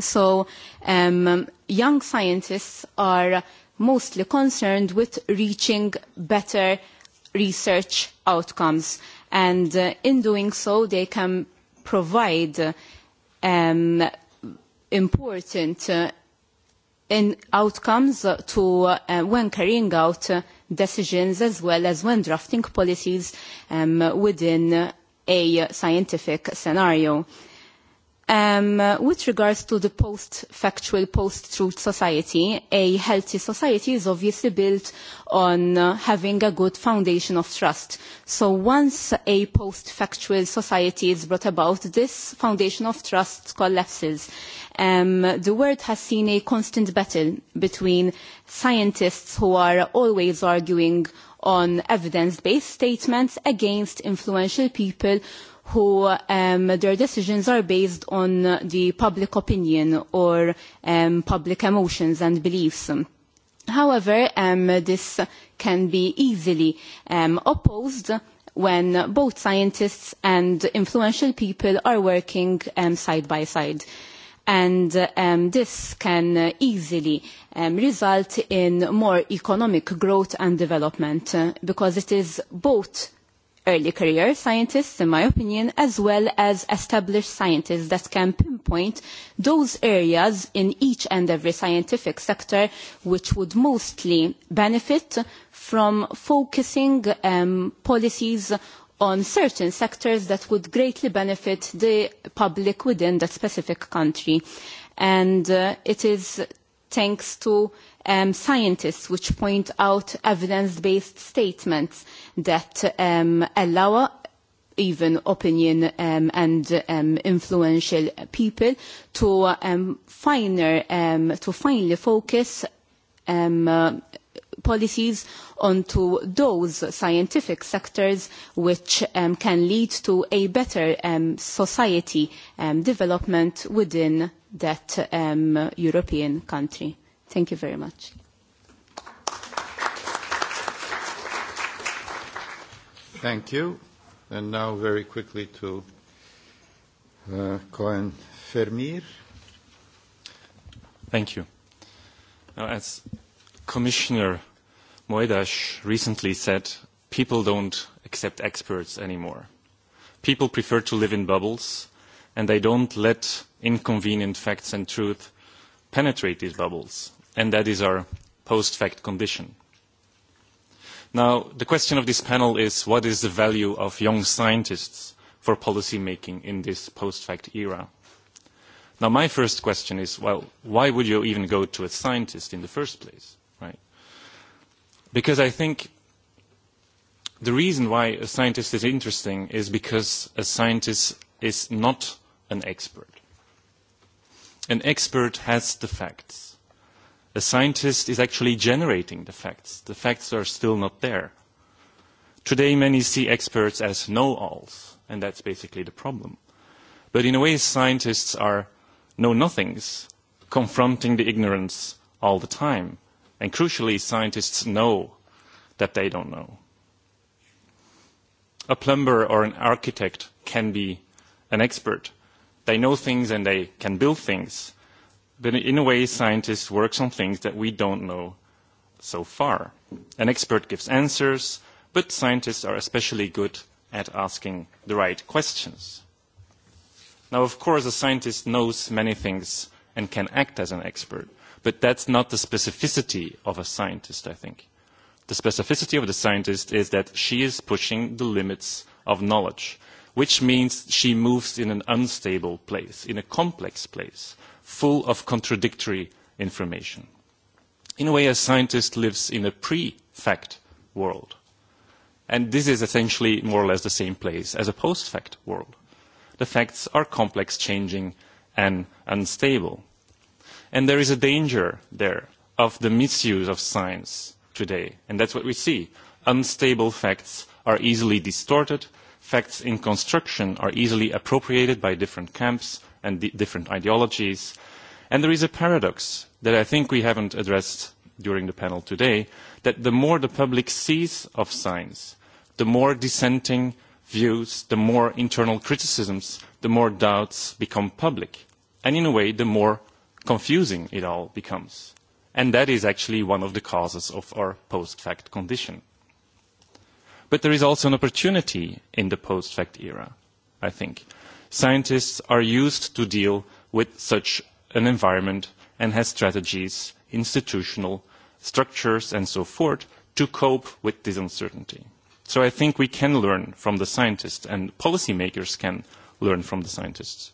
So young scientists are mostly concerned with reaching better research outcomes and in doing so they can provide important outcomes when carrying out decisions as well as when drafting policies within a scientific scenario. With regards to the post-factual, post-truth society, a healthy society is obviously built on having a good foundation of trust. So once a post-factual society is brought about, this foundation of trust collapses. The world has seen a constant battle between scientists who are always arguing on evidence-based statements against influential people who their decisions are based on the public opinion or public emotions and beliefs. However, this can be easily opposed when both scientists and influential people are working side by side. And this can easily result in more economic growth and development because it is both early career scientists, in my opinion, as well as established scientists that can pinpoint those areas in each and every scientific sector which would mostly benefit from focusing policies on certain sectors that would greatly benefit the public within that specific country. And it is thanks to scientists which point out evidence-based statements that allow even opinion and influential people to finally focus policies onto those scientific sectors which can lead to a better society development within that European country. Thank you very much. Thank you. And now very quickly to Cohen Fermir. Thank you. Now, as Commissioner Moedash recently said, people don't accept experts anymore. People prefer to live in bubbles, and they don't let inconvenient facts and truth penetrate these bubbles and that is our post-fact condition. Now, the question of this panel is what is the value of young scientists for policy making in this post-fact era? Now, my first question is, well, why would you even go to a scientist in the first place? right? Because I think the reason why a scientist is interesting is because a scientist is not an expert. An expert has the facts A scientist is actually generating the facts. The facts are still not there. Today, many see experts as know-alls, and that's basically the problem. But in a way, scientists are know-nothings, confronting the ignorance all the time. And crucially, scientists know that they don't know. A plumber or an architect can be an expert. They know things and they can build things but in a way scientists work on things that we don't know so far. An expert gives answers, but scientists are especially good at asking the right questions. Now, of course, a scientist knows many things and can act as an expert, but that's not the specificity of a scientist, I think. The specificity of the scientist is that she is pushing the limits of knowledge, which means she moves in an unstable place, in a complex place full of contradictory information. In a way, a scientist lives in a pre-fact world. And this is essentially more or less the same place as a post-fact world. The facts are complex, changing, and unstable. And there is a danger there of the misuse of science today. And that's what we see. Unstable facts are easily distorted. Facts in construction are easily appropriated by different camps and different ideologies. And there is a paradox that I think we haven't addressed during the panel today, that the more the public sees of science, the more dissenting views, the more internal criticisms, the more doubts become public. And in a way, the more confusing it all becomes. And that is actually one of the causes of our post-fact condition. But there is also an opportunity in the post-fact era, I think scientists are used to deal with such an environment and has strategies, institutional structures and so forth to cope with this uncertainty. So I think we can learn from the scientists and policymakers can learn from the scientists.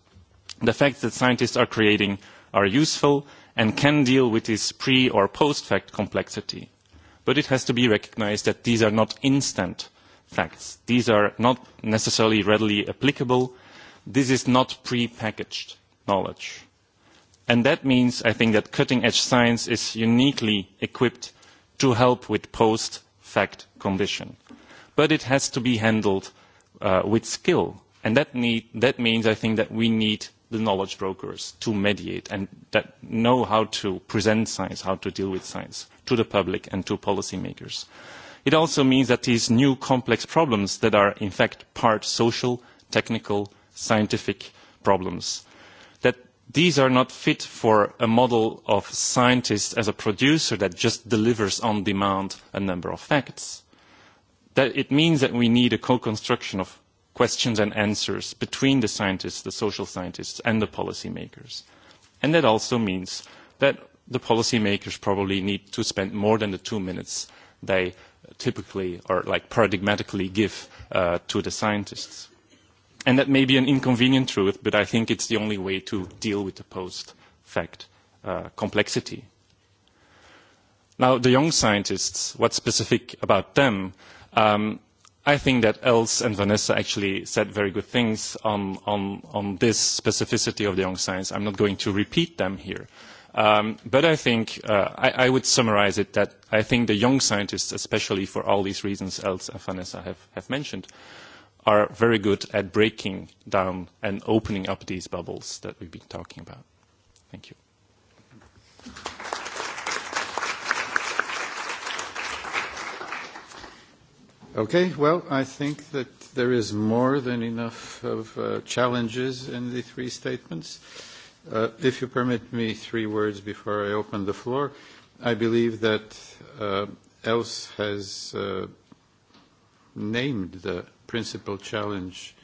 The facts that scientists are creating are useful and can deal with this pre or post fact complexity. But it has to be recognised that these are not instant facts. These are not necessarily readily applicable This is not pre-packaged knowledge. And that means, I think, that cutting-edge science is uniquely equipped to help with post-fact condition. But it has to be handled with skill. And that means, I think, that we need the knowledge brokers to mediate and that know how to present science, how to deal with science to the public and to policymakers. It also means that these new complex problems that are, in fact, part social, technical, scientific problems. That these are not fit for a model of scientists as a producer that just delivers on demand a number of facts. That it means that we need a co-construction of questions and answers between the scientists, the social scientists, and the policymakers. And that also means that the policymakers probably need to spend more than the two minutes they typically or like paradigmatically give to the scientists. And that may be an inconvenient truth, but I think it's the only way to deal with the post-fact complexity. Now, the young scientists, what's specific about them? I think that Els and Vanessa actually said very good things on on on this specificity of the young science. I'm not going to repeat them here. But I think I would summarize it that I think the young scientists, especially for all these reasons Els and Vanessa have have mentioned, are very good at breaking down and opening up these bubbles that we've been talking about. Thank you. Okay, well, I think that there is more than enough of challenges in the three statements. If you permit me three words before I open the floor, I believe that Else has named the principal challenge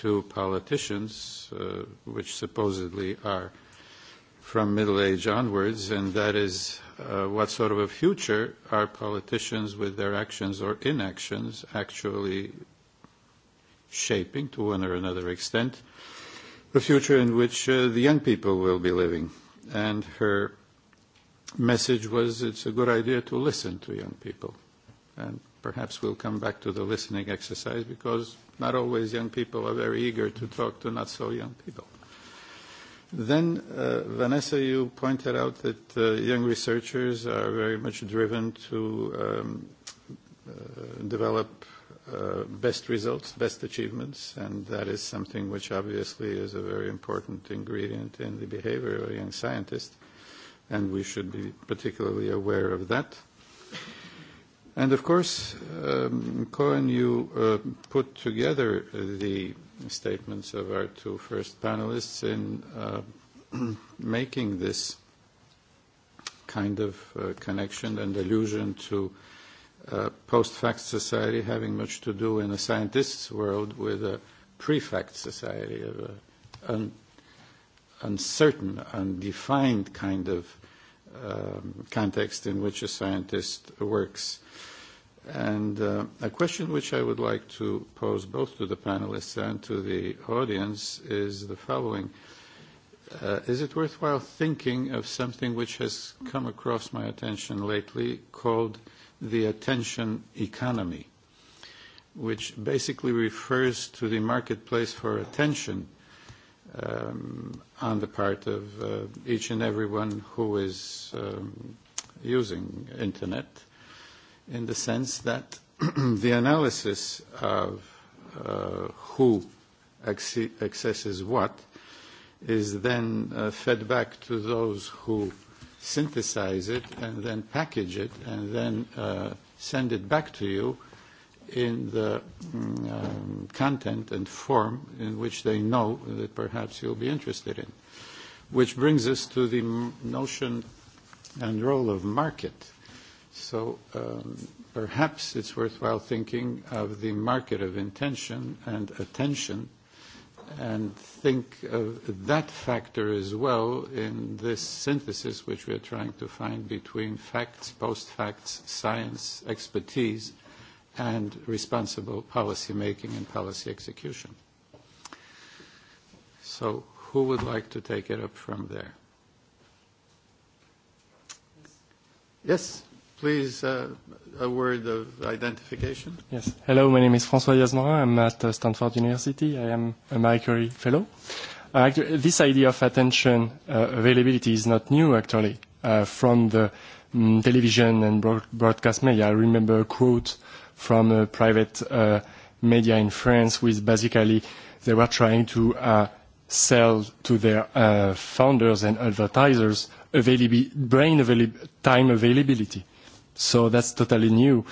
to politicians, which supposedly are from middle age onwards, and that is what sort of a future are politicians with their actions or inactions actually shaping to one or another extent the future in which the young people will be living. And her message was it's a good idea to listen to young people. And Perhaps we'll come back to the listening exercise because not always young people are very eager to talk to not so young people. Then, Vanessa, you pointed out that young researchers are very much driven to develop best results, best achievements, and that is something which obviously is a very important ingredient in the behavior of a young scientist, and we should be particularly aware of that. And of course, Cohen, you put together the statements of our two first panelists in making this kind of connection and allusion to post-fact society having much to do in a scientist's world with a pre-fact society of an uncertain, undefined kind of context in which a scientist works. And a question which I would like to pose both to the panelists and to the audience is the following. Is it worthwhile thinking of something which has come across my attention lately called the attention economy, which basically refers to the marketplace for attention on the part of each and everyone who is using Internet in the sense that the analysis of who accesses what is then fed back to those who synthesize it and then package it and then send it back to you in the content and form in which they know that perhaps you'll be interested in. Which brings us to the notion and role of market. So perhaps it's worthwhile thinking of the market of intention and attention and think of that factor as well in this synthesis which we are trying to find between facts, post-facts, science, expertise, and responsible policy making and policy execution. So who would like to take it up from there? Yes, please, a word of identification. Yes. Hello, my name is François Yasmarin. I'm at Stanford University. I am a Marie Curie Fellow. This idea of attention availability is not new, actually, from the television and broadcast media. I remember a quote from a private media in France, with basically they were trying to sell to their founders and advertisers brain time availability. So that's totally new.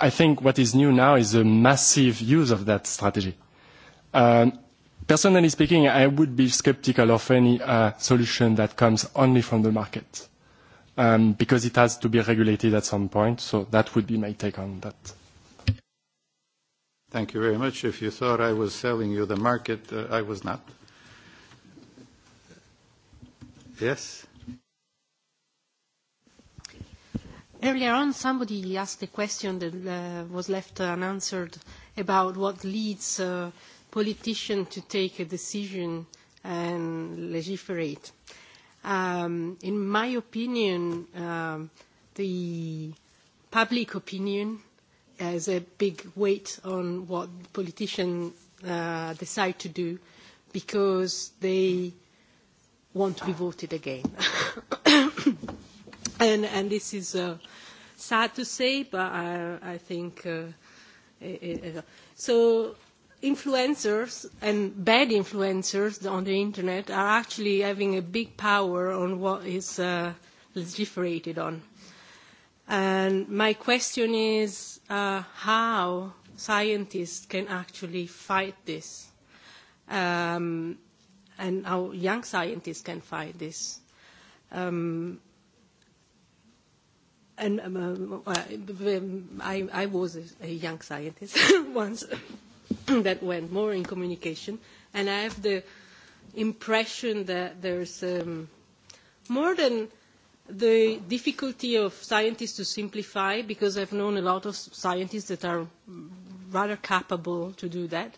I think what is new now is the massive use of that strategy. Personally speaking, I would be skeptical of any solution that comes only from the market, because it has to be regulated at some point. So that would be my take on that. Thank you very much. If you thought I was selling you the market, I was not. Yes? Earlier on, somebody asked a question that was left unanswered about what leads a politician to take a decision and legiferate. In my opinion, the public opinion has a big weight on what politicians decide to do because they want to be voted again. And this is sad to say, but I think so. Influencers and bad influencers on the internet are actually having a big power on what is legislated on And my question is how scientists can actually fight this and how young scientists can fight this. And I was a young scientist once that went more in communication, and I have the impression that there's more than the difficulty of scientists to simplify, because I've known a lot of scientists that are rather capable to do that,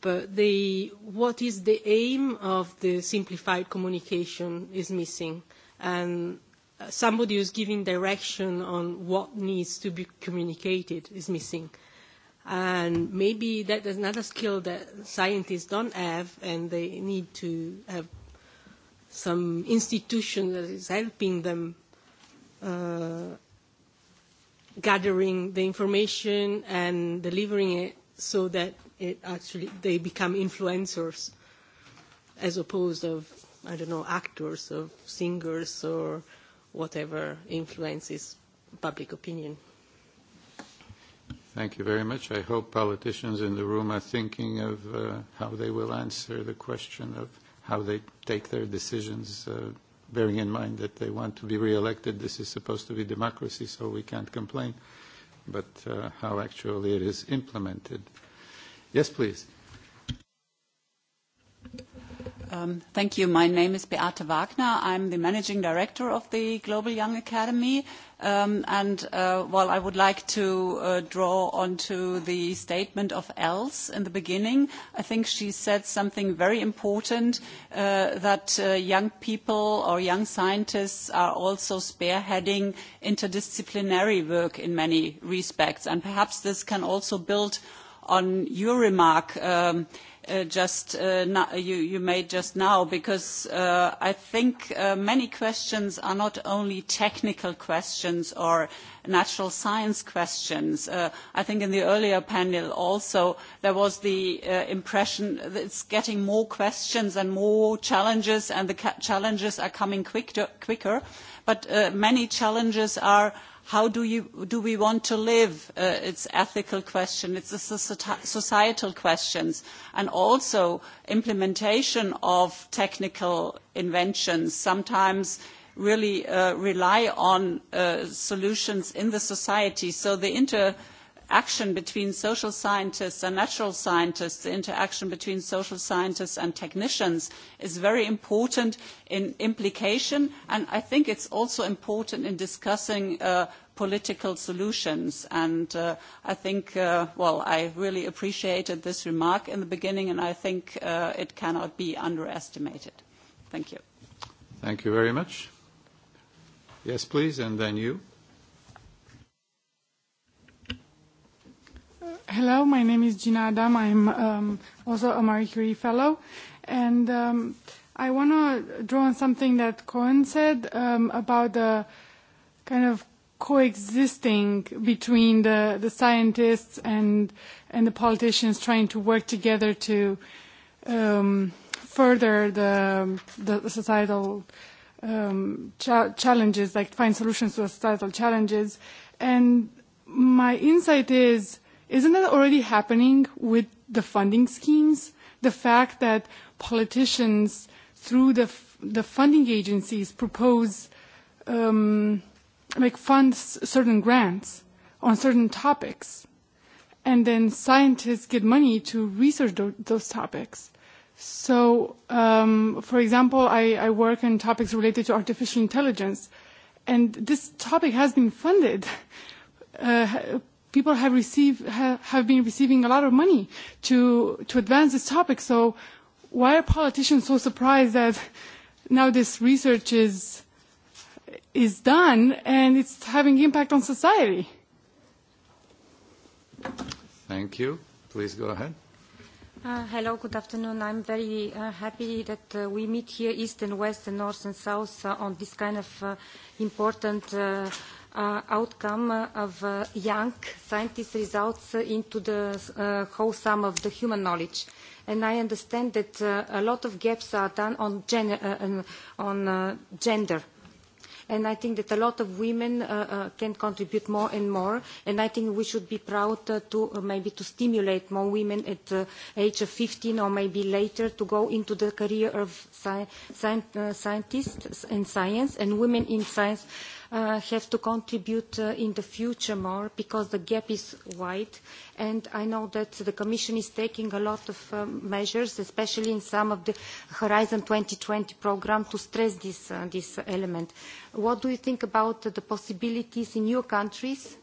but the, what is the aim of the simplified communication is missing. And somebody who's giving direction on what needs to be communicated is missing. And maybe that is another skill that scientists don't have and they need to have some institution that is helping them gathering the information and delivering it so that it actually they become influencers as opposed of I don't know actors or singers or whatever influences public opinion. Thank you very much. I hope politicians in the room are thinking of how they will answer the question of how they take their decisions, bearing in mind that they want to be re-elected. This is supposed to be democracy, so we can't complain, but how actually it is implemented. Yes, please. Thank you. My name is Beate Wagner. I'm the Managing Director of the Global Young Academy. And while I would like to draw onto the statement of Else in the beginning, I think she said something very important, that young people or young scientists are also spearheading interdisciplinary work in many respects. And perhaps this can also build on your remark, just you made just now, because I think many questions are not only technical questions or natural science questions. I think in the earlier panel also there was the impression that it's getting more questions and more challenges, and the challenges are coming quicker. But many challenges are How do we want to live? It's ethical question. It's a societal questions, and also implementation of technical inventions sometimes really rely on solutions in the society. So the inter interaction between social scientists and natural scientists, the interaction between social scientists and technicians is very important in implication and I think it's also important in discussing political solutions and I think, well, I really appreciated this remark in the beginning and I think it cannot be underestimated. Thank you. Thank you very much. Yes, please, and then you. Hello, my name is Gina Adam. I'm also a Marie Curie Fellow. And I want to draw on something that Cohen said about the kind of coexisting between the, the scientists and, and the politicians trying to work together to um, further the, the societal um, challenges, like find solutions to societal challenges. And my insight is Isn't that already happening with the funding schemes? The fact that politicians, through the funding agencies, propose, like funds certain grants on certain topics, and then scientists get money to research those topics. So, for example, I work on topics related to artificial intelligence, and this topic has been funded people have received have been receiving a lot of money to to advance this topic so why are politicians so surprised that now this research is is done and it's having impact on society thank you please go ahead Hello, good afternoon. I'm very happy that we meet here, East and West and North and South, on this kind of important outcome of young scientists' results into the whole sum of the human knowledge. And I understand that a lot of gaps are done on gender. And I think that a lot of women can contribute more and more. And I think we should be proud to maybe to stimulate more women at the age of 15 or maybe later to go into the career of scientists and science and women in science have to contribute in the future more because the gap is wide and I know that the Commission is taking a lot of measures, especially in some of the Horizon 2020 program, to stress this element. What do you think about the possibilities in new countries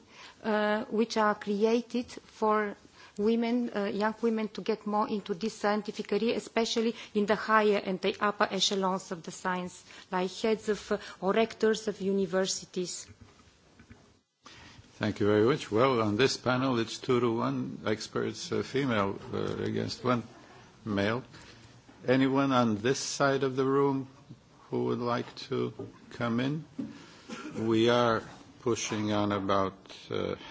which are created for women, young women to get more into this scientific career, especially in the higher and the upper echelons of the science, like heads of or rectors of universities. Thank you very much. Well, on this panel, it's two to one experts, female against one male. Anyone on this side of the room who would like to come in? We are pushing on about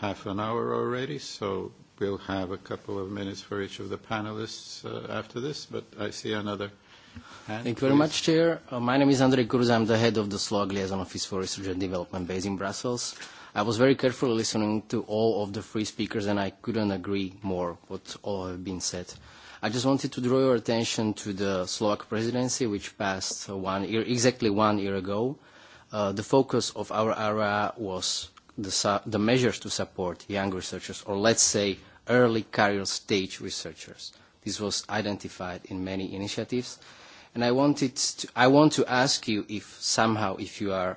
half an hour already, so We'll have a couple of minutes for each of the panelists after this, but I see another hand. Thank you very much, Chair. My name is Andrei Cruz. I'm the head of the Slovak Liaison Office for Research and Development based in Brussels. I was very carefully listening to all of the three speakers, and I couldn't agree more what all have been said. I just wanted to draw your attention to the Slovak presidency, which passed one year, exactly one year ago. The focus of our area was the measures to support young researchers, or let's say early career stage researchers. This was identified in many initiatives. And I want to ask you if somehow, if you are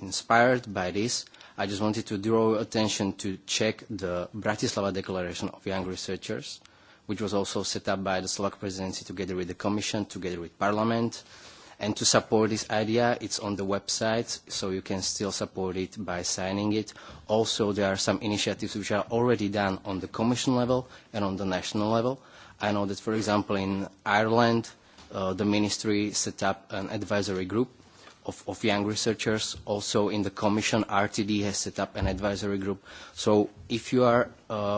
inspired by this, I just wanted to draw attention to check the Bratislava Declaration of Young Researchers, which was also set up by the Slovak Presidency together with the Commission, together with Parliament, And to support this idea, it's on the website, so you can still support it by signing it. Also, there are some initiatives which are already done on the Commission level and on the national level. I know that, for example, in Ireland, the ministry set up an advisory group of young researchers. Also, in the Commission, RTD has set up an advisory group. So if you are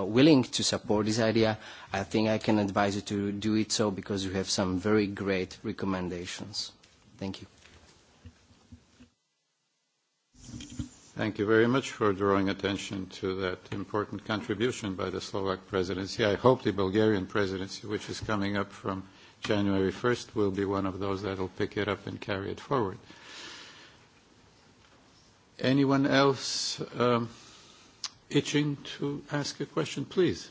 willing to support this idea, I think I can advise you to do it so because you have some very great recommendations. Thank you. Thank you very much for drawing attention to that important contribution by the Slovak presidency. I hope the Bulgarian presidency, which is coming up from January 1st, will be one of those that will pick it up and carry it forward. Anyone else itching to ask a question? Please.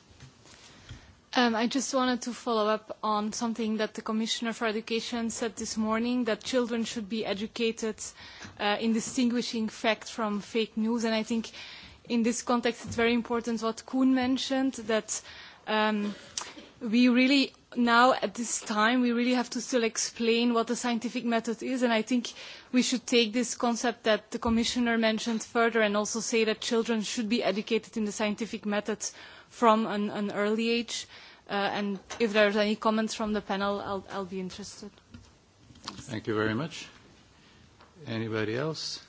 I just wanted to follow up on something that the Commissioner for Education said this morning, that children should be educated in distinguishing fact from fake news. And I think in this context it's very important what Kuhn mentioned, that we really now at this time we really have to still explain what the scientific method is. And I think we should take this concept that the Commissioner mentioned further and also say that children should be educated in the scientific method from an early age. And if there's any comments from the panel, I'll be interested. Thank you very much. Anybody else?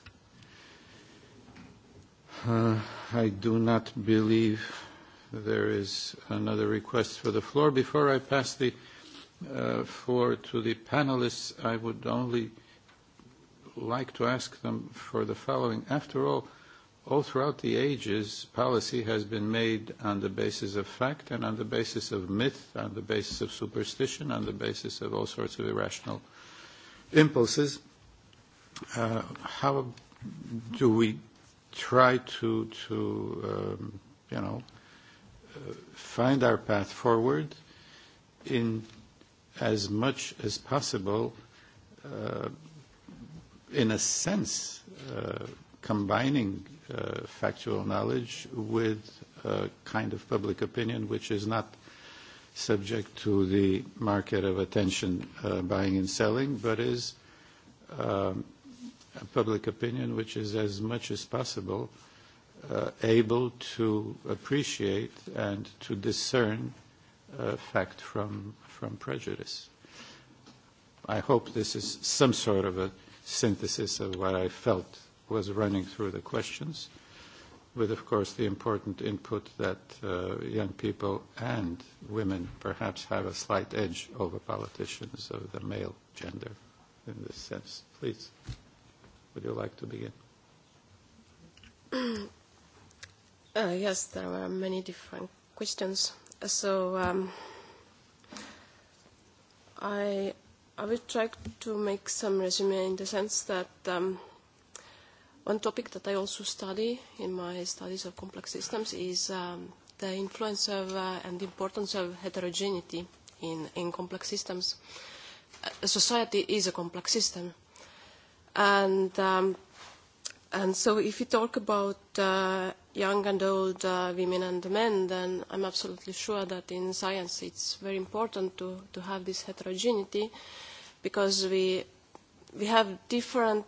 I do not believe there is another request for the floor. Before I pass the floor to the panelists, I would only like to ask them for the following. After all, all throughout the ages, policy has been made on the basis of fact and on the basis of myth, on the basis of superstition, on the basis of all sorts of irrational impulses. How do we try to, to you know, find our path forward in as much as possible, in a sense, combining factual knowledge with a kind of public opinion which is not subject to the market of attention buying and selling, but is a public opinion which is as much as possible able to appreciate and to discern fact from prejudice. I hope this is some sort of a synthesis of what I felt was running through the questions, with, of course, the important input that young people and women perhaps have a slight edge over politicians of the male gender in this sense. Please, would you like to begin? Yes, there were many different questions. So I I will try to make some resume in the sense that One topic that I also study in my studies of complex systems is the influence of and importance of heterogeneity in complex systems. A society is a complex system. And and so if you talk about young and old women and men, then I'm absolutely sure that in science it's very important to to have this heterogeneity because we we have different,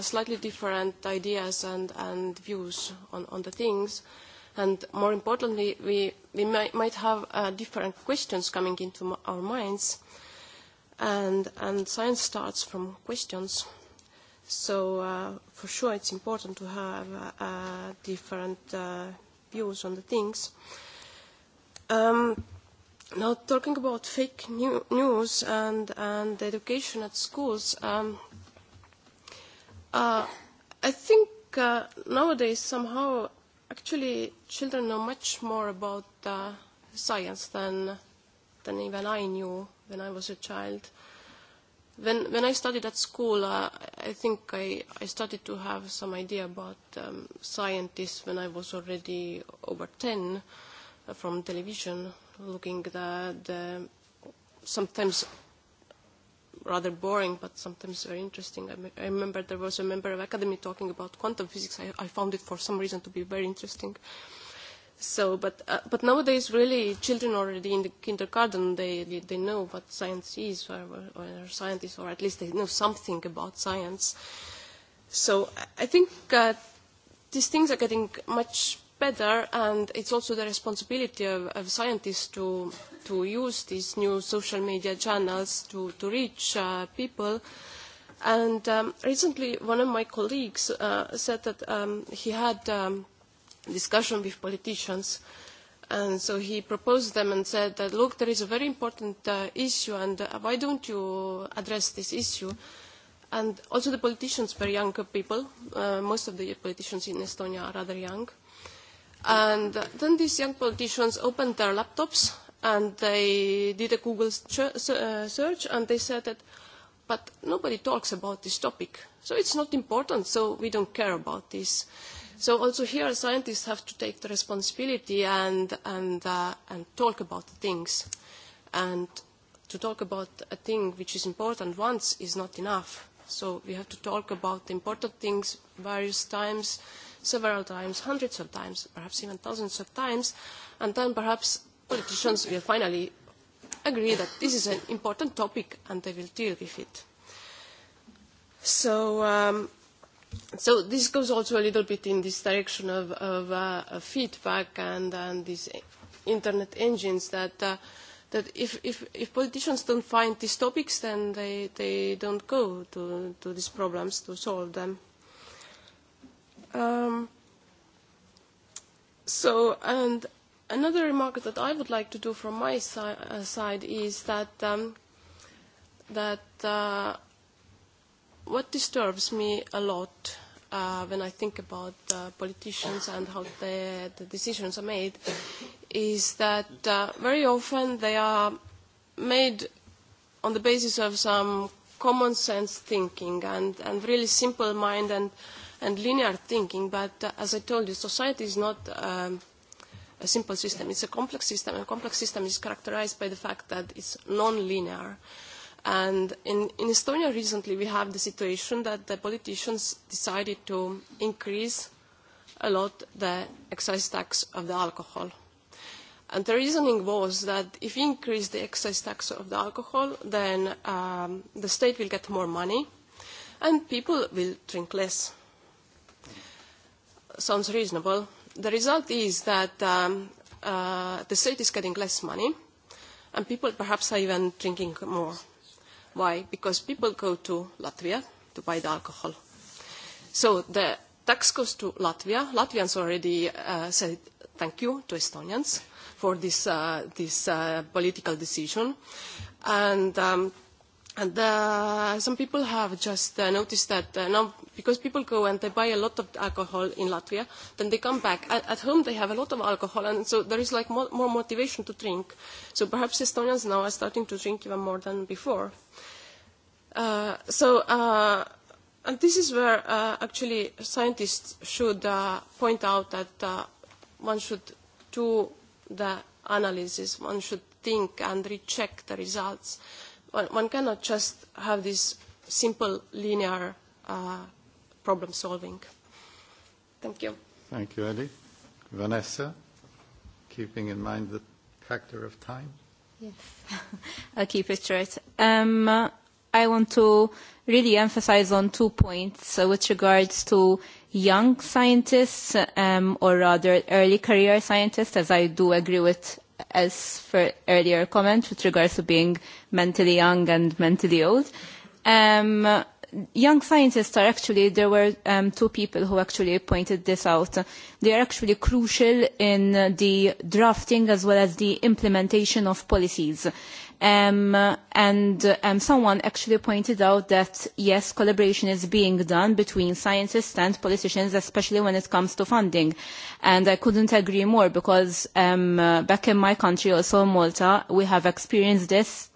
slightly different ideas and, views on, on the things. And more importantly, we, might, might have different questions coming into our minds. And, and science starts from questions. So for sure it's important to have different views on the things. Um, Now, talking about fake news and and education at schools, I think nowadays somehow actually children know much more about science than than even I knew when I was a child. When when I studied at school, I think I I started to have some idea about scientists when I was already over 10 from television looking at the sometimes rather boring but sometimes very interesting. I remember there was a member of academy talking about quantum physics. I found it for some reason to be very interesting. So, but but nowadays really children already in the kindergarten they they know what science is or or scientists or at least they know something about science. So I think these things are getting much better, and it's also the responsibility of scientists to use these new social media channels to reach people. And recently, one of my colleagues said that he had a discussion with politicians, and so he proposed them and said that, look, there is a very important issue, and why don't you address this issue? And also the politicians were young people. Most of the politicians in Estonia are rather young And then these young politicians opened their laptops and they did a Google search and they said that, but nobody talks about this topic, so it's not important, so we don't care about this. So also here scientists have to take the responsibility and and and talk about things, and to talk about a thing which is important once is not enough. So we have to talk about important things various times several times, hundreds of times, perhaps even thousands of times, and then perhaps politicians will finally agree that this is an important topic and they will deal with it. So so this goes also a little bit in this direction of feedback and these internet engines that that if if if politicians don't find these topics then they they don't go to to these problems to solve them So, and another remark that I would like to do from my side is that that what disturbs me a lot when I think about politicians and how the decisions are made is that very often they are made on the basis of some common sense thinking and really simple mind and and linear thinking, but as I told you, society is not a simple system. It's a complex system, and a complex system is characterized by the fact that it's non-linear. And in Estonia recently, we have the situation that the politicians decided to increase a lot the excise tax of the alcohol. And the reasoning was that if you increase the excise tax of the alcohol, then the state will get more money and people will drink less sounds reasonable. The result is that the state is getting less money and people perhaps are even drinking more. Why? Because people go to Latvia to buy the alcohol. So the tax goes to Latvia. Latvians already said thank you to Estonians for this political decision. And And some people have just noticed that now, because people go and they buy a lot of alcohol in Latvia, then they come back. At home they have a lot of alcohol, and so there is like more motivation to drink. So perhaps Estonians now are starting to drink even more than before. So, and this is where actually scientists should point out that one should do the analysis, one should think and recheck the results One cannot just have this simple linear problem solving. Thank you. Thank you, Ali. Vanessa, keeping in mind the factor of time. Yes, I'll keep it short. Um, I want to really emphasize on two points with regards to young scientists, um, or rather early career scientists, as I do agree with as for earlier comment with regards to being mentally young and mentally old. Young scientists are actually, there were two people who actually pointed this out. They are actually crucial in the drafting as well as the implementation of policies and someone actually pointed out that yes collaboration is being done between scientists and politicians especially when it comes to funding and i couldn't agree more because back in my country also malta we have experienced this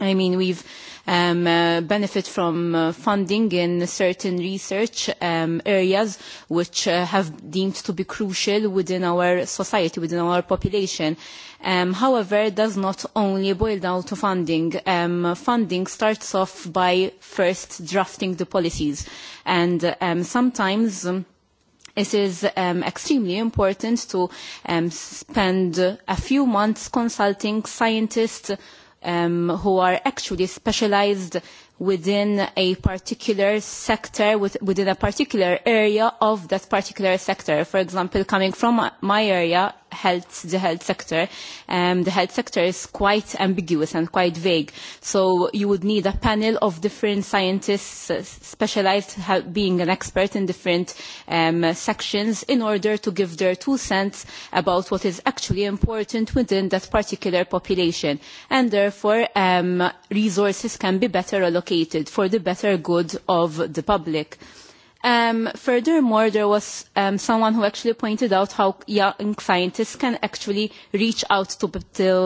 I mean, we've benefit from funding in certain research areas which have deemed to be crucial within our society, within our population. However, it does not only boil down to funding. Funding starts off by first drafting the policies. And sometimes it is extremely important to spend a few months consulting scientists who are actually specialized within a particular sector, within a particular area of that particular sector. For example, coming from my area, health the health sector the health sector is quite ambiguous and quite vague so you would need a panel of different scientists specialized being an expert in different sections in order to give their two cents about what is actually important within that particular population and therefore resources can be better allocated for the better good of the public Furthermore, there was someone who actually pointed out how young scientists can actually reach out to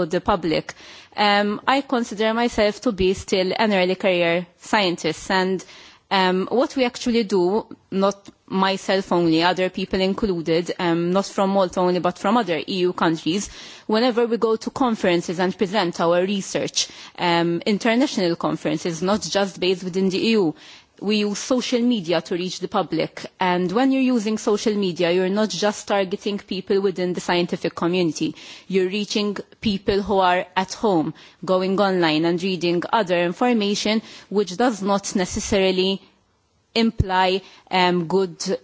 the public. I consider myself to be still an early career scientist, and what we actually do, not myself only, other people included, not from Malta only, but from other EU countries, whenever we go to conferences and present our research, international conferences, not just based within the EU we use social media to reach the public and when you're using social media you're not just targeting people within the scientific community you're reaching people who are at home going online and reading other information which does not necessarily imply good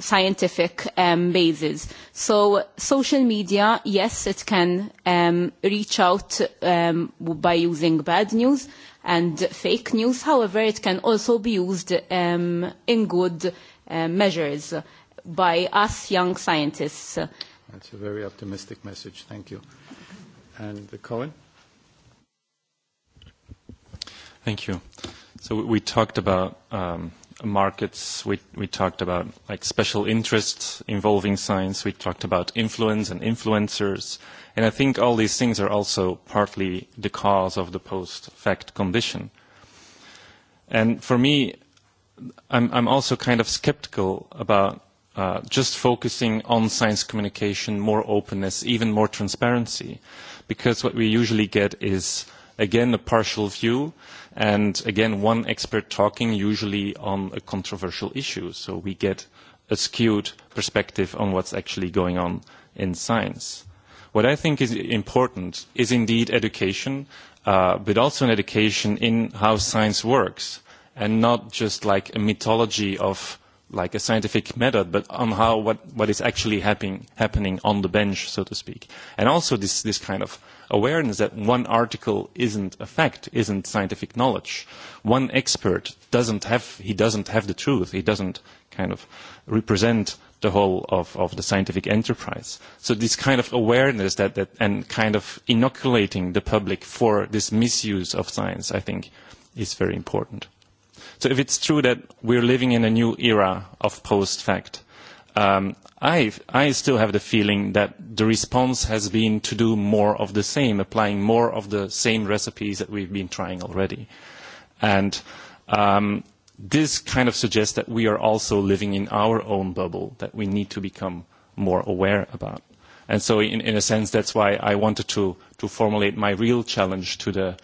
scientific basis. So social media, yes, it can reach out by using bad news and fake news. However, it can also be used in good measures by us young scientists. That's a very optimistic message. Thank you. And Cohen? Thank you. So we talked about markets, we we talked about like special interests involving science, we talked about influence and influencers And I think all these things are also partly the cause of the post-fact condition. And for me, I'm, I'm also kind of skeptical about just focusing on science communication, more openness, even more transparency, because what we usually get is, again, a partial view, and again, one expert talking usually on a controversial issue. So we get a skewed perspective on what's actually going on in science. What I think is important is indeed education, but also an education in how science works, and not just like a mythology of like a scientific method, but on how what what is actually happening on the bench, so to speak. And also this this kind of awareness that one article isn't a fact, isn't scientific knowledge. One expert doesn't have he doesn't have the truth. He doesn't kind of represent the whole of the scientific enterprise. So this kind of awareness that and kind of inoculating the public for this misuse of science, I think, is very important. So if it's true that we're living in a new era of post-fact, I still have the feeling that the response has been to do more of the same, applying more of the same recipes that we've been trying already. And this kind of suggests that we are also living in our own bubble that we need to become more aware about. And so in a sense, that's why I wanted to formulate my real challenge to the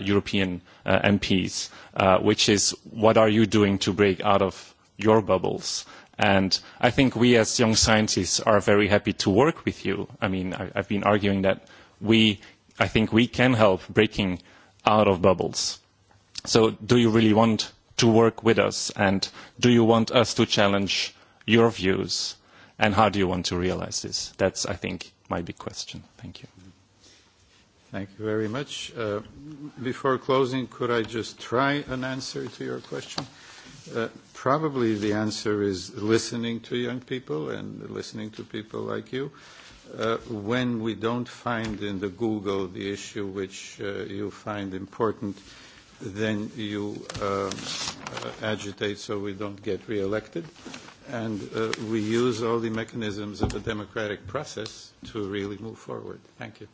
European MPs, which is what are you doing to break out of your bubbles? And I think we as young scientists are very happy to work with you. I mean, I've been arguing that we, I think we can help breaking out of bubbles. So do you really want to work with us and do you want us to challenge your views and how do you want to realize this? That's, I think, my big question. Thank you. Thank you very much. Before closing, could I just try an answer to your question? Probably the answer is listening to young people and listening to people like you. When we don't find in the Google the issue which you find important, then you agitate so we don't get re-elected. And we use all the mechanisms of the democratic process to really move forward. Thank you.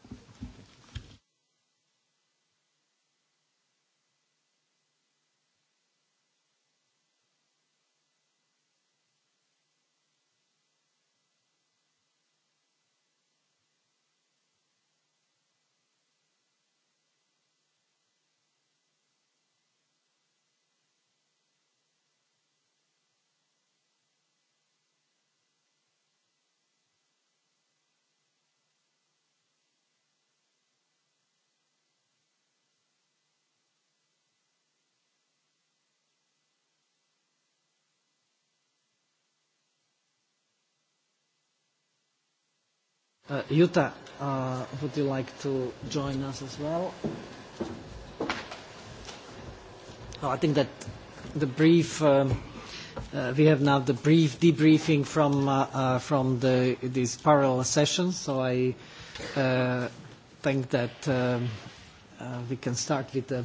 Jutta, would you like to join us as well? I think that the brief, we have now the brief debriefing from from the these parallel sessions. So I think that we can start with the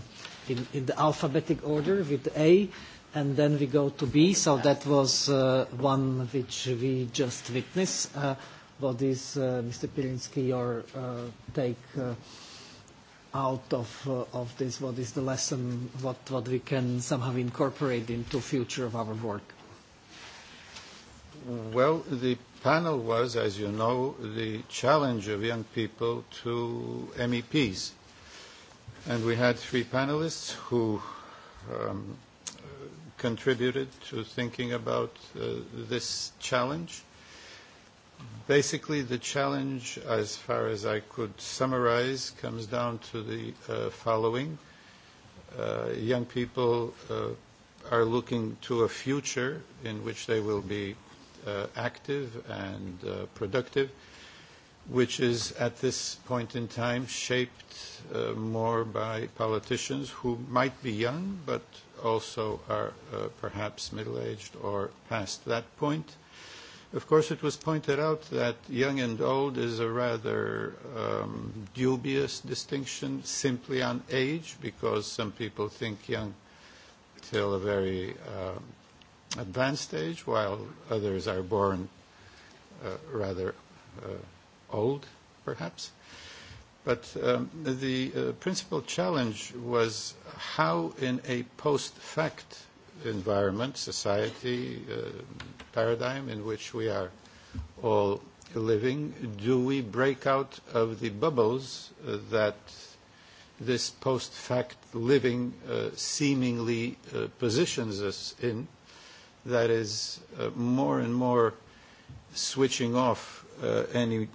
in the alphabetic order with A, and then we go to B. So that was one which we just witnessed. What is, Mr. Pirinsky, your take out of this? What is the lesson, what we can somehow incorporate into future of our work? Well, the panel was, as you know, the challenge of young people to MEPs. And we had three panelists who contributed to thinking about this challenge. Basically, the challenge, as far as I could summarize, comes down to the following. Young people are looking to a future in which they will be active and productive, which is at this point in time shaped more by politicians who might be young but also are perhaps middle-aged or past that point Of course, it was pointed out that young and old is a rather dubious distinction simply on age, because some people think young till a very advanced age, while others are born rather old, perhaps. But the principal challenge was how, in a post-fact environment, society, paradigm in which we are all living, do we break out of the bubbles that this post-fact living seemingly positions us in, that is more and more switching off any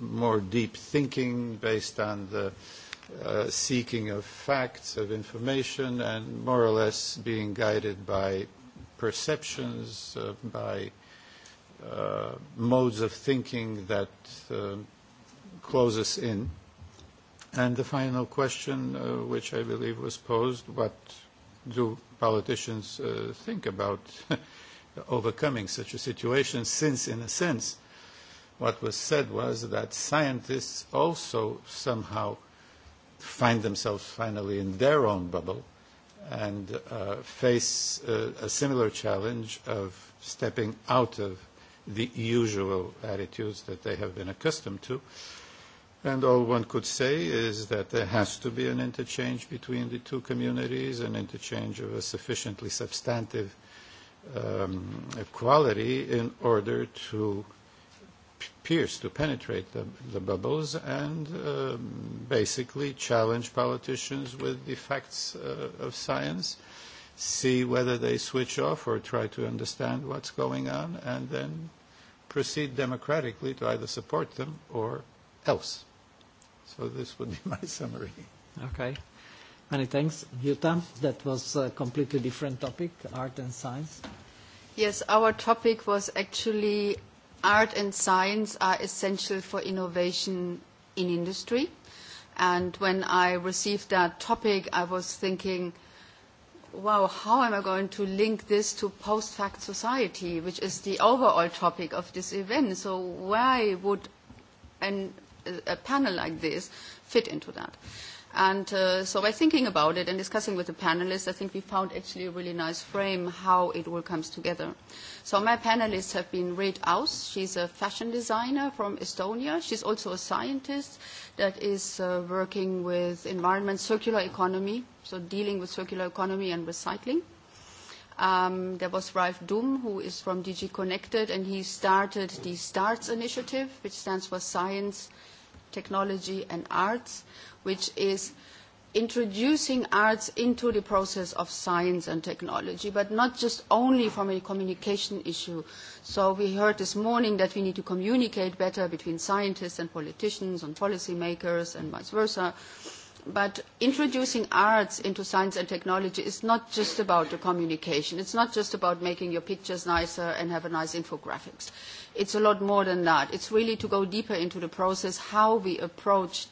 more deep thinking based on the seeking of facts, of information, and more or less being guided by perceptions, by modes of thinking that close us in. And the final question, which I believe was posed, what do politicians think about overcoming such a situation, since, in a sense, what was said was that scientists also somehow find themselves finally in their own bubble and face a similar challenge of stepping out of the usual attitudes that they have been accustomed to. And all one could say is that there has to be an interchange between the two communities, an interchange of a sufficiently substantive quality in order to pierce, to penetrate the bubbles and basically challenge politicians with the facts of science, see whether they switch off or try to understand what's going on, and then proceed democratically to either support them or else. So this would be my summary. Okay. Many thanks. Jutta, that was a completely different topic, art and science. Yes, our topic was actually art and science are essential for innovation in industry. And when I received that topic, I was thinking, wow, how am I going to link this to post-fact society, which is the overall topic of this event? So why would a panel like this fit into that? And so by thinking about it and discussing with the panelists, I think we found actually a really nice frame how it all comes together. So my panelists have been Reid Aus. She's a fashion designer from Estonia. She's also a scientist that is working with environment, circular economy, so dealing with circular economy and recycling. There was Ralph Doom, who is from DG Connected, and he started the STARTS initiative, which stands for Science, technology and arts which is introducing arts into the process of science and technology, but not just only from a communication issue. So we heard this morning that we need to communicate better between scientists and politicians and policymakers and vice versa. But introducing arts into science and technology is not just about the communication. It's not just about making your pictures nicer and have a nice infographics. It's a lot more than that. It's really to go deeper into the process, how we approach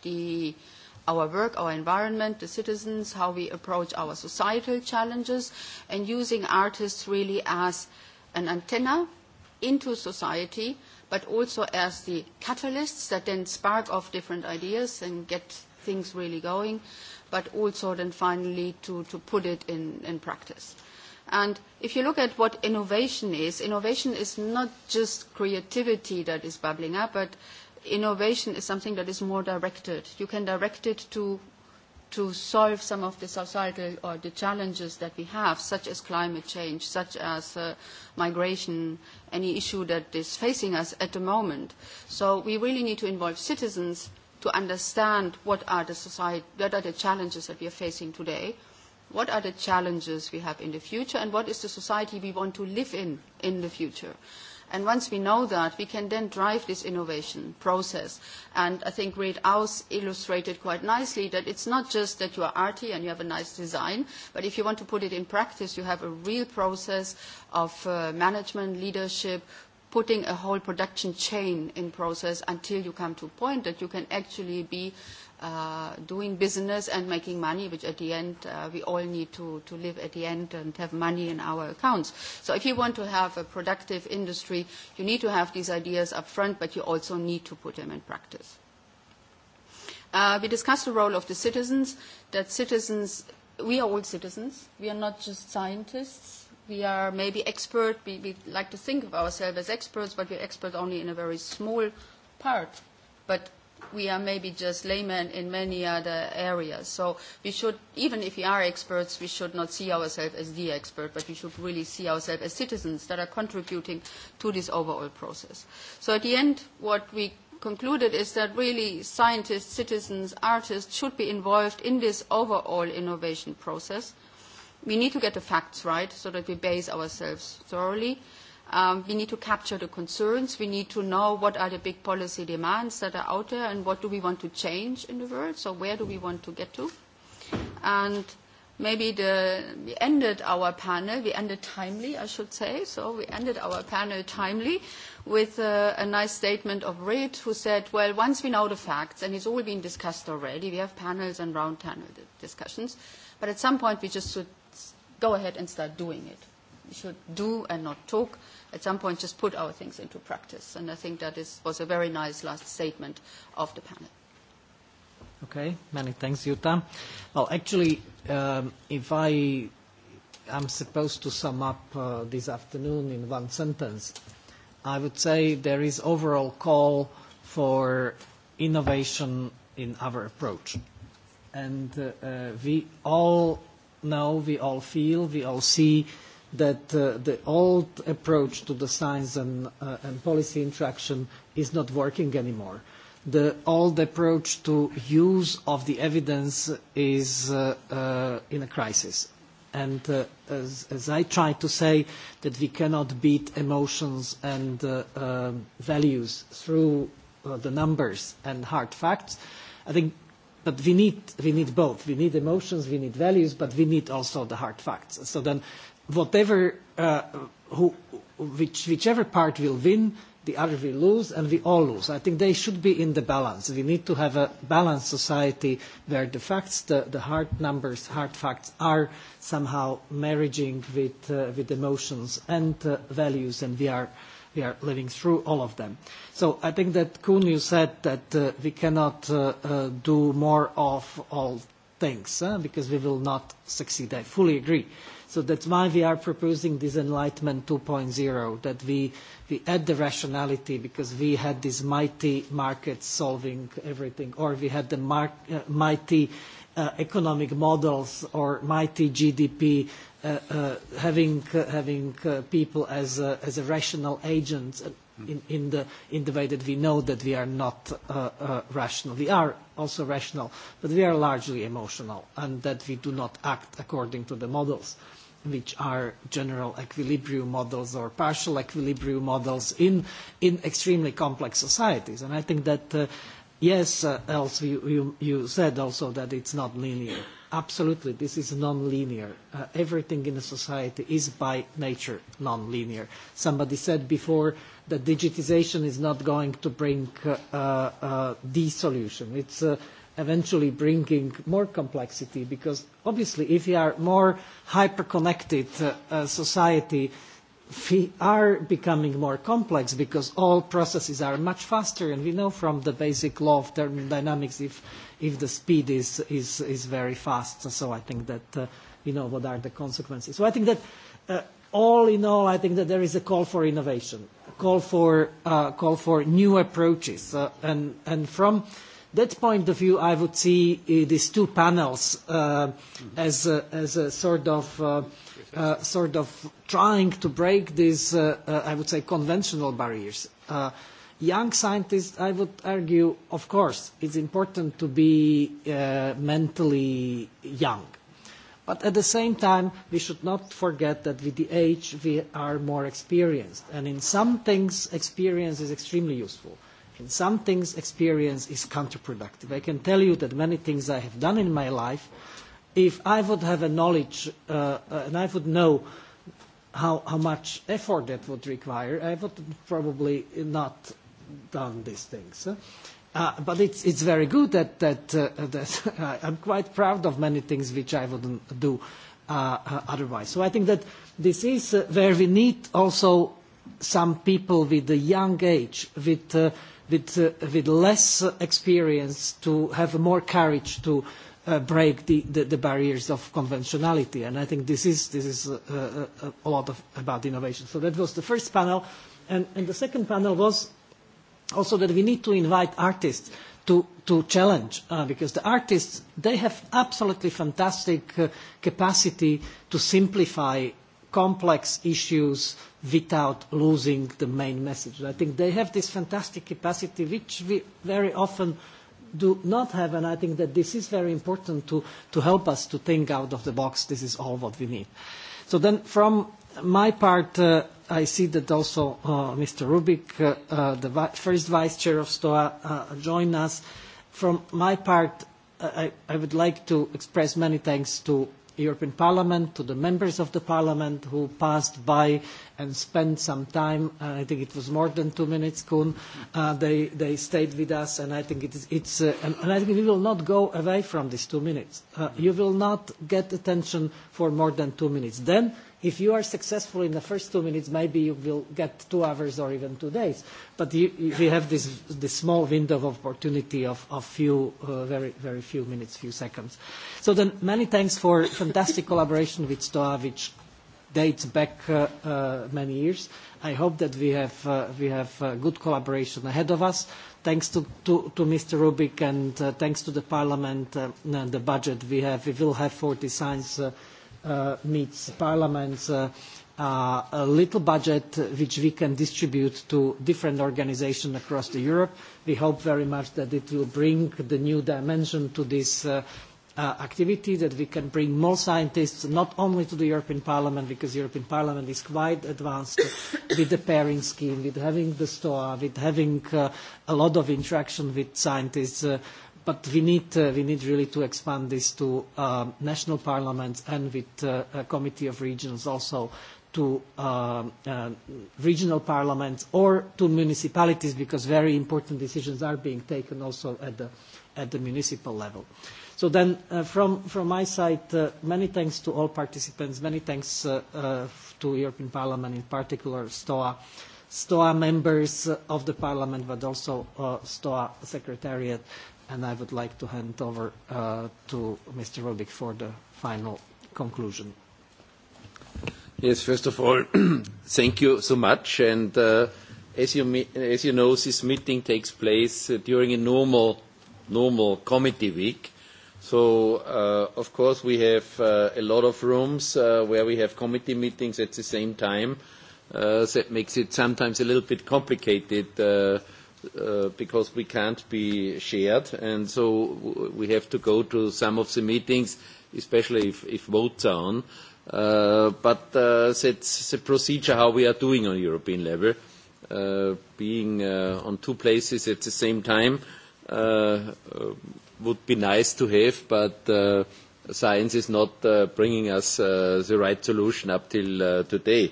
our work, our environment, the citizens, how we approach our societal challenges, and using artists really as an antenna into society, but also as the catalysts that then spark off different ideas and get things really going, but also then finally to to put it in practice. And if you look at what innovation is, innovation is not just creativity that is bubbling up, but innovation is something that is more directed. You can direct it to to solve some of the societal or the challenges that we have, such as climate change, such as migration, any issue that is facing us at the moment. So we really need to involve citizens to understand what are the society, what are the challenges that we are facing today, what are the challenges we have in the future, and what is the society we want to live in in the future. And once we know that, we can then drive this innovation process. And I think Reid Aus illustrated quite nicely that it's not just that you are arty and you have a nice design, but if you want to put it in practice, you have a real process of management, leadership, putting a whole production chain in process until you come to a point that you can actually be doing business and making money, which at the end we all need to to live at the end and have money in our accounts. So if you want to have a productive industry, you need to have these ideas up front, but you also need to put them in practice. We discussed the role of the citizens, that citizens, we are all citizens, we are not just scientists we are maybe expert, we like to think of ourselves as experts, but we are experts only in a very small part. But we are maybe just laymen in many other areas. So we should, even if we are experts, we should not see ourselves as the expert, but we should really see ourselves as citizens that are contributing to this overall process. So at the end, what we concluded is that really scientists, citizens, artists should be involved in this overall innovation process We need to get the facts right so that we base ourselves thoroughly. We need to capture the concerns. We need to know what are the big policy demands that are out there and what do we want to change in the world. So where do we want to get to? And maybe we ended our panel. We ended timely, I should say. So we ended our panel timely with a nice statement of Reid who said, well, once we know the facts, and it's all been discussed already, we have panels and round panel discussions, but at some point we just should go ahead and start doing it. We should do and not talk. At some point, just put our things into practice. And I think that is, was a very nice last statement of the panel. Okay, many thanks, Jutta. Well, actually, if I am supposed to sum up this afternoon in one sentence, I would say there is overall call for innovation in our approach. And we all now we all feel, we all see that the old approach to the science and policy interaction is not working anymore. The old approach to use of the evidence is in a crisis. And as I try to say, that we cannot beat emotions and values through the numbers and hard facts, I think But we need we need both. We need emotions, we need values, but we need also the hard facts. So then, whatever whichever part will win, the other will lose, and we all lose. I think they should be in the balance. We need to have a balanced society where the facts, the hard numbers, hard facts are somehow marrying with with emotions and values, and we are we are living through all of them. So I think that Kuhn, you said that we cannot do more of all things because we will not succeed. I fully agree. So that's why we are proposing this Enlightenment 2.0, that we add the rationality because we had this mighty market solving everything, or we had the mighty economic models or mighty GDP having having people as as a rational agent in the in the way that we know that we are not rational. We are also rational, but we are largely emotional, and that we do not act according to the models, which are general equilibrium models or partial equilibrium models in in extremely complex societies. And I think that yes, else you said also that it's not linear Absolutely, this is non-linear. Everything in a society is by nature non-linear. Somebody said before that digitization is not going to bring the solution. It's eventually bringing more complexity because obviously if we are more hyper-connected society, We are becoming more complex because all processes are much faster and we know from the basic law of thermodynamics if if the speed is is is very fast so i think that we know what are the consequences so i think that all in all i think that there is a call for innovation a call for call for new approaches and and from that point of view, I would see these two panels as a sort of trying to break these, I would say, conventional barriers. Young scientists, I would argue, of course, it's important to be mentally young. But at the same time, we should not forget that with the age, we are more experienced. And in some things, experience is extremely useful some things experience is counterproductive. I can tell you that many things I have done in my life, if I would have a knowledge and I would know how much effort that would require, I would probably not done these things. But it's very good that I'm quite proud of many things which I wouldn't do otherwise. So I think that this is where we need also some people with a young age, with with less experience to have more courage to break the barriers of conventionality. And I think this is a lot about innovation. So that was the first panel. And the second panel was also that we need to invite artists to challenge, because the artists, they have absolutely fantastic capacity to simplify complex issues without losing the main message. I think they have this fantastic capacity which we very often do not have, and I think that this is very important to to help us to think out of the box. This is all what we need. So then from my part, I see that also Mr. Rubik, the first Vice Chair of STOA, joined us. From my part, I would like to express many thanks to European Parliament, to the members of the Parliament who passed by and spent some time. I think it was more than two minutes, Kuhn. They stayed with us, and I think it's. And I think we will not go away from these two minutes. You will not get attention for more than two minutes. Then If you are successful in the first two minutes, maybe you will get two hours or even two days. But we have this small window of opportunity of few, very, very few minutes, few seconds. So then, many thanks for fantastic collaboration with STOA, which dates back many years. I hope that we have we have good collaboration ahead of us. Thanks to Mr. Rubik and thanks to the Parliament and the budget we have, we will have signs signs meets Parliament's a little budget which we can distribute to different organisations across the Europe. We hope very much that it will bring the new dimension to this activity, that we can bring more scientists, not only to the European Parliament, because the European Parliament is quite advanced with the pairing scheme, with having the STOA, with having a lot of interaction with scientists, But we need really to expand this to national parliaments and with a committee of regions also to regional parliaments or to municipalities because very important decisions are being taken also at the at the municipal level. So then from my side, many thanks to all participants, many thanks to European Parliament, in particular STOA. STOA members of the Parliament, but also STOA Secretariat and I would like to hand over to Mr. Rubik for the final conclusion. Yes, first of all, thank you so much. And as you as you know, this meeting takes place during a normal normal committee week. So, of course, we have a lot of rooms where we have committee meetings at the same time. That makes it sometimes a little bit complicated because we can't be shared and so we have to go to some of the meetings especially if votes are on but that's the procedure how we are doing on European level being on two places at the same time would be nice to have but science is not bringing us the right solution up till today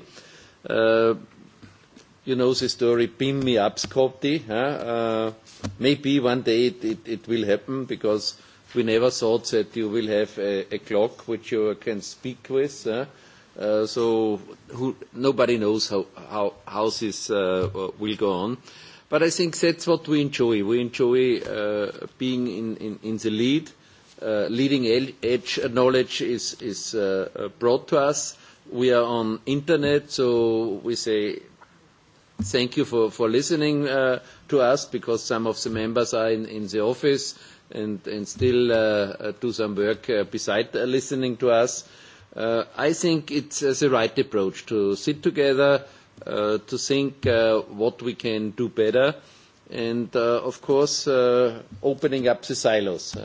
you know the story, beam me up, Scotty. Maybe one day it will happen because we never thought that you will have a clock which you can speak with. So nobody knows how this will go on. But I think that's what we enjoy. We enjoy being in the lead. Leading edge knowledge is brought to us. We are on internet, so we say Thank you for listening to us, because some of the members are in the office and still do some work beside listening to us. I think it's the right approach to sit together, to think what we can do better, and of course opening up the silos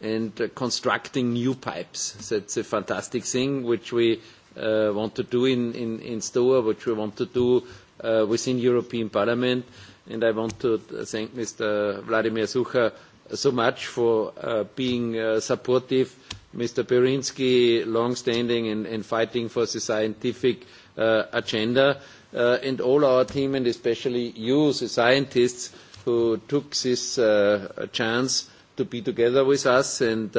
and constructing new pipes. That's a fantastic thing which we want to do in Store, which we want to do within European Parliament. And I want to thank Mr. Vladimir Sucha so much for being supportive. Mr. Perinsky, long-standing and fighting for the scientific agenda. And all our team, and especially you, the scientists, who took this chance to be together with us and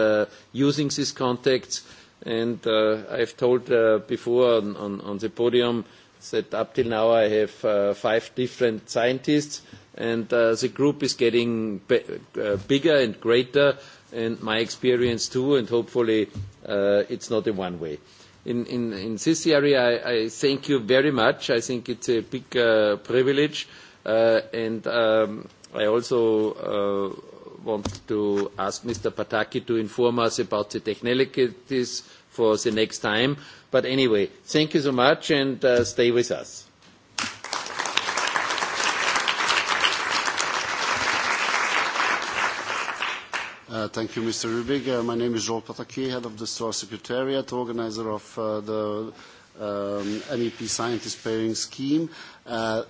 using these contacts. And I've told before on the podium that up till now I have five different scientists, and the group is getting bigger and greater, and my experience too, and hopefully it's not a one-way. In this area, I thank you very much. I think it's a big privilege, and I also want to ask Mr. Pataki to inform us about the technicalities for the next time. But anyway, thank you so much and stay with us. Thank you, Mr. Rubig. My name is Joel Pataki, head of the STOA Secretariat, organizer of the MEP Scientist Pairing Scheme.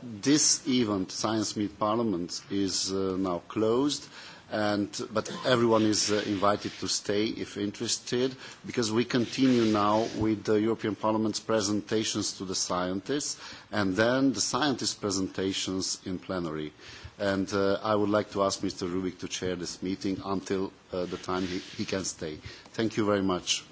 This event, Science Meet Parliament, is now closed. But everyone is invited to stay if interested, because we continue now with the European Parliament's presentations to the scientists, and then the scientists' presentations in plenary. And I would like to ask Mr. Rubik to chair this meeting until the time he can stay. Thank you very much.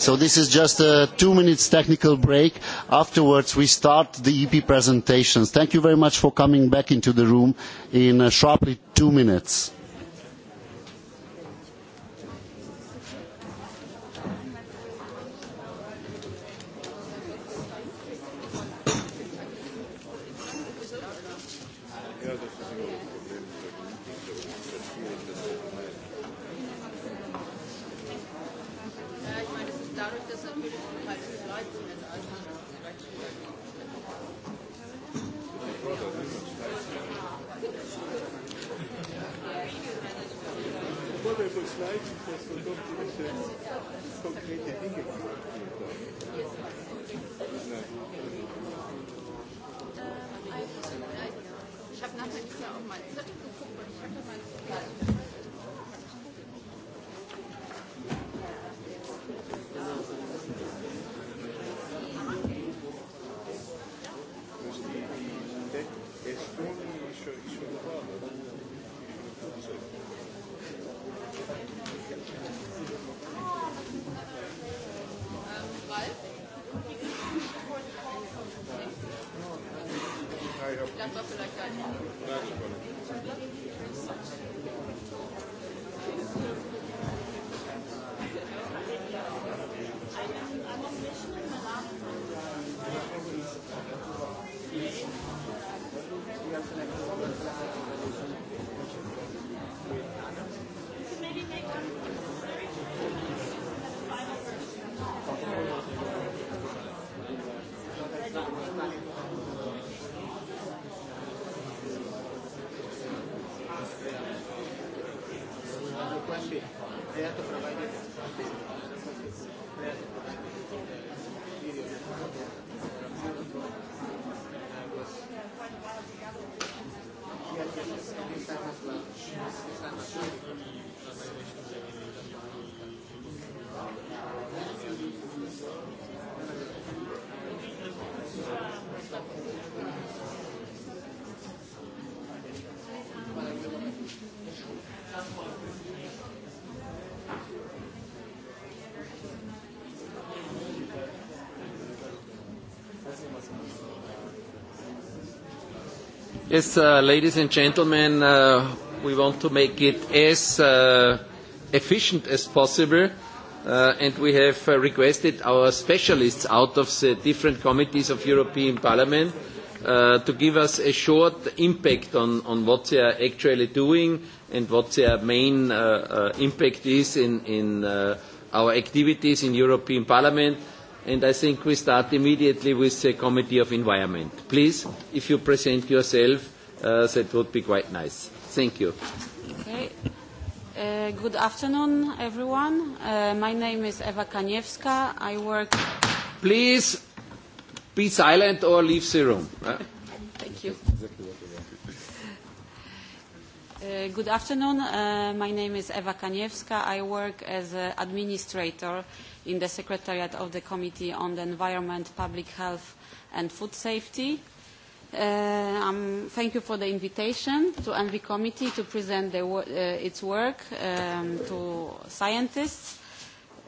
So this is just a two minutes technical break. Afterwards we start the EP presentations. Thank you very much for coming back into the room in sharply two minutes. Yes, ladies and gentlemen, we want to make it as efficient as possible, and we have requested our specialists out of the different committees of European Parliament to give us a short impact on what they are actually doing and what their main impact is in our activities in European Parliament and I think we start immediately with the Committee of Environment. Please, if you present yourself, that would be quite nice. Thank you. Good afternoon, everyone. My name is Eva Kaniewska. I work... Please be silent or leave the room. Thank you. Good afternoon. My name is Eva Kaniewska. I work as an administrator in the Secretariat of the Committee on the Environment, Public Health and Food Safety. Thank you for the invitation to ENVI Committee to present its work to scientists.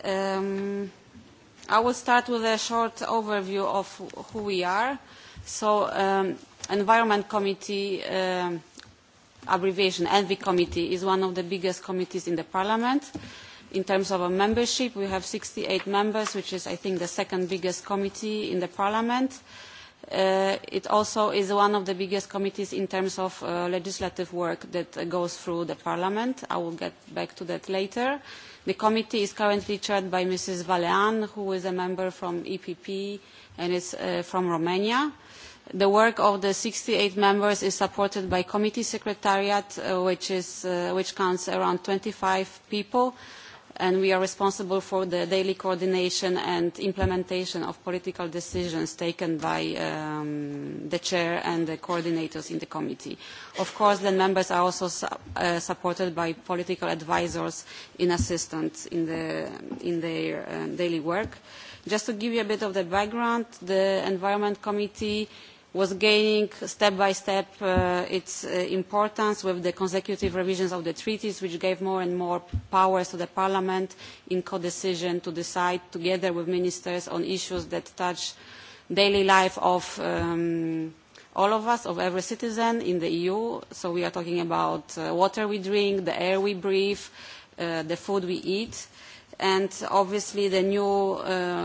I will start with a short overview of who we are. So, Environment Committee, abbreviation ENVI Committee, is one of the biggest committees in the Parliament. In terms of membership, we have 68 members, which is, I think, the second biggest committee in the Parliament. It also is one of the biggest committees in terms of legislative work that goes through the Parliament. I will get back to that later. The committee is currently chaired by Mrs. Valean, who is a member from EPP and is from Romania. The work of the 68 members is supported by committee secretariat, which counts around 25 people and we are responsible for the daily coordination and implementation of political decisions taken by the chair and the coordinators in the committee. Of course, the members are also supported by political advisors in assistance in their daily work. Just to give you a bit of the background, the Environment Committee was gaining step by step its importance with the consecutive revisions of the treaties which gave more and more powers to the parliament in co-decision to decide together with ministers on issues that touch daily life of all of us, of every citizen in the EU. So we are talking about water we drink, the air we breathe, the food we eat and obviously the new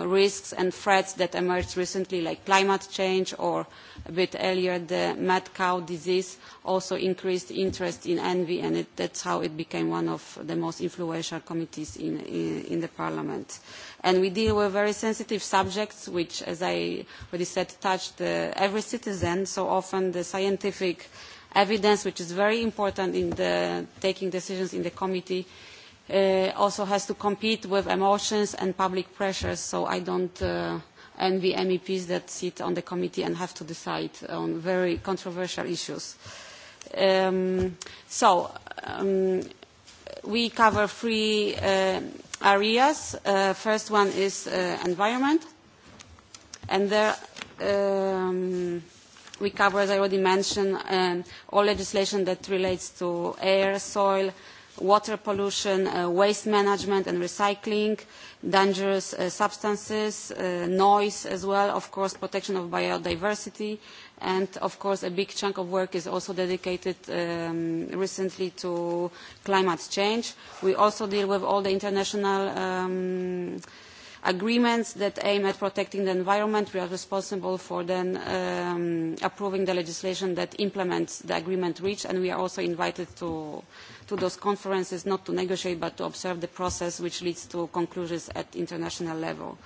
risks and threats that emerged recently, like climate change or a bit earlier the mad cow disease, also increased interest in envy, and that's how it became one of the most influential committees in the Parliament. And we deal with very sensitive subjects, which, as I already said, touched every citizen. So often the scientific evidence, which is very important in the taking decisions in the committee, also has to compete with emotions and public pressures, so I don't envy MEPs that sit on the committee and have to decide on very controversial issues. So we cover three areas. First one is environment, and there we cover, as I already mentioned, all legislation that relates to air, soil water pollution, waste management and recycling, dangerous substances, noise as well, of course, protection of biodiversity, and of course a big chunk of work is also dedicated recently to climate change. We also deal with all the international agreements that aim at protecting the environment. We are responsible for then approving the legislation that implements the agreement reached, and we are also invited to to those conferences, not to negotiate, but to observe the process which leads to conclusions at international level.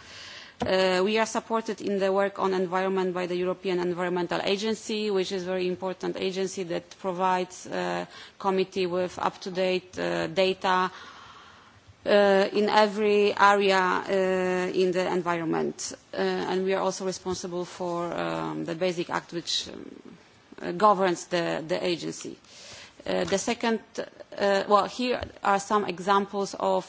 We are supported in the work on environment by the European Environmental Agency, which is a very important agency that provides the committee with up-to-date data in every area in the environment. And we are also responsible for the Basic Act, which governs the agency. The second well, here are some examples of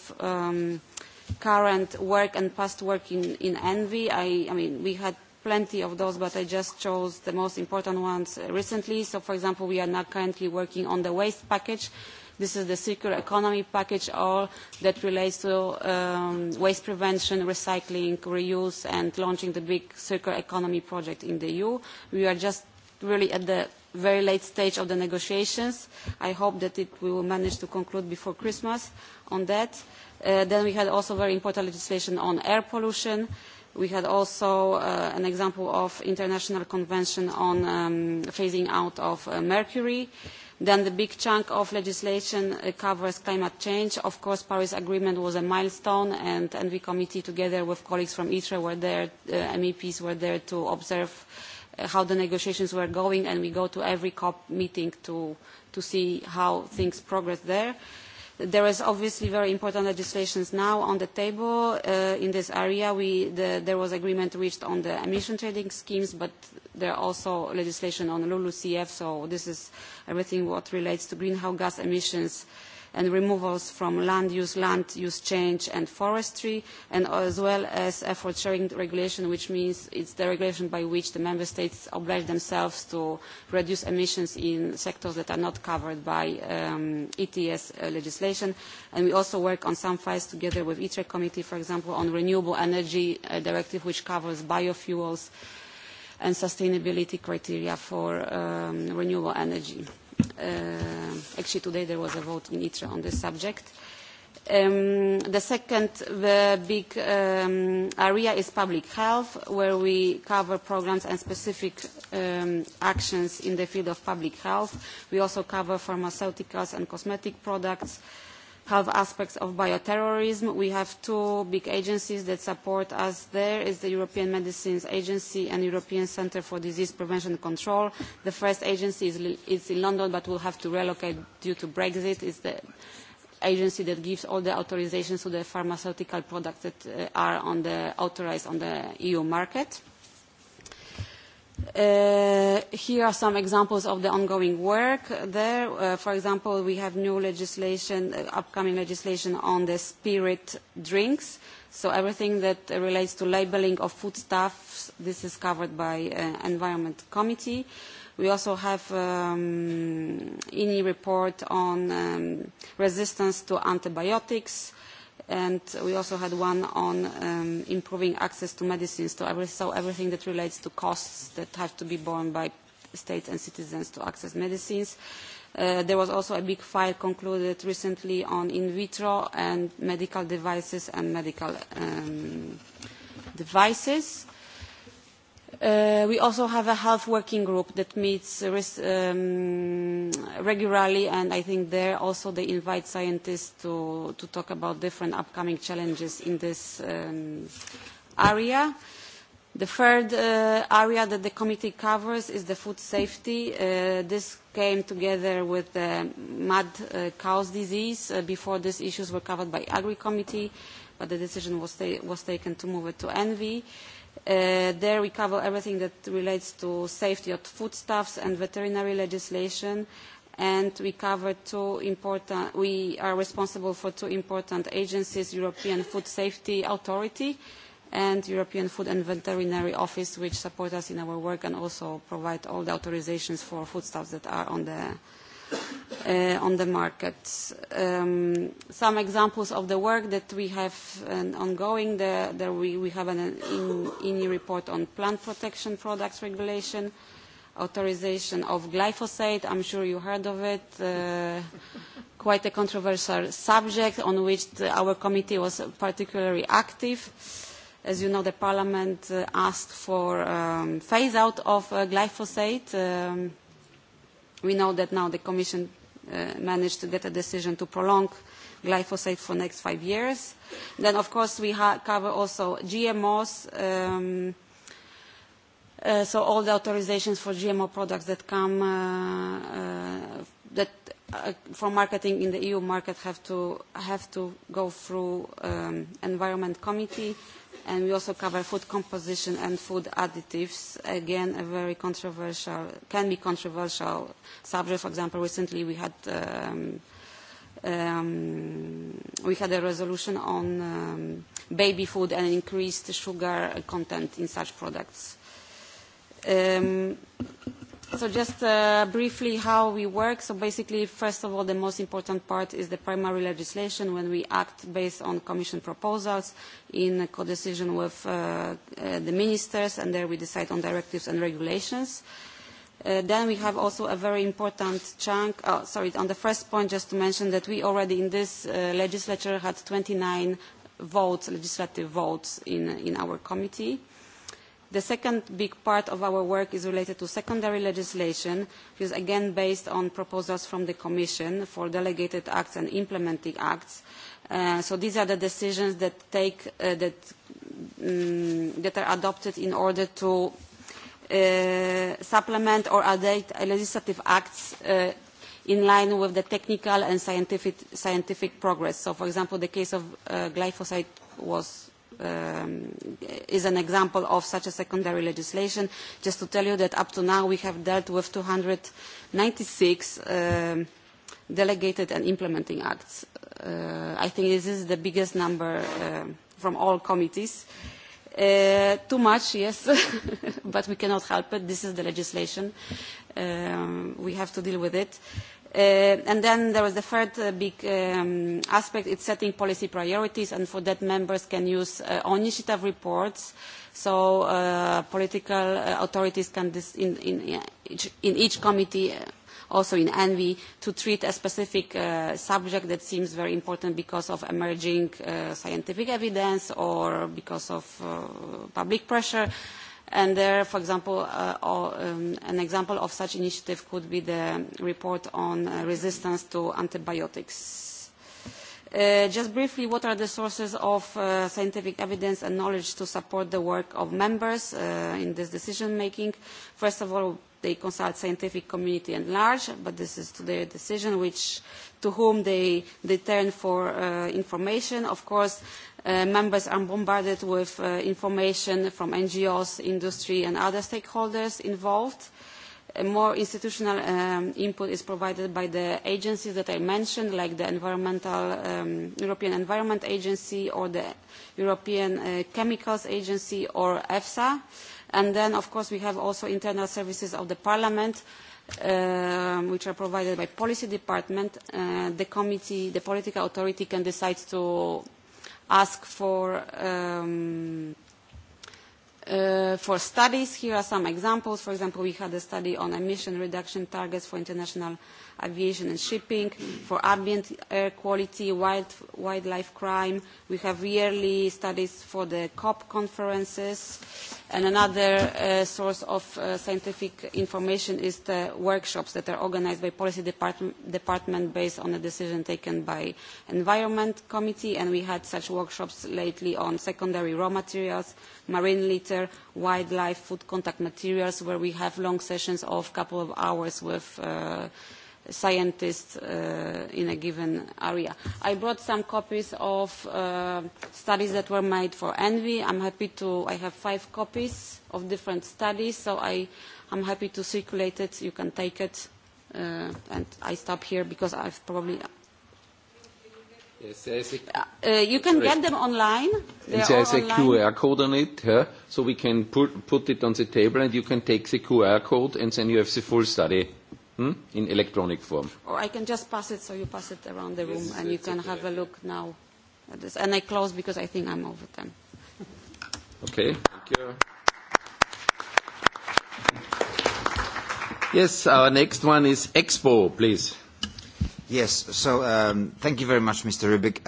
current work and past work in ENVY. I mean, we had plenty of those, but I just chose the most important ones recently. So, for example, we are now currently working on the waste package. This is the circular economy package, all that relates to waste prevention, recycling, reuse, and launching the big circular economy project in the EU. We are just really at the very late stage of the negotiations. I hope that we will manage to conclude before Christmas on that. Then we had also very important legislation on air pollution. We had also an example of international convention on phasing out of mercury. Then the big chunk of legislation covers climate change. Of course, Paris Agreement was a milestone, and we committee, together with colleagues from ITRE, were there, MEPs were there to observe how the negotiations were going, and we go to every COP meeting to see how things progress there. There is obviously very important legislation now on the table in this area. There was agreement reached on the emission trading schemes, but there are also legislation on LULUCF, so this is everything what relates to greenhouse gas emissions and removals from land use, land use change and forestry, and as well as effort sharing regulation, which means it's the regulation by which the member states oblige themselves to reduce emissions in sectors that are not covered by ETS legislation. And we also work on some files together with ITRE committee, for example, on renewable energy directive, which covers biofuels and sustainability criteria for renewable energy. Actually, today there was a vote in ITRA on this subject. The second big area is public health, where we cover programs and specific actions in the field of public health. We also cover pharmaceuticals and cosmetic products have aspects of bioterrorism. We have two big agencies that support us there. is the European Medicines Agency and European Centre for Disease Prevention and Control. The first agency is in London but will have to relocate due to Brexit. is the agency that gives all the authorizations to the pharmaceutical products that are authorised on the EU market. Here are some examples of the ongoing work there. For example, we have new legislation, upcoming legislation on the spirit drinks. So everything that relates to labelling of foodstuffs, this is covered by Environment Committee. We also have any report on resistance to antibiotics and we also had one on improving access to medicines, to so everything that relates to costs that have to be borne by states and citizens to access medicines. There was also a big file concluded recently on in vitro and medical devices and medical devices. We also have a health working group that meets regularly, and I think there also they invite scientists to talk about different upcoming challenges in this area. The third area that the committee covers is the food safety. This came together with the mad cow disease. Before these issues were covered by Agri Committee, but the decision was taken to move it to ENVI. There we cover everything that relates to safety of foodstuffs and veterinary legislation, and we cover two important. We are responsible for two important agencies: European Food Safety Authority and European Food and Veterinary Office, which support us in our work and also provide all the authorizations for foodstuffs that are on the on the market. Some examples of the work that we have ongoing, we have an INI report on plant protection products regulation, authorization of glyphosate, I'm sure you heard of it, quite a controversial subject on which our committee was particularly active. As you know, the Parliament asked for phase out of glyphosate We know that now the Commission managed to get a decision to prolong glyphosate for the next five years. Then, of course, we cover also GMOs, so all the authorizations for GMO products that come that for marketing in the EU market have to have to go through Environment Committee and we also cover food composition and food additives. Again, a very controversial, can be controversial subject. For example, recently we had we had a resolution on baby food and increased sugar content in such products. So just briefly how we work. So basically, first of all, the most important part is the primary legislation when we act based on Commission proposals in co-decision with the ministers, and there we decide on directives and regulations. Then we have also a very important chunk. Sorry, on the first point, just to mention that we already in this legislature had 29 votes, legislative votes in our committee. The second big part of our work is related to secondary legislation, which is again based on proposals from the Commission for delegated acts and implementing acts. So these are the decisions that take that are adopted in order to supplement or update legislative acts in line with the technical and scientific progress. So, for example, the case of glyphosate was is an example of such a secondary legislation. Just to tell you that up to now we have dealt with 296 delegated and implementing acts. I think this is the biggest number from all committees. Too much, yes, but we cannot help it. This is the legislation. We have to deal with it. And then there was the third big aspect, it's setting policy priorities, and for that members can use initiative reports, so political authorities can, in each committee, also in ENVI, to treat a specific subject that seems very important because of emerging scientific evidence or because of public pressure And there, for example, an example of such initiative could be the report on resistance to antibiotics. Just briefly, what are the sources of scientific evidence and knowledge to support the work of members in this decision-making? First of all, they consult scientific community at large, but this is today a decision which to whom they turn for information. Of course, members are bombarded with information from NGOs, industry, and other stakeholders involved. More institutional input is provided by the agencies that I mentioned, like the European Environment Agency or the European Chemicals Agency or EFSA. And then, of course, we have also internal services of the Parliament which are provided by policy department, the committee, the political authority can decide to ask for for studies. Here are some examples. For example, we had a study on emission reduction targets for international aviation and shipping, for ambient air quality, wildlife crime. We have yearly studies for the COP conferences. And another source of scientific information is the workshops that are organized by policy department based on a decision taken by Environment Committee. And we had such workshops lately on secondary raw materials, marine litter, wildlife, food contact materials, where we have long sessions of a couple of hours with scientists in a given area. I brought some copies of studies that were made for Envy. I'm happy to, I have five copies of different studies, so I am happy to circulate it. You can take it. And I stop here because I've probably. You can get them online. There a QR code on it, so we can put it on the table and you can take the QR code and then you have the full study in electronic form. Or I can just pass it so you pass it around the room and you can have a look now. And I close because I think I'm over time. Okay, thank you. Yes, our next one is Expo, please. Yes, so thank you very much, Mr. Rubik.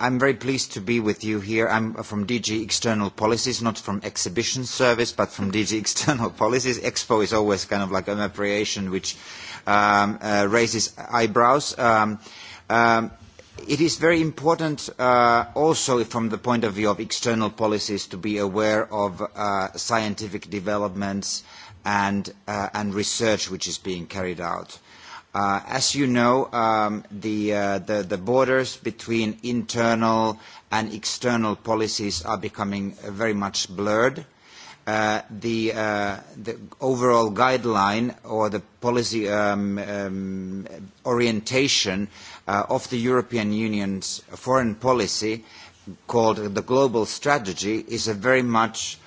I'm very pleased to be with you here. I'm from DG External Policies, not from Exhibition Service, but from DG External Policies. Expo is always kind of like an appropriation which raises eyebrows. It is very important also from the point of view of external policies to be aware of scientific developments and research which is being carried out. As you know, the borders between internal and external policies are becoming very much blurred. The overall guideline or the policy orientation of the European Union's foreign policy, called the Global Strategy, is a very much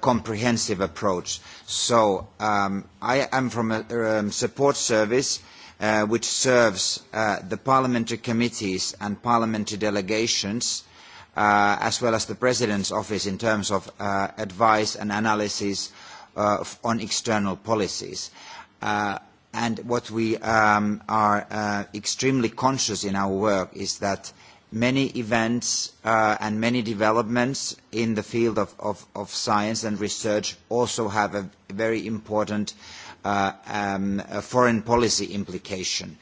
comprehensive approach. So I am from a support service which serves the parliamentary committees and parliamentary delegations as well as the President's office in terms of advice and analysis on external policies. And what we are extremely conscious in our work is that many events and many developments in the field of science and research also have a very important foreign policy implication.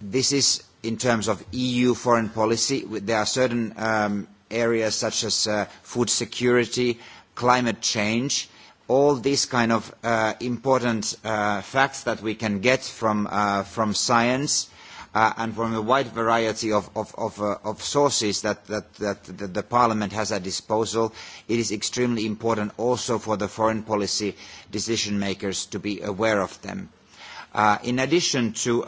This is in terms of EU foreign policy. There are certain areas such as food security, climate change, all these kind of important facts that we can get from science and from a wide variety of sources that the Parliament has at disposal. It is extremely important also for the foreign policy decision makers to be aware of them. In addition to,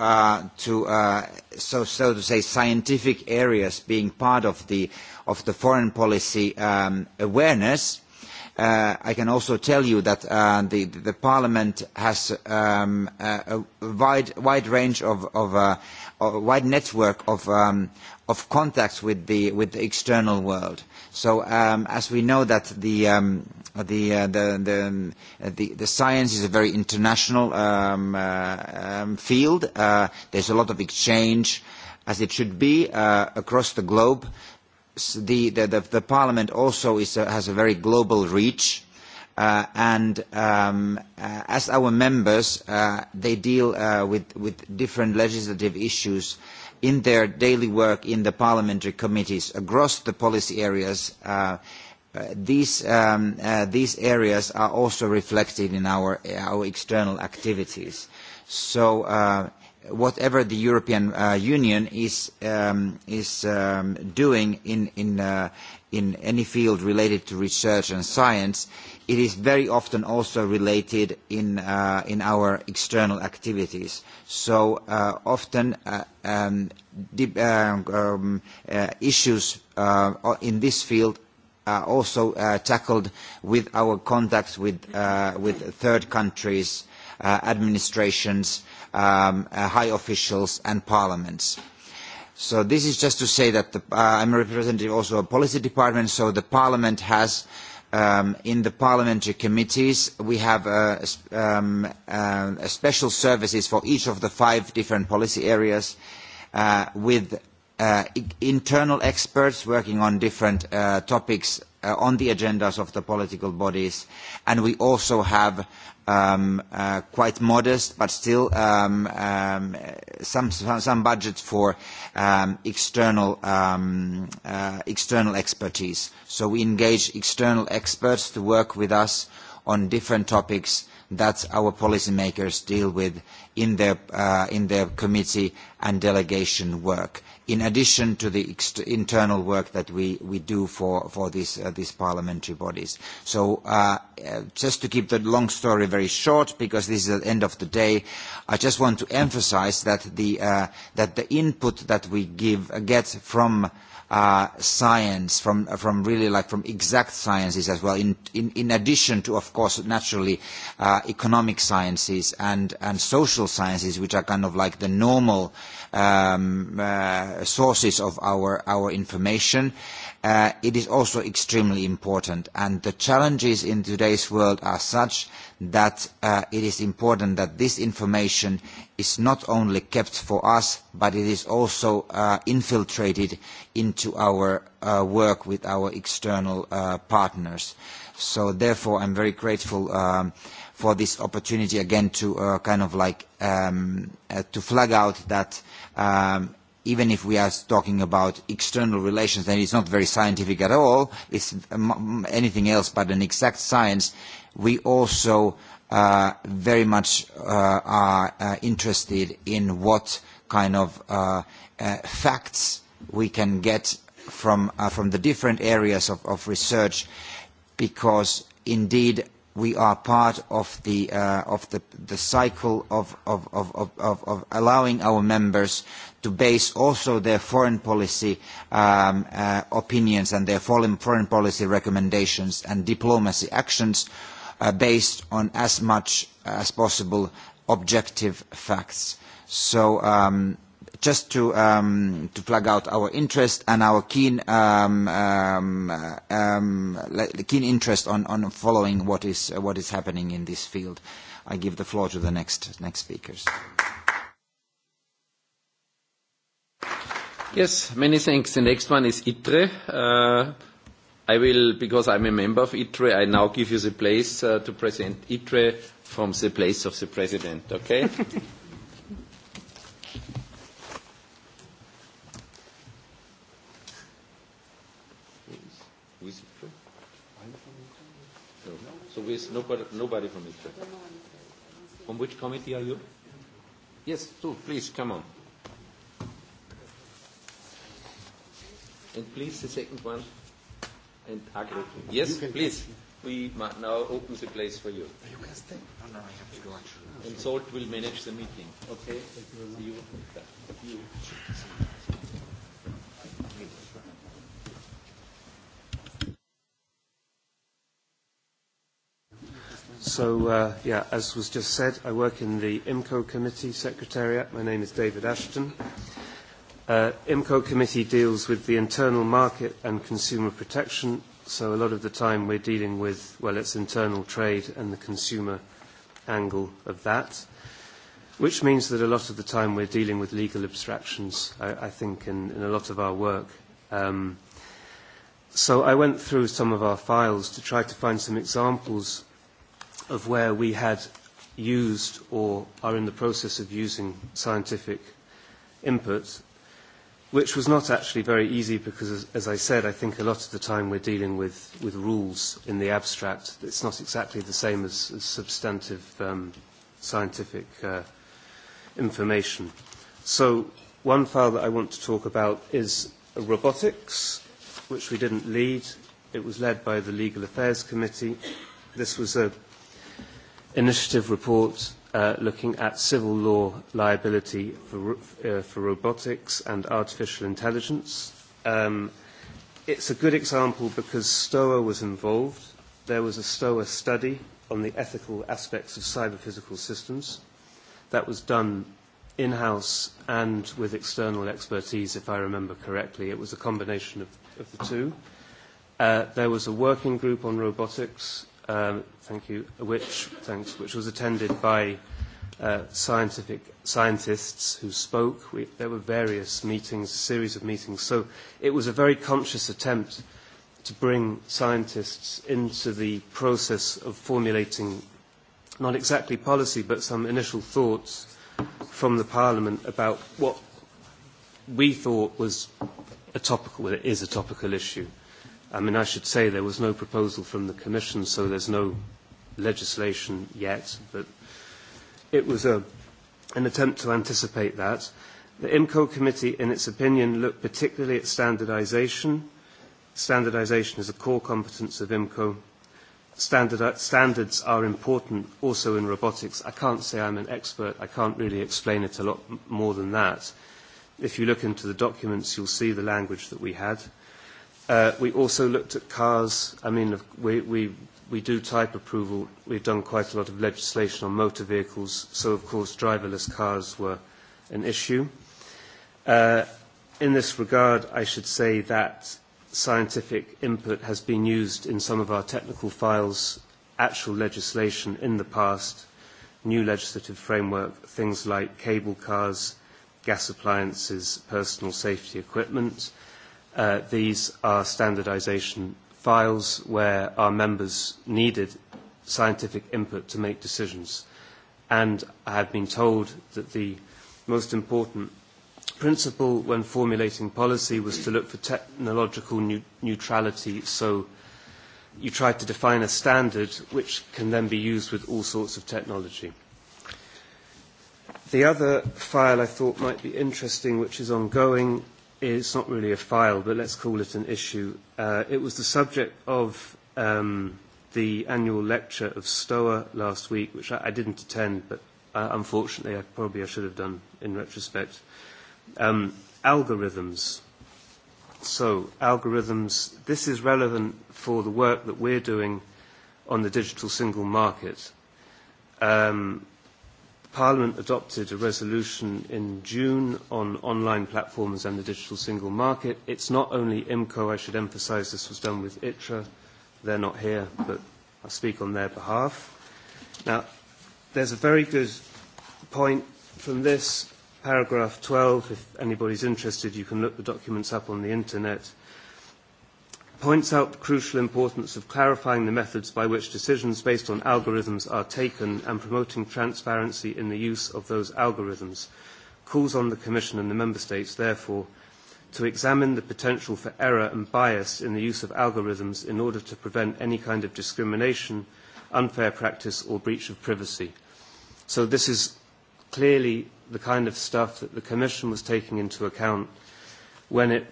so to say, scientific areas being part of the foreign policy awareness, I can also tell you that the Parliament has a wide range of wide network of contacts with the external world. So as we know that the science is a very international field, there's a lot of exchange, as it should be, across the globe the Parliament also has a very global reach, and as our members, they deal with different legislative issues in their daily work in the parliamentary committees across the policy areas. These areas are also reflected in our external activities. So whatever the European Union is doing in any field related to research and science, it is very often also related in our external activities. So often issues in this field are also tackled with our contacts with third countries, administrations high officials and parliaments. So this is just to say that I'm a representative also of policy department, so the parliament has in the parliamentary committees we have special services for each of the five different policy areas with internal experts working on different topics on the agendas of the political bodies and we also have quite modest but still some budget for external expertise so we engage external experts to work with us on different topics that our policymakers deal with in their committee and delegation work, in addition to the internal work that we do for these parliamentary bodies. So just to keep the long story very short, because this is the end of the day, I just want to emphasise that the input that we give get from science from from really like from exact sciences as well in in addition to of course naturally economic sciences and and social sciences which are kind of like the normal sources of our information. It is also extremely important, and the challenges in today's world are such that it is important that this information is not only kept for us, but it is also infiltrated into our work with our external partners. So therefore, I'm very grateful for this opportunity again to kind of like to flag out that even if we are talking about external relations, and it's not very scientific at all, it's anything else but an exact science, we also very much are interested in what kind of facts we can get from the different areas of research, because indeed we are part of the cycle of allowing our members to base also their foreign policy opinions and their foreign policy recommendations and diplomacy actions based on as much as possible objective facts. So just to plug out our interest and our keen interest on following what is happening in this field. I give the floor to the next speakers. Yes, many thanks. The next one is ITRE. I will, because I'm a member of ITRE, I now give you the place to present ITRE from the place of the President, okay? nobody, nobody from Israel. From which committee are you? Yes, two, please, come on. And please, the second one. And Agri. Yes, please. We now open the place for you. You can stay. No, no, I have to go actually. And Salt will manage the meeting. Okay? You. So, uh yeah, as was just said, I work in the IMCO Committee Secretariat. My name is David Ashton. Uh IMCO Committee deals with the internal market and consumer protection, so a lot of the time we're dealing with, well, its internal trade and the consumer angle of that, which means that a lot of the time we're dealing with legal abstractions, I I think, in in a lot of our work. So I went through some of our files to try to find some examples of where we had used or are in the process of using scientific input, which was not actually very easy because, as I said, I think a lot of the time we're dealing with with rules in the abstract. It's not exactly the same as substantive scientific information. So one file that I want to talk about is robotics, which we didn't lead. It was led by the Legal Affairs Committee. This was a initiative report looking at civil law liability for robotics and artificial intelligence. It's a good example because STOA was involved. There was a STOA study on the ethical aspects of cyber-physical systems. That was done in-house and with external expertise, if I remember correctly. It was a combination of the two. There was a working group on robotics thank you, which, thanks, which was attended by scientific scientists who spoke. We, there were various meetings, a series of meetings. So it was a very conscious attempt to bring scientists into the process of formulating not exactly policy, but some initial thoughts from the Parliament about what we thought was a topical, well, it is a topical issue I mean, I should say there was no proposal from the Commission, so there's no legislation yet, but it was an attempt to anticipate that. The IMCO committee, in its opinion, looked particularly at standardisation. Standardisation is a core competence of IMCO. Standards are important also in robotics. I can't say I'm an expert. I can't really explain it a lot more than that. If you look into the documents, you'll see the language that we had. We also looked at cars. I mean, we do type approval. We've done quite a lot of legislation on motor vehicles, so of course driverless cars were an issue. In this regard, I should say that scientific input has been used in some of our technical files, actual legislation in the past, new legislative framework, things like cable cars, gas appliances, personal safety equipment. These are standardisation files where our members needed scientific input to make decisions. And I have been told that the most important principle when formulating policy was to look for technological neutrality, so you try to define a standard which can then be used with all sorts of technology. The other file I thought might be interesting, which is ongoing, it's not really a file, but let's call it an issue. It was the subject of the annual lecture of STOA last week, which I didn't attend, but unfortunately I probably I should have done in retrospect. Algorithms. So, algorithms, this is relevant for the work that we're doing on the digital single market. Um Parliament adopted a resolution in June on online platforms and the digital single market. It's not only IMCO, I should emphasise this was done with ITRA. They're not here, but I speak on their behalf. Now, there's a very good point from this, paragraph 12. If anybody's interested, you can look the documents up on the internet points out the crucial importance of clarifying the methods by which decisions based on algorithms are taken and promoting transparency in the use of those algorithms, calls on the Commission and the Member States, therefore, to examine the potential for error and bias in the use of algorithms in order to prevent any kind of discrimination, unfair practice or breach of privacy. So this is clearly the kind of stuff that the Commission was taking into account when it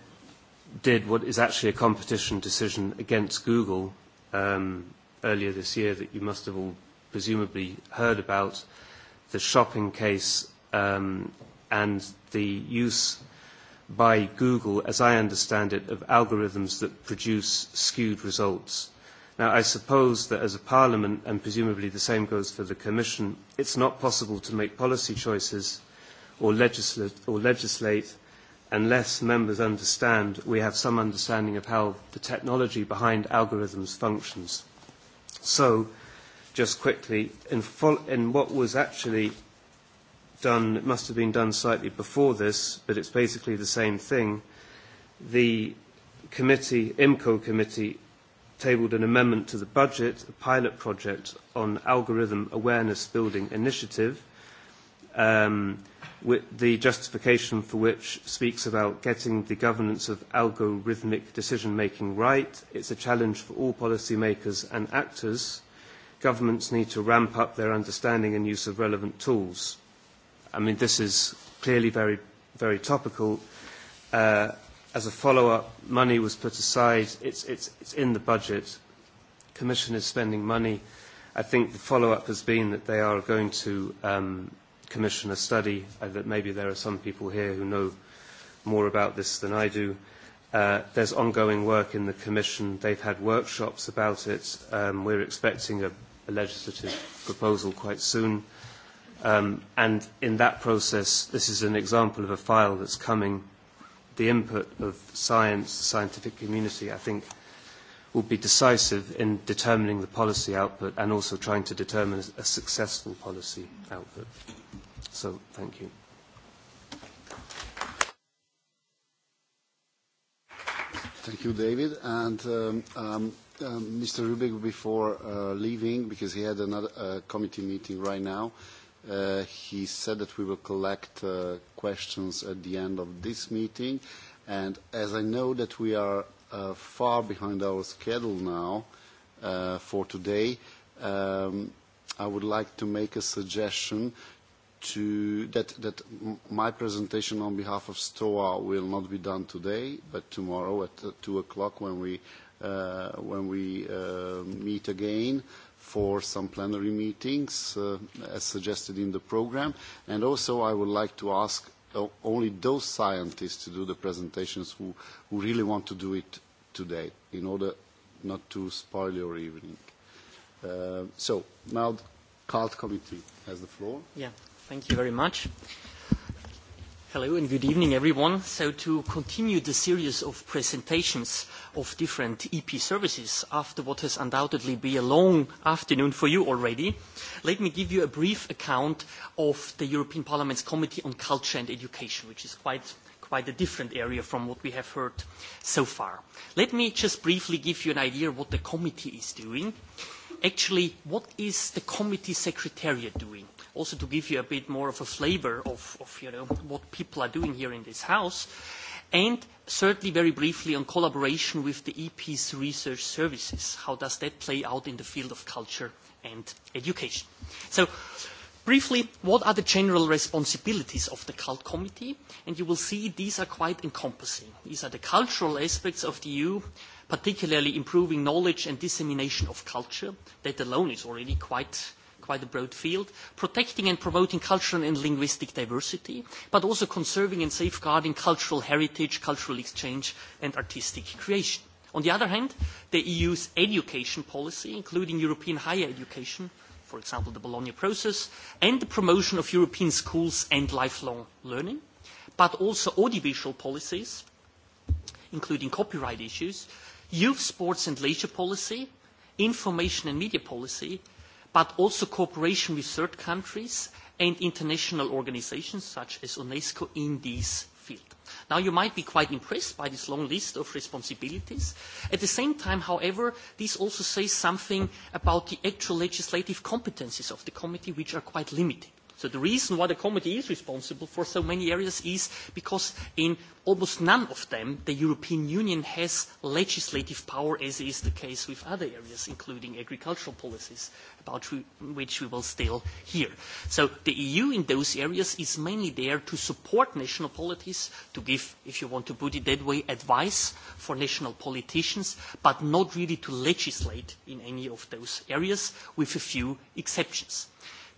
did what is actually a competition decision against Google earlier this year that you must have all presumably heard about, the shopping case and the use by Google, as I understand it, of algorithms that produce skewed results. Now, I suppose that as a Parliament, and presumably the same goes for the Commission, it's not possible to make policy choices or legislate unless members understand, we have some understanding of how the technology behind algorithms functions. So, just quickly, in what was actually done, it must have been done slightly before this, but it's basically the same thing, the committee, IMCO committee, tabled an amendment to the budget, a pilot project on algorithm awareness building initiative, the justification for which speaks about getting the governance of algorithmic decision-making right. It's a challenge for all policymakers and actors. Governments need to ramp up their understanding and use of relevant tools. I mean, this is clearly very, very topical. As a follow-up, money was put aside. It's, it's, it's in the budget. Commission is spending money. I think the follow-up has been that they are going to commission a study that maybe there are some people here who know more about this than I do. There's ongoing work in the Commission. They've had workshops about it. We're expecting a legislative proposal quite soon. And in that process, this is an example of a file that's coming. The input of science, the scientific community, I think, will be decisive in determining the policy output and also trying to determine a successful policy output. So, thank you. Thank you, David. And Mr. Rubik, before leaving, because he had another committee meeting right now, he said that we will collect questions at the end of this meeting. And as I know that we are far behind our schedule now for today, I would like to make a suggestion that my presentation on behalf of STOA will not be done today, but tomorrow at two o'clock when we when we meet again for some plenary meetings as suggested in the program. And also I would like to ask only those scientists to do the presentations who who really want to do it today, in order not to spoil your evening. So now, CALT committee has the floor. Yeah. Thank you very much. Hello and good evening, everyone. So to continue the series of presentations of different EP services after what has undoubtedly been a long afternoon for you already, let me give you a brief account of the European Parliament's Committee on Culture and Education, which is quite quite a different area from what we have heard so far. Let me just briefly give you an idea of what the committee is doing. Actually, what is the committee secretariat doing? also to give you a bit more of a flavor of you know what people are doing here in this house and certainly very briefly on collaboration with the EP's research services how does that play out in the field of culture and education so briefly what are the general responsibilities of the cult committee and you will see these are quite encompassing these are the cultural aspects of the EU particularly improving knowledge and dissemination of culture that alone is already quite by the broad field, protecting and promoting cultural and linguistic diversity, but also conserving and safeguarding cultural heritage, cultural exchange and artistic creation. On the other hand, the EU's education policy, including European higher education, for example the Bologna process, and the promotion of European schools and lifelong learning, but also audiovisual policies, including copyright issues, youth sports and leisure policy, information and media policy, but also cooperation with third countries and international organisations such as UNESCO in this field. Now, you might be quite impressed by this long list of responsibilities. At the same time, however, this also says something about the actual legislative competences of the committee, which are quite limited. So the reason why the committee is responsible for so many areas is because in almost none of them the European Union has legislative power as is the case with other areas including agricultural policies about which we will still hear. So the EU in those areas is mainly there to support national policies, to give, if you want to put it that way, advice for national politicians, but not really to legislate in any of those areas with a few exceptions.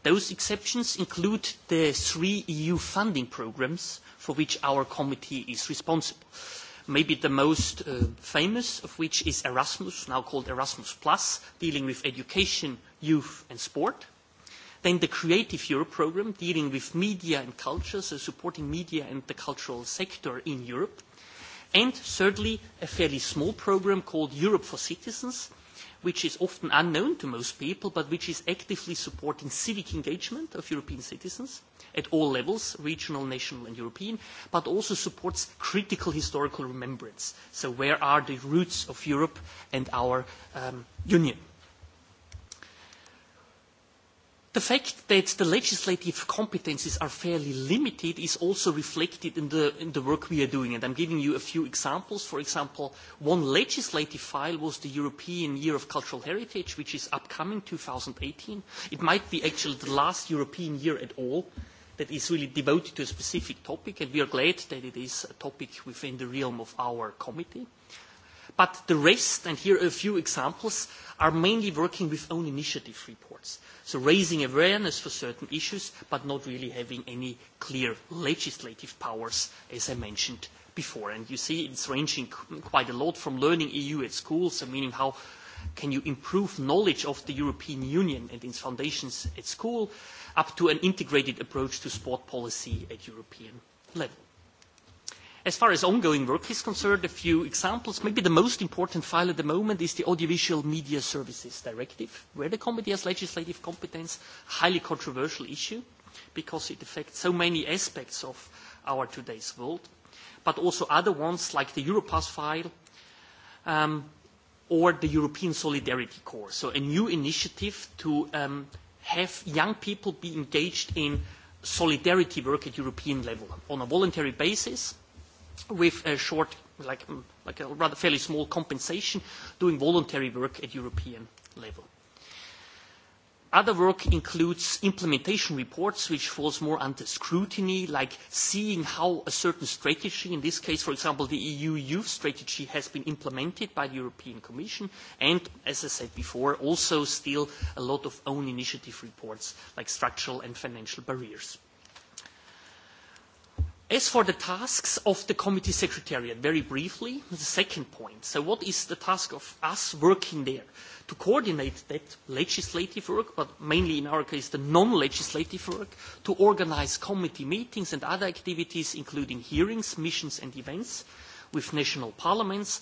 Those exceptions include the three EU funding programmes for which our committee is responsible. Maybe the most famous of which is Erasmus, now called Erasmus Plus, dealing with education, youth and sport. Then the Creative Europe programme, dealing with media and culture, so supporting media and the cultural sector in Europe. And thirdly, a fairly small programme called Europe for Citizens which is often unknown to most people, but which is actively supporting civic engagement of European citizens at all levels, regional, national and European, but also supports critical historical remembrance. So where are the roots of Europe and our Union? The fact that the legislative competences are fairly limited is also reflected in the work we are doing, and I'm giving you a few examples. For example, one legislative file was the European Year of Cultural Heritage, which is upcoming 2018. It might be actually the last European year at all that is really devoted to a specific topic, and we are glad that it is a topic within the realm of our committee. But the rest, and here are a few examples, are mainly working with own initiative reports. So raising awareness for certain issues, but not really having any clear legislative powers, as I mentioned before. And you see it's ranging quite a lot from learning EU at school, so meaning how can you improve knowledge of the European Union and its foundations at school, up to an integrated approach to sport policy at European level. As far as ongoing work is concerned, a few examples. Maybe the most important file at the moment is the Audiovisual Media Services Directive, where the Committee has legislative competence, a highly controversial issue because it affects so many aspects of our today's world, but also other ones like the Europass file or the European Solidarity Corps. So a new initiative to have young people be engaged in solidarity work at European level on a voluntary basis with a short, like a rather fairly small compensation, doing voluntary work at European level. Other work includes implementation reports, which falls more under scrutiny, like seeing how a certain strategy, in this case, for example, the EU Youth Strategy, has been implemented by the European Commission, and, as I said before, also still a lot of own initiative reports, like structural and financial barriers. As for the tasks of the committee secretariat, very briefly, the second point. So what is the task of us working there? To coordinate that legislative work, but mainly in our case the non-legislative work, to organize committee meetings and other activities, including hearings, missions and events with national parliaments,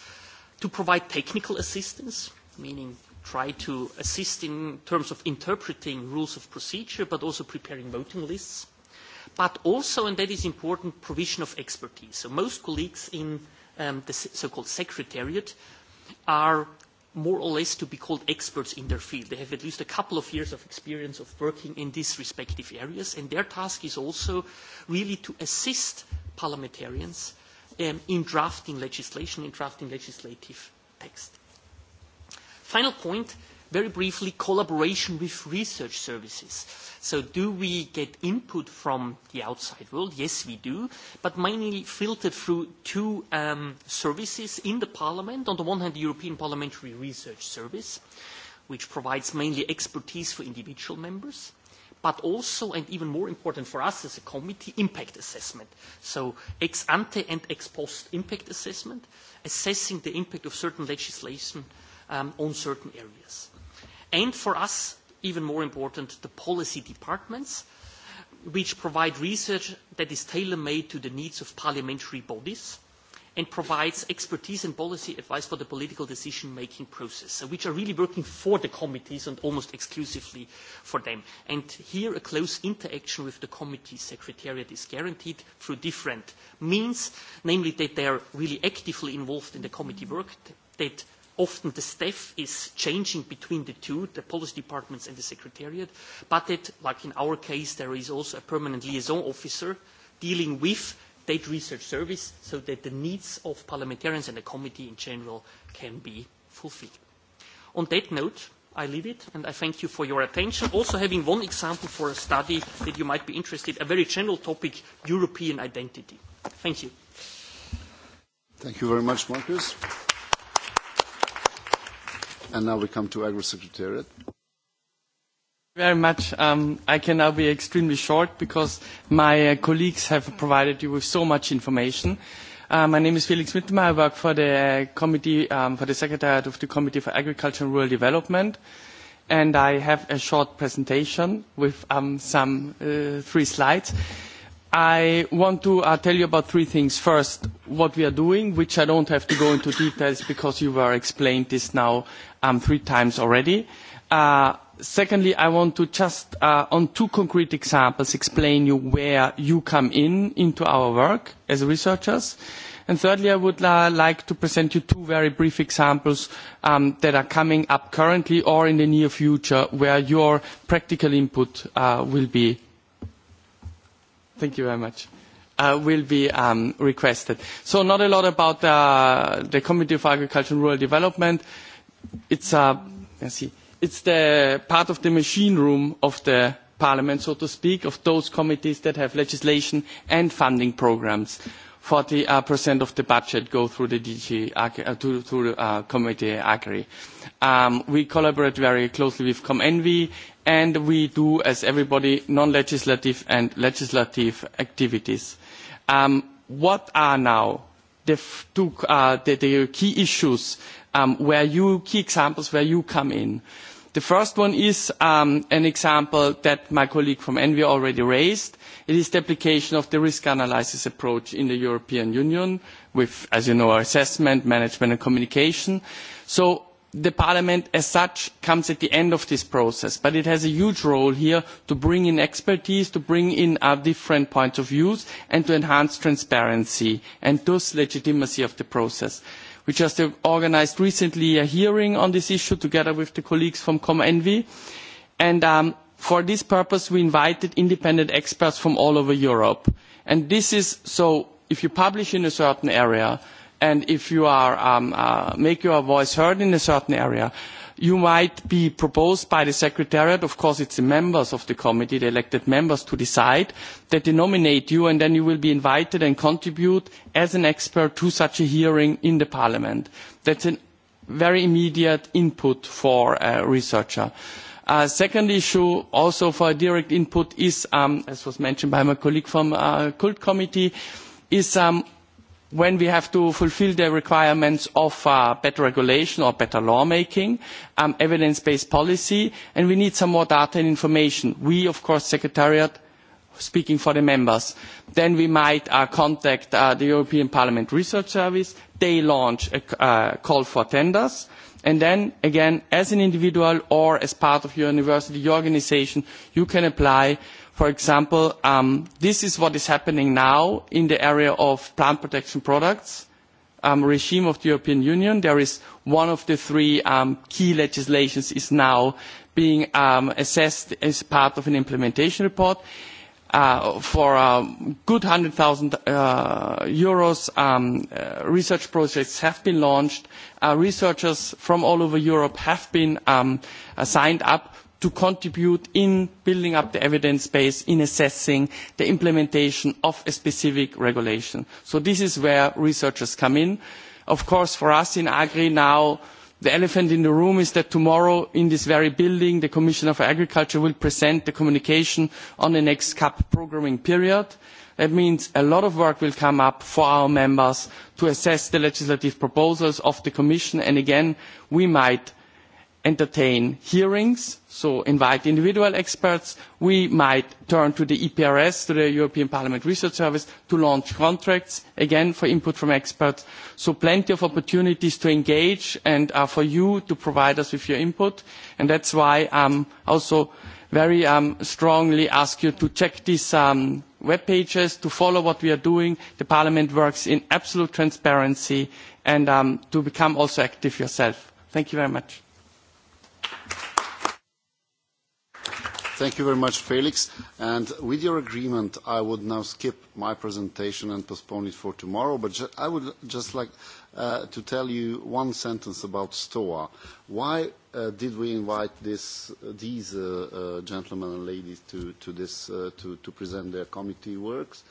to provide technical assistance, meaning try to assist in terms of interpreting rules of procedure, but also preparing voting lists but also, and that is important, provision of expertise. So most colleagues in the so-called secretariat are more or less to be called experts in their field. They have at least a couple of years of experience of working in these respective areas, and their task is also really to assist parliamentarians in drafting legislation, in drafting legislative text. Final point, very briefly, collaboration with research services. So do we get input from the outside world? Yes, we do, but mainly filtered through two services in the Parliament. On the one hand, the European Parliamentary Research Service, which provides mainly expertise for individual members but also, and even more important for us as a committee, impact assessment. So ex ante and ex post impact assessment, assessing the impact of certain legislation on certain areas. And for us, even more important, the policy departments, which provide research that is tailor-made to the needs of parliamentary bodies and provides expertise and policy advice for the political decision-making process, which are really working for the committees and almost exclusively for them. And here a close interaction with the committee secretariat is guaranteed through different means, namely that they are really actively involved in the committee work, that Often the staff is changing between the two, the policy departments and the secretariat, but that, like in our case, there is also a permanent liaison officer dealing with Data Research Service so that the needs of parliamentarians and the committee in general can be fulfilled. On that note, I leave it and I thank you for your attention. Also having one example for a study that you might be interested, a very general topic, European identity. Thank you. Thank you very much, Marcus. And now we come to Agri Secretariat. Very much. I can now be extremely short because my colleagues have provided you with so much information. My name is Felix Mittermaier. I work for the committee, for the Secretariat of the Committee for Agriculture and Rural Development, and I have a short presentation with some three slides. I want to tell you about three things. First, what we are doing, which I don't have to go into details because you were explained this now three times already. Secondly, I want to just, on two concrete examples, explain you where you come in into our work as researchers. And thirdly, I would like to present you two very brief examples that are coming up currently or in the near future where your practical input will be Thank you very much. Will be requested. So not a lot about the Committee for Agriculture and Rural Development. It's the part of the machine room of the Parliament, so to speak, of those committees that have legislation and funding programs. 40% of the budget go through the DG, through Committee Agri. We collaborate very closely with ComEnvy and we do, as everybody, non-legislative and legislative activities. What are now the key issues where you, key examples where you come in? The first one is an example that my colleague from ENVI already raised. It is the application of the risk analysis approach in the European Union with, as you know, assessment, management and communication. So parliament as such comes at the end of this process but it has a huge role here to bring in expertise to bring in our different points of view and to enhance transparency and thus legitimacy of the process. we just organised recently a hearing on this issue together with the colleagues from comenvi and for this purpose we invited independent experts from all over europe this is so if you publish in a certain area and if you are make your voice heard in a certain area you might be proposed by the secretariat of course it's the members of the committee the elected members to decide that they nominate you and then you will be invited and contribute as an expert to such a hearing in the parliament that's a very immediate input for a researcher A second issue also for a direct input is as was mentioned by my colleague from the cult committee is when we have to fulfil the requirements of better regulation or better law lawmaking, evidence-based policy, and we need some more data and information. We, of course, Secretariat, speaking for the members. Then we might contact the European Parliament Research Service. They launch a call for tenders. And then, again, as an individual or as part of your university, your organisation, you can apply For example, this is what is happening now in the area of plant protection products regime of the European Union. There is one of the three key legislations is now being assessed as part of an implementation report. For a good 100,000 euros, research projects have been launched. Researchers from all over Europe have been signed up to contribute in building up the evidence base in assessing the implementation of a specific regulation. So this is where researchers come in. Of course, for us in Agri now, the elephant in the room is that tomorrow in this very building, the Commission for Agriculture will present the communication on the next CAP programming period. That means a lot of work will come up for our members to assess the legislative proposals of the Commission. And again, we might entertain hearings, so invite individual experts. We might turn to the EPRS, to the European Parliament Research Service, to launch contracts, again, for input from experts. So plenty of opportunities to engage and for you to provide us with your input. And that's why I also very strongly ask you to check these web pages, to follow what we are doing. The Parliament works in absolute transparency and to become also active yourself. Thank you very much. Thank you very much, Felix. And with your agreement, I would now skip my presentation and postpone it for tomorrow. But I would just like to tell you one sentence about STOA. Why did we invite these gentlemen and ladies to this to present their committee works?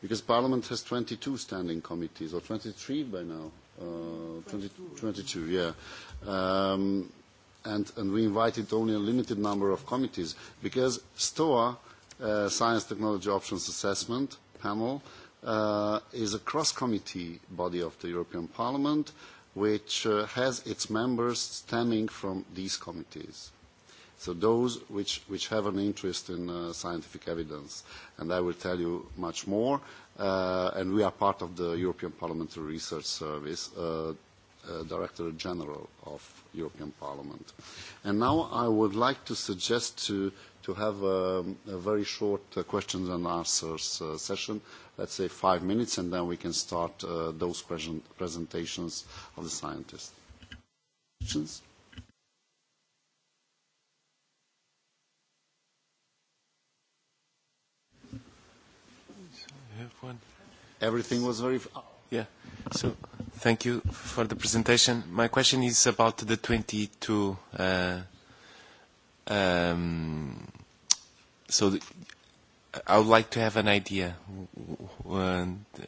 Because Parliament has 22 standing committees, or 23 by now. 22, yeah and we invited only a limited number of committees because STOA, Science Technology Options Assessment Panel, is a cross-committee body of the European Parliament which has its members stemming from these committees. So those which have an interest in scientific evidence. And I will tell you much more. And we are part of the European Parliamentary Research Service, Director General of European Parliament. And now I would like to suggest to have a very short questions and answers session, let's say five minutes, and then we can start those presentations of the scientists. Questions? Everything was very So, thank you for the presentation. My question is about the 22. So, I would like to have an idea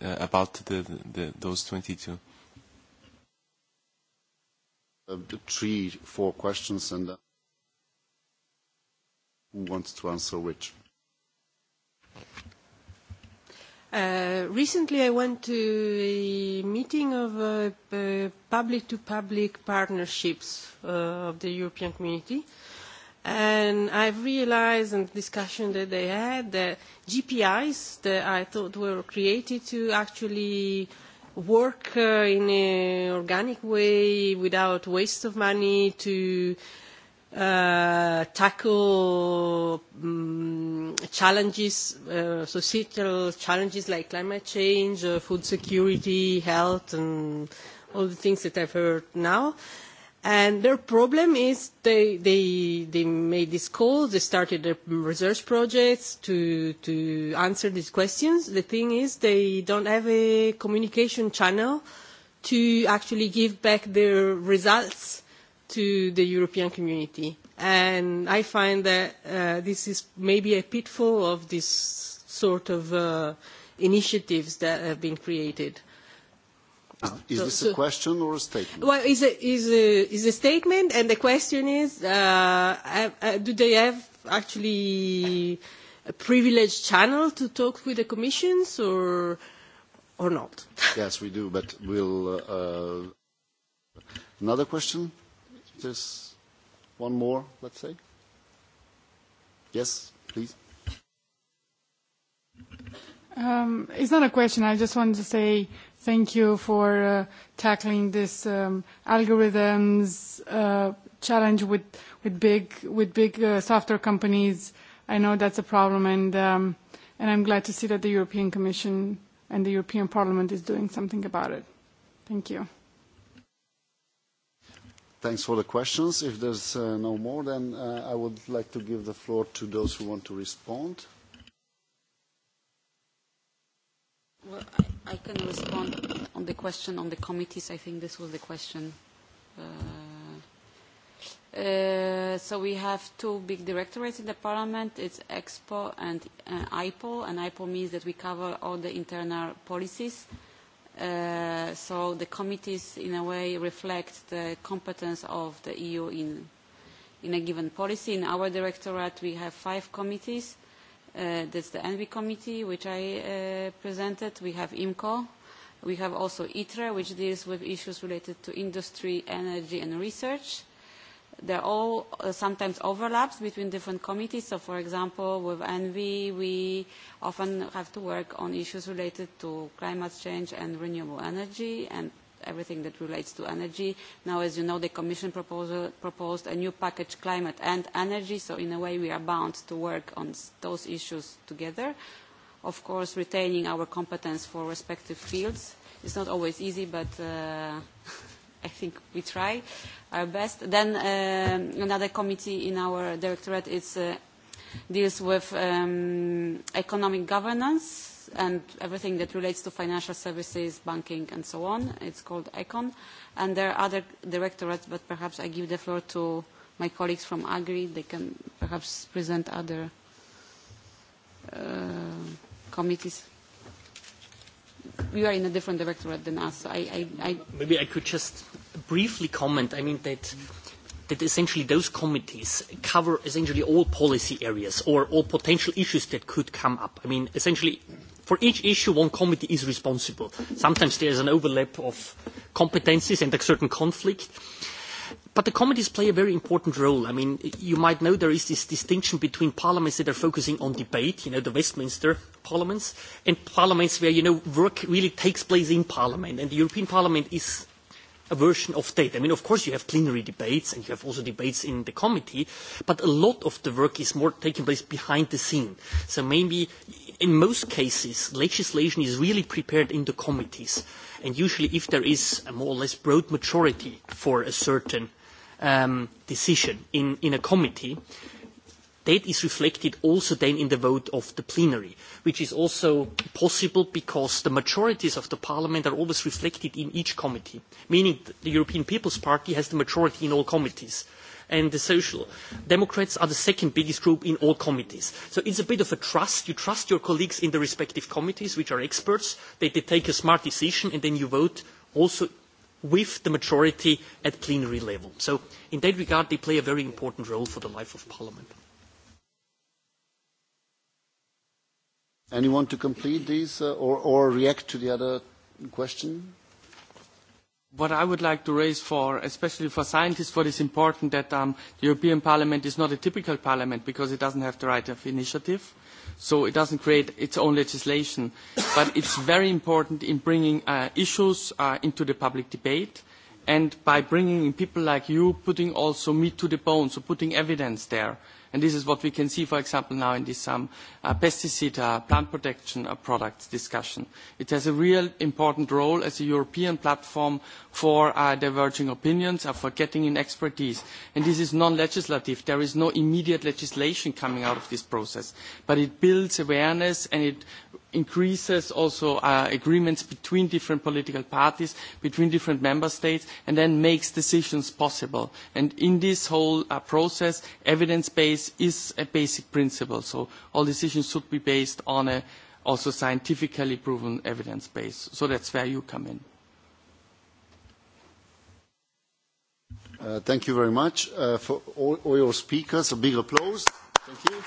about those 22. Three, four questions, and who wants to answer which? Recently I went to a meeting of public-to-public partnerships of the European Community, and I realised in the discussion that they had that GPIs that I thought were created to actually work in an organic way without waste of money to tackle challenges, societal challenges like climate change, food security, health, and all the things that I've heard now. And their problem is they they they made this call, they started research projects to to answer these questions. The thing is they don't have a communication channel to actually give back their results to the European community. And I find that this is maybe a pitfall of this sort of initiatives that have been created. Is this a question or a statement? Well, is a statement, and the question is, do they have actually a privileged channel to talk with the commissions or or not? Yes, we do, but will Another question? There's one more, let's say. Yes, please. It's not a question. I just wanted to say thank you for tackling this algorithms challenge with big software companies. I know that's a problem, and and I'm glad to see that the European Commission and the European Parliament is doing something about it. Thank you. Thanks for the questions. If there's no more, then I would like to give the floor to those who want to respond. Well, I can respond on the question on the committees. I think this was the question. So we have two big directorates in the Parliament. It's EXPO and IPO, And IPO means that we cover all the internal policies So the committees, in a way, reflect the competence of the EU in in a given policy. In our directorate, we have five committees. That's the ENVI committee, which I presented. We have IMCO. We have also ITRE, which deals with issues related to industry, energy, and research. There all sometimes overlaps between different committees. So, for example, with ENV we often have to work on issues related to climate change and renewable energy and everything that relates to energy. Now, as you know, the Commission proposed a new package, climate and energy. So, in a way, we are bound to work on those issues together. Of course, retaining our competence for respective fields. It's not always easy, but I think we try our best. Then another committee in our directorate is deals with economic governance and everything that relates to financial services, banking and so on. It's called ECON. And there are other directorates, but perhaps I give the floor to my colleagues from Agri. They can perhaps present other committees. We are in a different directorate than us. Maybe I could just briefly comment. I mean that that essentially those committees cover essentially all policy areas or all potential issues that could come up. I mean, essentially, for each issue, one committee is responsible. Sometimes there is an overlap of competencies and a certain conflict. But the committees play a very important role. I mean, you might know there is this distinction between parliaments that are focusing on debate, you know, the Westminster parliaments, and parliaments where, you know, work really takes place in parliament. And the European Parliament is a version of that. I mean, of course, you have plenary debates and you have also debates in the committee, but a lot of the work is more taking place behind the scene. So maybe in most cases, legislation is really prepared in the committees. And usually if there is a more or less broad majority for a certain decision in a committee, that is reflected also then in the vote of the plenary, which is also possible because the majorities of the parliament are always reflected in each committee, meaning the European People's Party has the majority in all committees, and the Social Democrats are the second biggest group in all committees. So it's a bit of a trust. You trust your colleagues in the respective committees, which are experts, that they take a smart decision, and then you vote also with the majority at plenary level. So in that regard, they play a very important role for the life of Parliament. Anyone to complete these or react to the other question? What I would like to raise for, especially for scientists, what is important that the European Parliament is not a typical Parliament because it doesn't have the right of initiative so it doesn't create its own legislation. But it's very important in bringing issues into the public debate and by bringing in people like you, putting also meat to the bone, so putting evidence there And this is what we can see, for example, now in this pesticide plant protection products discussion. It has a real important role as a European platform for diverging opinions and for getting in expertise. And this is non-legislative. There is no immediate legislation coming out of this process. But it builds awareness and it increases also agreements between different political parties, between different member states, and then makes decisions possible. And in this whole process, evidence base is a basic principle. So all decisions should be based on a also scientifically proven evidence base. So that's where you come in. Thank you very much for all your speakers. A big applause. Thank you.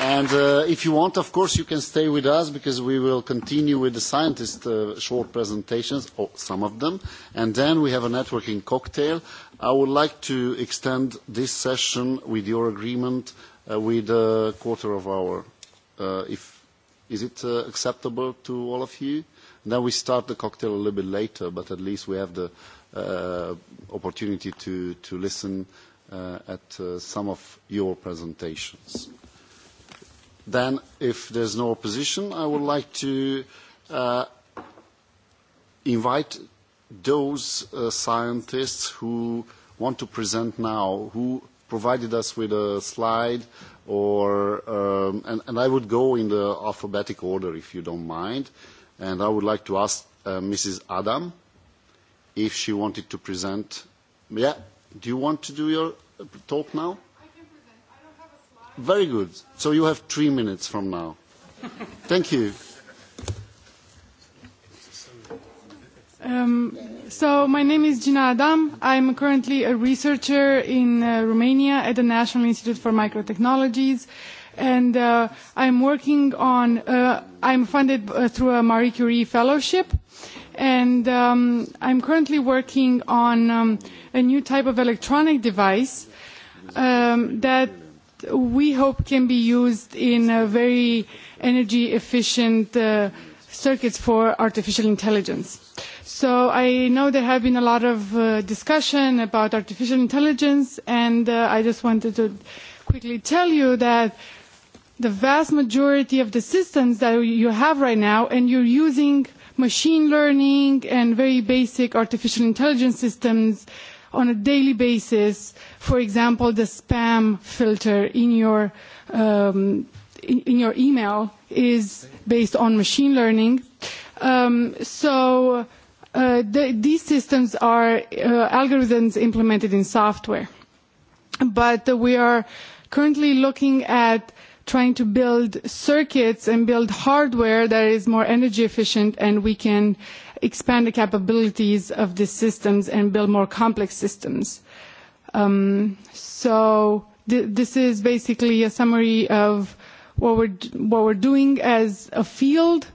And if you want, of course, you can stay with us because we will continue with the scientists' short presentations, or some of them, and then we have a networking cocktail. I would like to extend this session, with your agreement, with a quarter of hour. If Is it acceptable to all of you? Then we start the cocktail a little bit later, but at least we have the opportunity to listen at some of your presentations. Then, if there's no opposition, I would like to invite those scientists who want to present now, who provided us with a slide, or and I would go in the alphabetic order, if you don't mind. And I would like to ask Mrs. Adam if she wanted to present. Yeah, do you want to do your talk now? Very good. So you have three minutes from now. Thank you. So my name is Gina Adam. I'm currently a researcher in Romania at the National Institute for Microtechnologies, and I'm working on. I'm funded through a Marie Curie fellowship, and I'm currently working on a new type of electronic device that we hope can be used in very energy efficient circuits for artificial intelligence. So I know there have been a lot of discussion about artificial intelligence and I just wanted to quickly tell you that the vast majority of the systems that you have right now and you're using machine learning and very basic artificial intelligence systems on a daily basis, for example, the spam filter in your in your email is based on machine learning. So these systems are algorithms implemented in software. But we are currently looking at trying to build circuits and build hardware that is more energy efficient and we can expand the capabilities of these systems and build more complex systems. So this is basically a summary of what we're what we're doing as a field,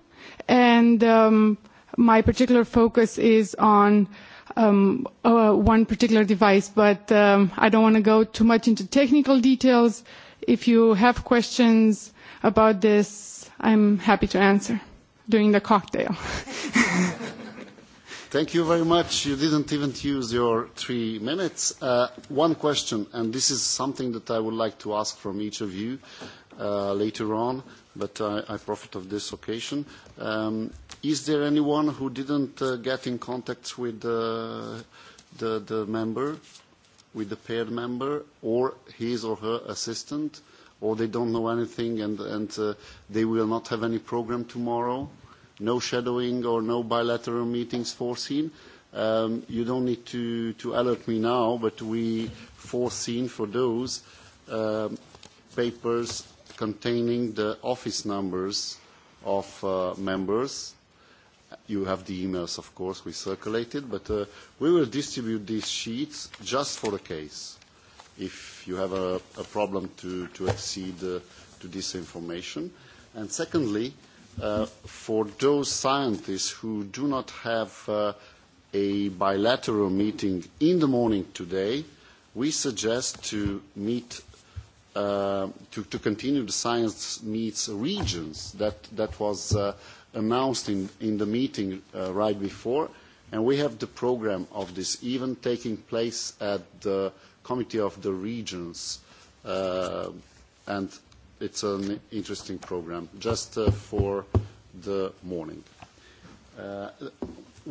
and my particular focus is on one particular device, but I don't want to go too much into technical details. If you have questions about this, I'm happy to answer during the cocktail. Thank you very much. You didn't even use your three minutes. One question, and this is something that I would like to ask from each of you later on, but I profit of this occasion. Is there anyone who didn't get in contact with the member, with the paired member, or his or her assistant, or they don't know anything and they will not have any program tomorrow? no shadowing or no bilateral meetings foreseen. You don't need to alert me now, but we foreseen for those papers containing the office numbers of members. You have the emails, of course, we circulated, but we will distribute these sheets just for the case, if you have a problem to accede to this information. And secondly, for those scientists who do not have a bilateral meeting in the morning today, we suggest to meet to continue the science meets regions that was announced in the meeting right before, and we have the program of this even taking place at the Committee of the Regions, and It's an interesting program, just for the morning.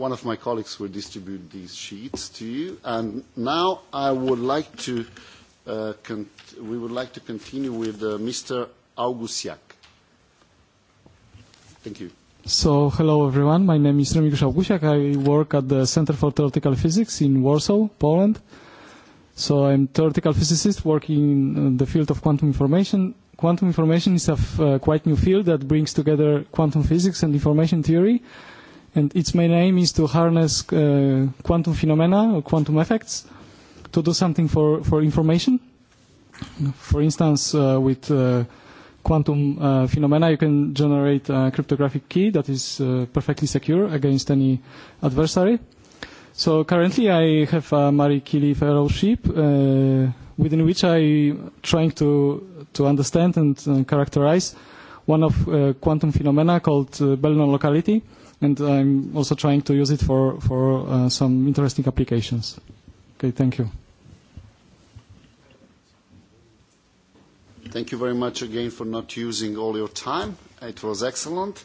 One of my colleagues will distribute these sheets to you. And now I would like to, we would like to continue with Mr. Augusiak. Thank you. So, hello everyone. My name is Remigiusz Augusiak. I work at the Center for Theoretical Physics in Warsaw, Poland. So I'm a theoretical physicist working in the field of quantum information Quantum information is a quite new field that brings together quantum physics and information theory, and its main aim is to harness quantum phenomena or quantum effects to do something for for information. For instance, with quantum phenomena, you can generate a cryptographic key that is perfectly secure against any adversary. So currently, I have a Marie Curie fellowship within which I trying to to understand and characterize one of quantum phenomena called Bell locality, and I'm also trying to use it for for some interesting applications. Okay, thank you. Thank you very much again for not using all your time. It was excellent,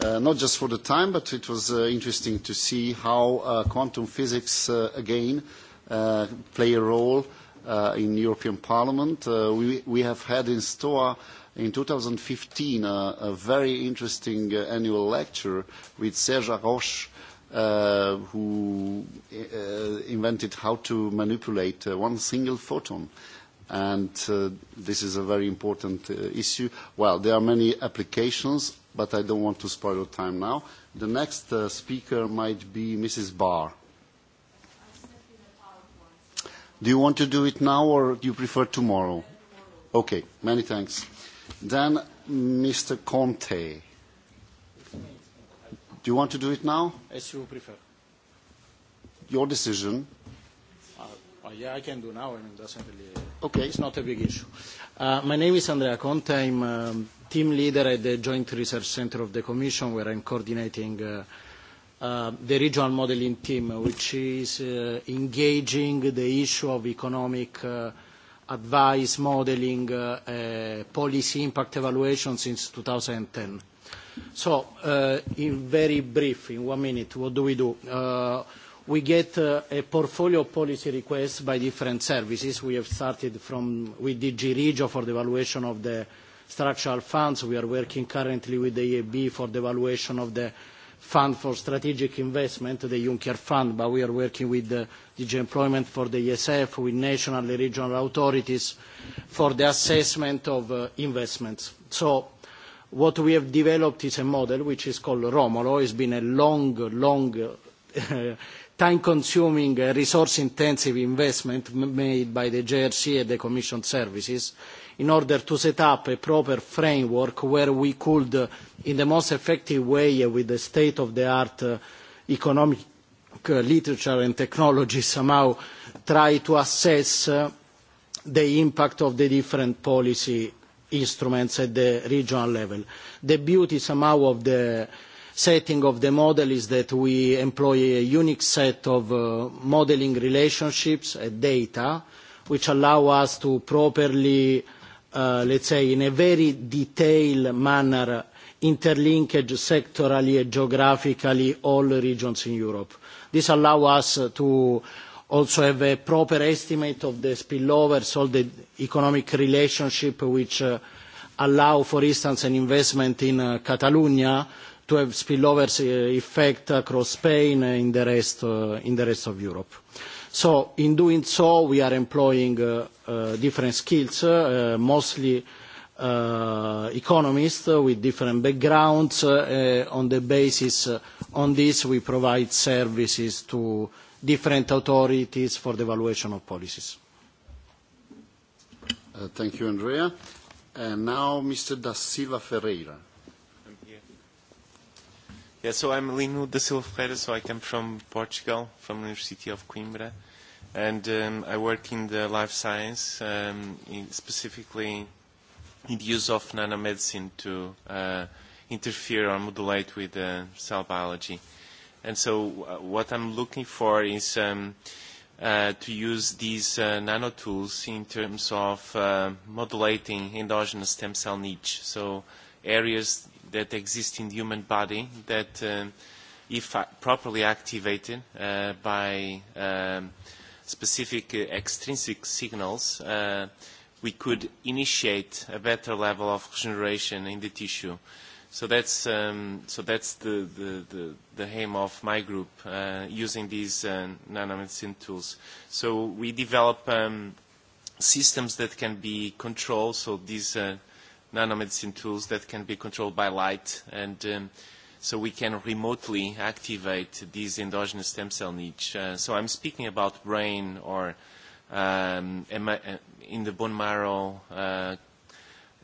not just for the time, but it was interesting to see how quantum physics again play a role in European Parliament. We have had in store in 2015 a very interesting annual lecture with Serge Roche, who invented how to manipulate one single photon. And this is a very important issue. Well, there are many applications, but I don't want to spoil your time now. The next speaker might be Mrs. Barr. Do you want to do it now or do you prefer tomorrow? Okay, many thanks. Then, Mr. Conte. Do you want to do it now? As you prefer. Your decision. Yeah, I can do now. doesn't really. Okay. It's not a big issue. My name is Andrea Conte. I'm team leader at the Joint Research Center of the Commission, where I'm coordinating the regional modeling team, which is engaging the issue of economic advice, modeling, policy impact evaluation since 2010. So, in very brief, in one minute, what do we do? We get a portfolio of policy requests by different services. We have started from with DG Regio for the evaluation of the structural funds. We are working currently with the EAB for the evaluation of the fund for strategic investment, the Juncker Fund, but we are working with the DG Employment for the ESF, with national and regional authorities for the assessment of investments. So what we have developed is a model which is called Romolo. has been a long, long, time-consuming, resource-intensive investment made by the JRC and the Commission services in order to set up a proper framework where we could, in the most effective way, with the state-of-the-art economic literature and technology, somehow try to assess the impact of the different policy instruments at the regional level. The beauty somehow of the setting of the model is that we employ a unique set of modelling relationships and data which allow us to properly let's say in a very detailed manner interlinkage sectorally and geographically all regions in Europe. This allows us to also have a proper estimate of the spillovers, all the economic relationship which allow, for instance, an investment in Catalonia to have spillover effect across Spain and in the rest of Europe. So in doing so, we are employing different skills, mostly economists with different backgrounds. On the basis on this, we provide services to different authorities for the evaluation of policies. Thank you, Andrea. And now Mr. Da Silva Ferreira. Yes, so I'm Lino Da Silva Ferreira, so I come from Portugal, from the University of Coimbra and I work in the life science, specifically in the use of nanomedicine to interfere or modulate with cell biology. And so what I'm looking for is to use these nano tools in terms of modulating endogenous stem cell niche, so areas that exist in the human body that, if properly activated by specific extrinsic signals, we could initiate a better level of regeneration in the tissue. So that's so that's the aim of my group, using these nanomedicine tools. So we develop systems that can be controlled, so these nanomedicine tools that can be controlled by light and so we can remotely activate these endogenous stem cell niche. So I'm speaking about brain or in the bone marrow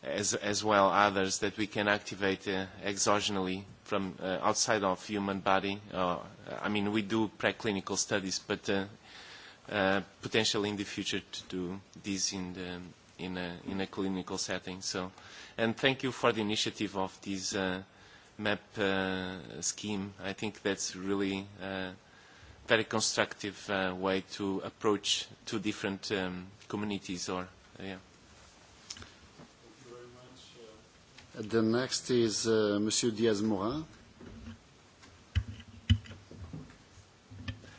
as well others that we can activate exogenously from outside of human body. I mean, we do preclinical studies, but potentially in the future to do this in the in a clinical setting. So, and thank you for the initiative of this map scheme. I think that's really a very constructive way to approach two different communities. Or, yeah. The next is Monsieur Diaz-Morin.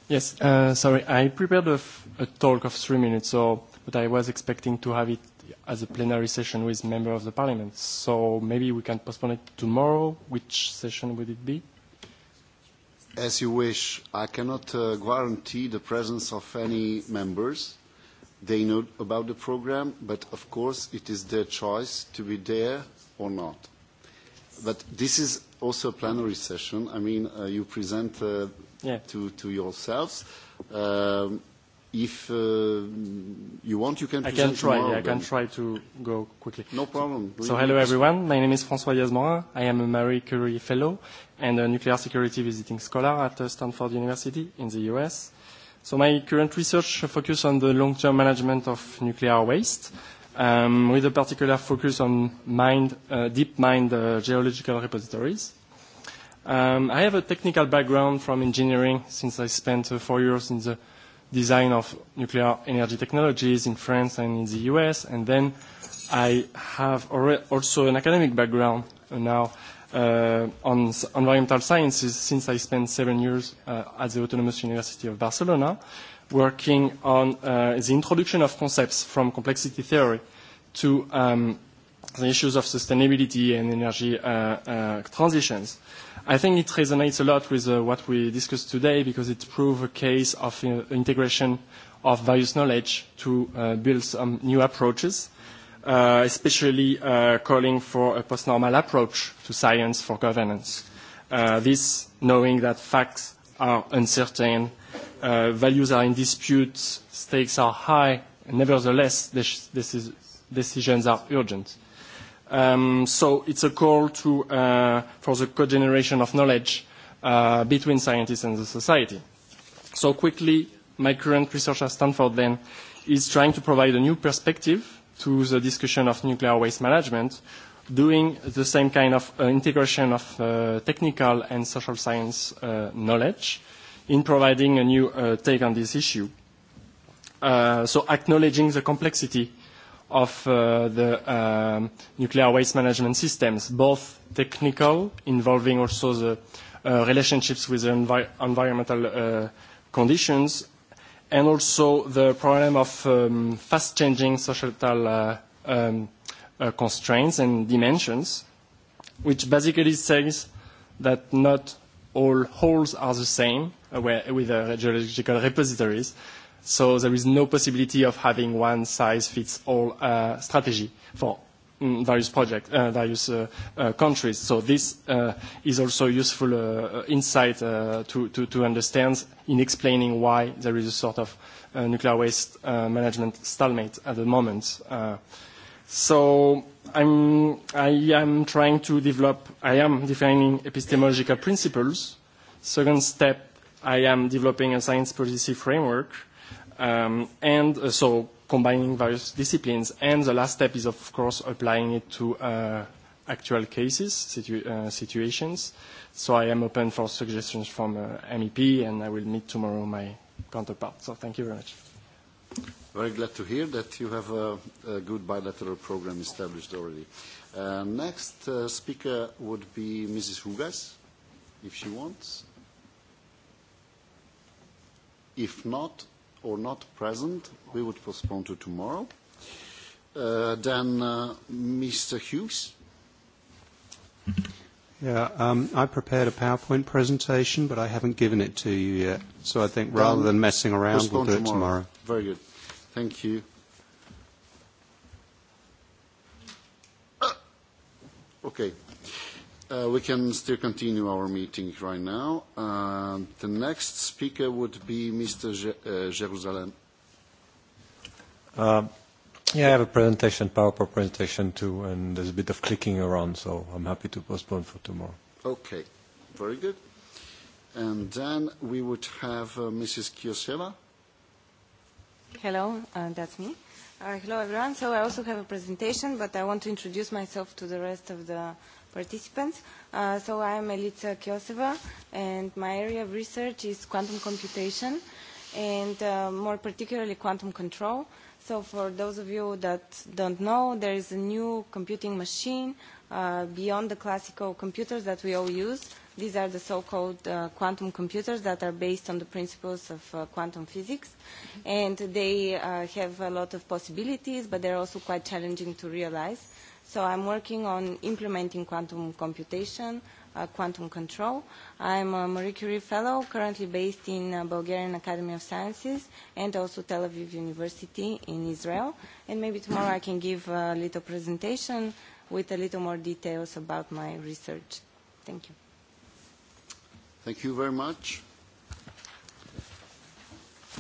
Yes, sorry, I prepared a talk of three minutes, so but I was expecting to have it as a plenary session with members of the parliament. So maybe we can postpone it tomorrow. Which session would it be? As you wish. I cannot guarantee the presence of any members. They know about the program, but of course it is their choice to be there or not. But this is also a plenary session. I mean, you present to yourselves. If you want, you can present try. I can try to go quickly. No problem. So hello, everyone. My name is François Yazmorin. I am a Marie Curie Fellow and a nuclear security visiting scholar at Stanford University in the U.S. So my current research focuses on the long-term management of nuclear waste, with a particular focus on deep mined geological repositories. I have a technical background from engineering since I spent four years in the design of nuclear energy technologies in France and in the US. And then I have also an academic background now on environmental sciences since I spent seven years at the Autonomous University of Barcelona working on the introduction of concepts from complexity theory to the issues of sustainability and energy transitions. I think it resonates a lot with what we discussed today because it proves a case of integration of various knowledge to build some new approaches, especially calling for a post-normal approach to science for governance. This knowing that facts are uncertain, values are in dispute, stakes are high, nevertheless, decisions are urgent. So it's a call for the co-generation of knowledge between scientists and the society. So quickly, my current research at Stanford then is trying to provide a new perspective to the discussion of nuclear waste management, doing the same kind of integration of technical and social science knowledge in providing a new take on this issue. So acknowledging the complexity of the nuclear waste management systems, both technical, involving also the relationships with environmental conditions, and also the problem of fast-changing societal constraints and dimensions, which basically says that not all holes are the same with geological repositories, So there is no possibility of having one size fits all strategy for various projects, various countries. So this is also useful insight to understand in explaining why there is a sort of nuclear waste management stalemate at the moment. So I am trying to develop, I am defining epistemological principles. Second step, I am developing a science policy framework and so combining various disciplines. And the last step is, of course, applying it to actual cases, situations. So I am open for suggestions from MEP, and I will meet tomorrow my counterpart. So thank you very much. Very glad to hear that you have a good bilateral program established already. Next speaker would be Mrs. Hugas, if she wants. If not, or not present, we would postpone to tomorrow. Then Mr. Hughes. Yeah, I prepared a PowerPoint presentation, but I haven't given it to you yet. So I think rather than messing around, we'll do it tomorrow. Very good. Thank you. Okay. We can still continue our meeting right now. The next speaker would be Mr. Jerusalem. Yeah, I have a presentation, PowerPoint presentation too, and there's a bit of clicking around, so I'm happy to postpone for tomorrow. Okay, very good. And then we would have Mrs. Kiosela. Hello, that's me. Hello, everyone. So I also have a presentation, but I want to introduce myself to the rest of the participants. So I am Elitsa Kioseva, and my area of research is quantum computation, and more particularly quantum control. So for those of you that don't know, there is a new computing machine beyond the classical computers that we all use. These are the so-called quantum computers that are based on the principles of quantum physics. And they have a lot of possibilities, but they're also quite challenging to realize. So I'm working on implementing quantum computation, quantum control. I'm a Marie Curie Fellow, currently based in Bulgarian Academy of Sciences and also Tel Aviv University in Israel. And maybe tomorrow I can give a little presentation with a little more details about my research. Thank you. Thank you very much.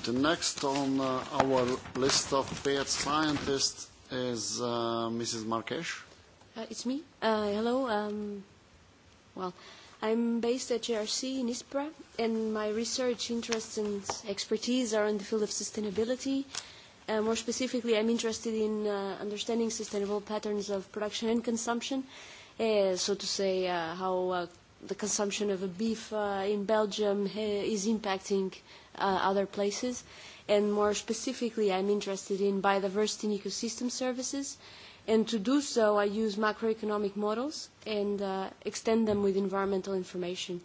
The next on our list of paired scientists is Mrs. Marques. It's me. Hello. Well, I'm based at GRC in ISPRA, and my research interests and expertise are in the field of sustainability. More specifically, I'm interested in understanding sustainable patterns of production and consumption, so to say how the consumption of beef in Belgium is impacting other places and more specifically I'm interested in biodiversity and ecosystem services. And to do so, I use macroeconomic models and extend them with environmental information.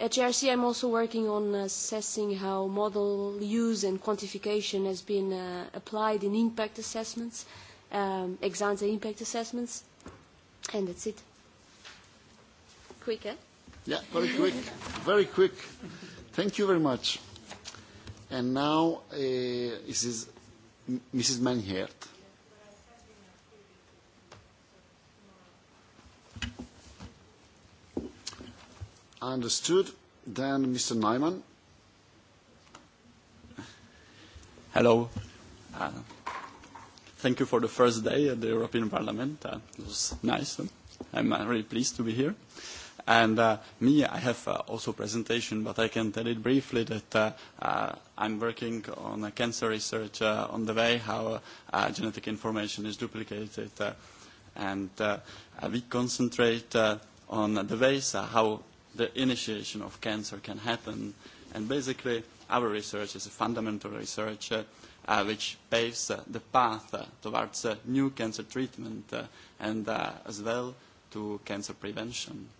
At GRC, I'm also working on assessing how model use and quantification has been applied in impact assessments, ex-ante impact assessments, and that's it. Quick, eh? Yeah, very quick. Very quick. Thank you very much. And now this is Mrs. Manhert. Understood. Then Mr. Neumann. Hello. Thank you for the first day at the European Parliament. It was nice. I'm really pleased to be here. And me, I have also presentation, but I can tell it briefly that I'm working on cancer research on the way how genetic information is duplicated. And we concentrate on the ways how the initiation of cancer can happen. And basically, our research is a fundamental research which paves the path towards new cancer treatment and as well to cancer prevention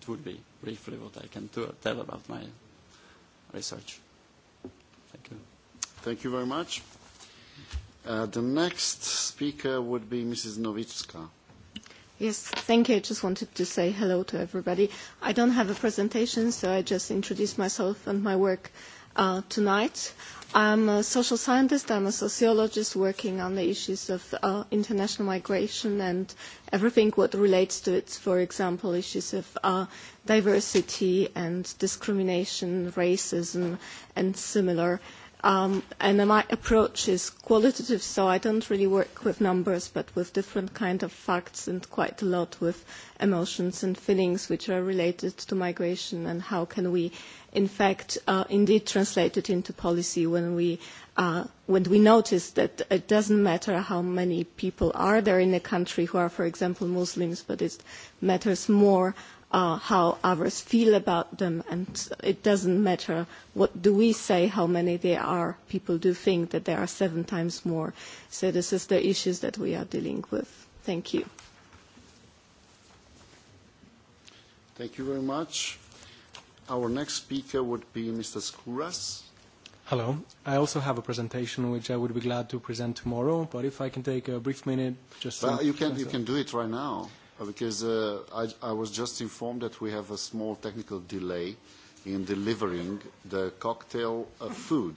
it would be briefly what I can tell about my research. Thank you. Thank you very much. The next speaker would be Mrs. Nowicka. Yes, thank you. I just wanted to say hello to everybody. I don't have a presentation, so I just introduce myself and my work tonight am a social scientist. I'm a sociologist working on the issues of international migration and everything what relates to it, for example, issues of diversity and discrimination, racism, and similar And my approach is qualitative, so I don't really work with numbers, but with different kind of facts and quite a lot with emotions and feelings which are related to migration and how can we, in fact, indeed translate it into policy when we when we notice that it doesn't matter how many people are there in a country who are, for example, Muslims, but it matters more how others feel about them and it doesn't matter what do we say how many there are people do think that there are seven times more so this is the issues that we are dealing with thank you thank you very much our next speaker would be mr skouras hello i also have a presentation which i would be glad to present tomorrow but if i can take a brief minute just you can you can do it right now because I was just informed that we have a small technical delay in delivering the cocktail food,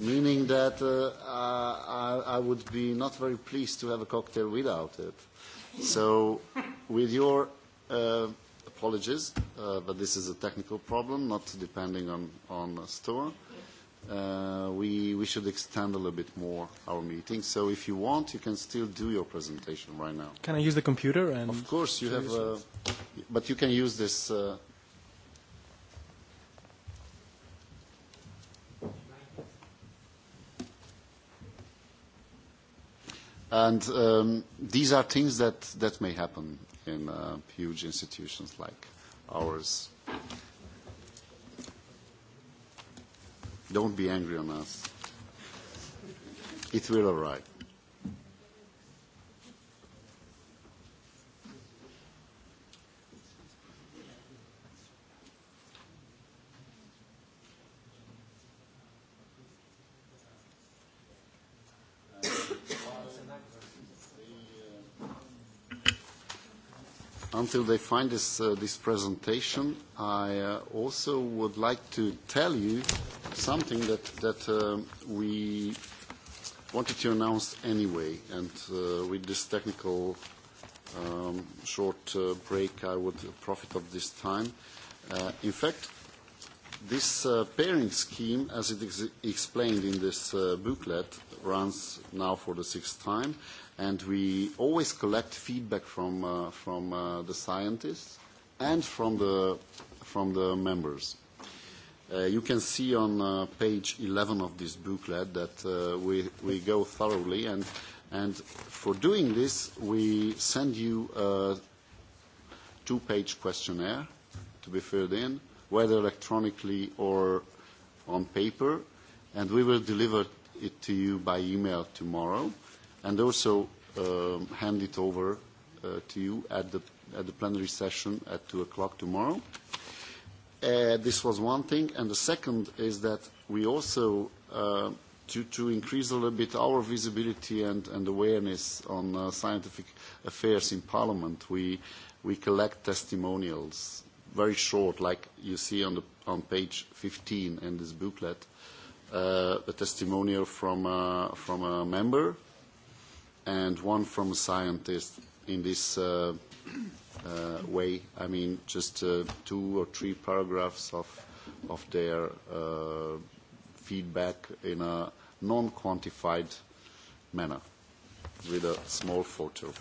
meaning that I would be not very pleased to have a cocktail without it. So, with your apologies, but this is a technical problem, not depending on on store we we should extend a little bit more our meeting. So if you want, you can still do your presentation right now. Can I use the computer? And of course, you have. But you can use this. And these are things that that may happen in huge institutions like ours. Don't be angry on us. It will arrive. until they find this presentation, I also would like to tell you something that that we wanted to announce anyway, and with this technical short break, I would profit of this time. In fact, this pairing scheme, as it is explained in this booklet, runs now for the sixth time, and we always collect feedback from from the scientists and from the from the members. You can see on page 11 of this booklet that we we go thoroughly and and for doing this we send you a two-page questionnaire to be filled in, whether electronically or on paper, and we will deliver it to you by email tomorrow and also hand it over to you at the at the plenary session at 2 o'clock tomorrow. This was one thing. And the second is that we also, to increase a little bit our visibility and awareness on scientific affairs in Parliament, we collect testimonials, very short, like you see on page 15 in this booklet, a testimonial from a member and one from a scientist in this way. I mean, just two or three paragraphs of of their feedback in a non-quantified manner with a small photo.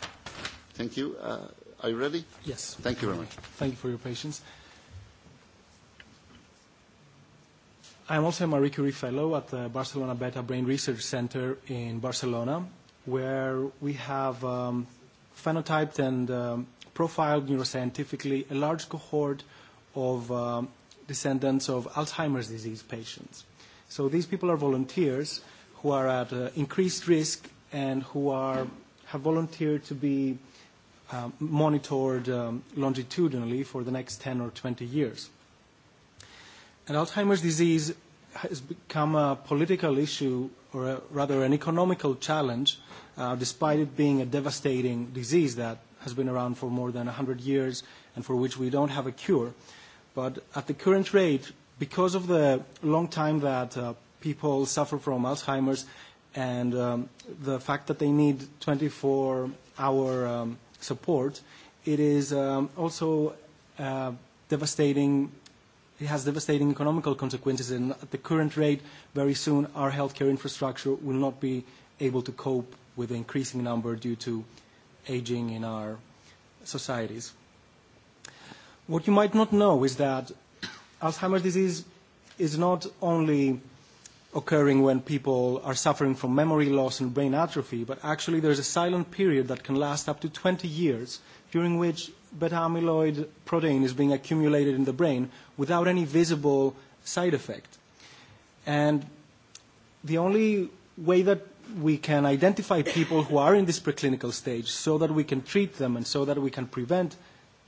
Thank you. Are you ready? Yes. Thank you very much. Thank you for your patience. I am also a Marie Curie Fellow at the Barcelona Beta Brain Research Center in Barcelona, where we have phenotyped and profiled neuroscientifically a large cohort of descendants of Alzheimer's disease patients. So these people are volunteers who are at increased risk and who are have volunteered to be monitored longitudinally for the next 10 or 20 years. And Alzheimer's disease has become a political issue, or rather an economical challenge, despite it being a devastating disease that has been around for more than 100 years and for which we don't have a cure. But at the current rate, because of the long time that people suffer from Alzheimer's and the fact that they need 24-hour support, it is also devastating. It has devastating economical consequences, and at the current rate, very soon our healthcare infrastructure will not be able to cope with the increasing number due to aging in our societies. What you might not know is that Alzheimer's disease is not only occurring when people are suffering from memory loss and brain atrophy, but actually there's a silent period that can last up to 20 years during which beta amyloid protein is being accumulated in the brain without any visible side effect. And the only way that we can identify people who are in this preclinical stage so that we can treat them and so that we can prevent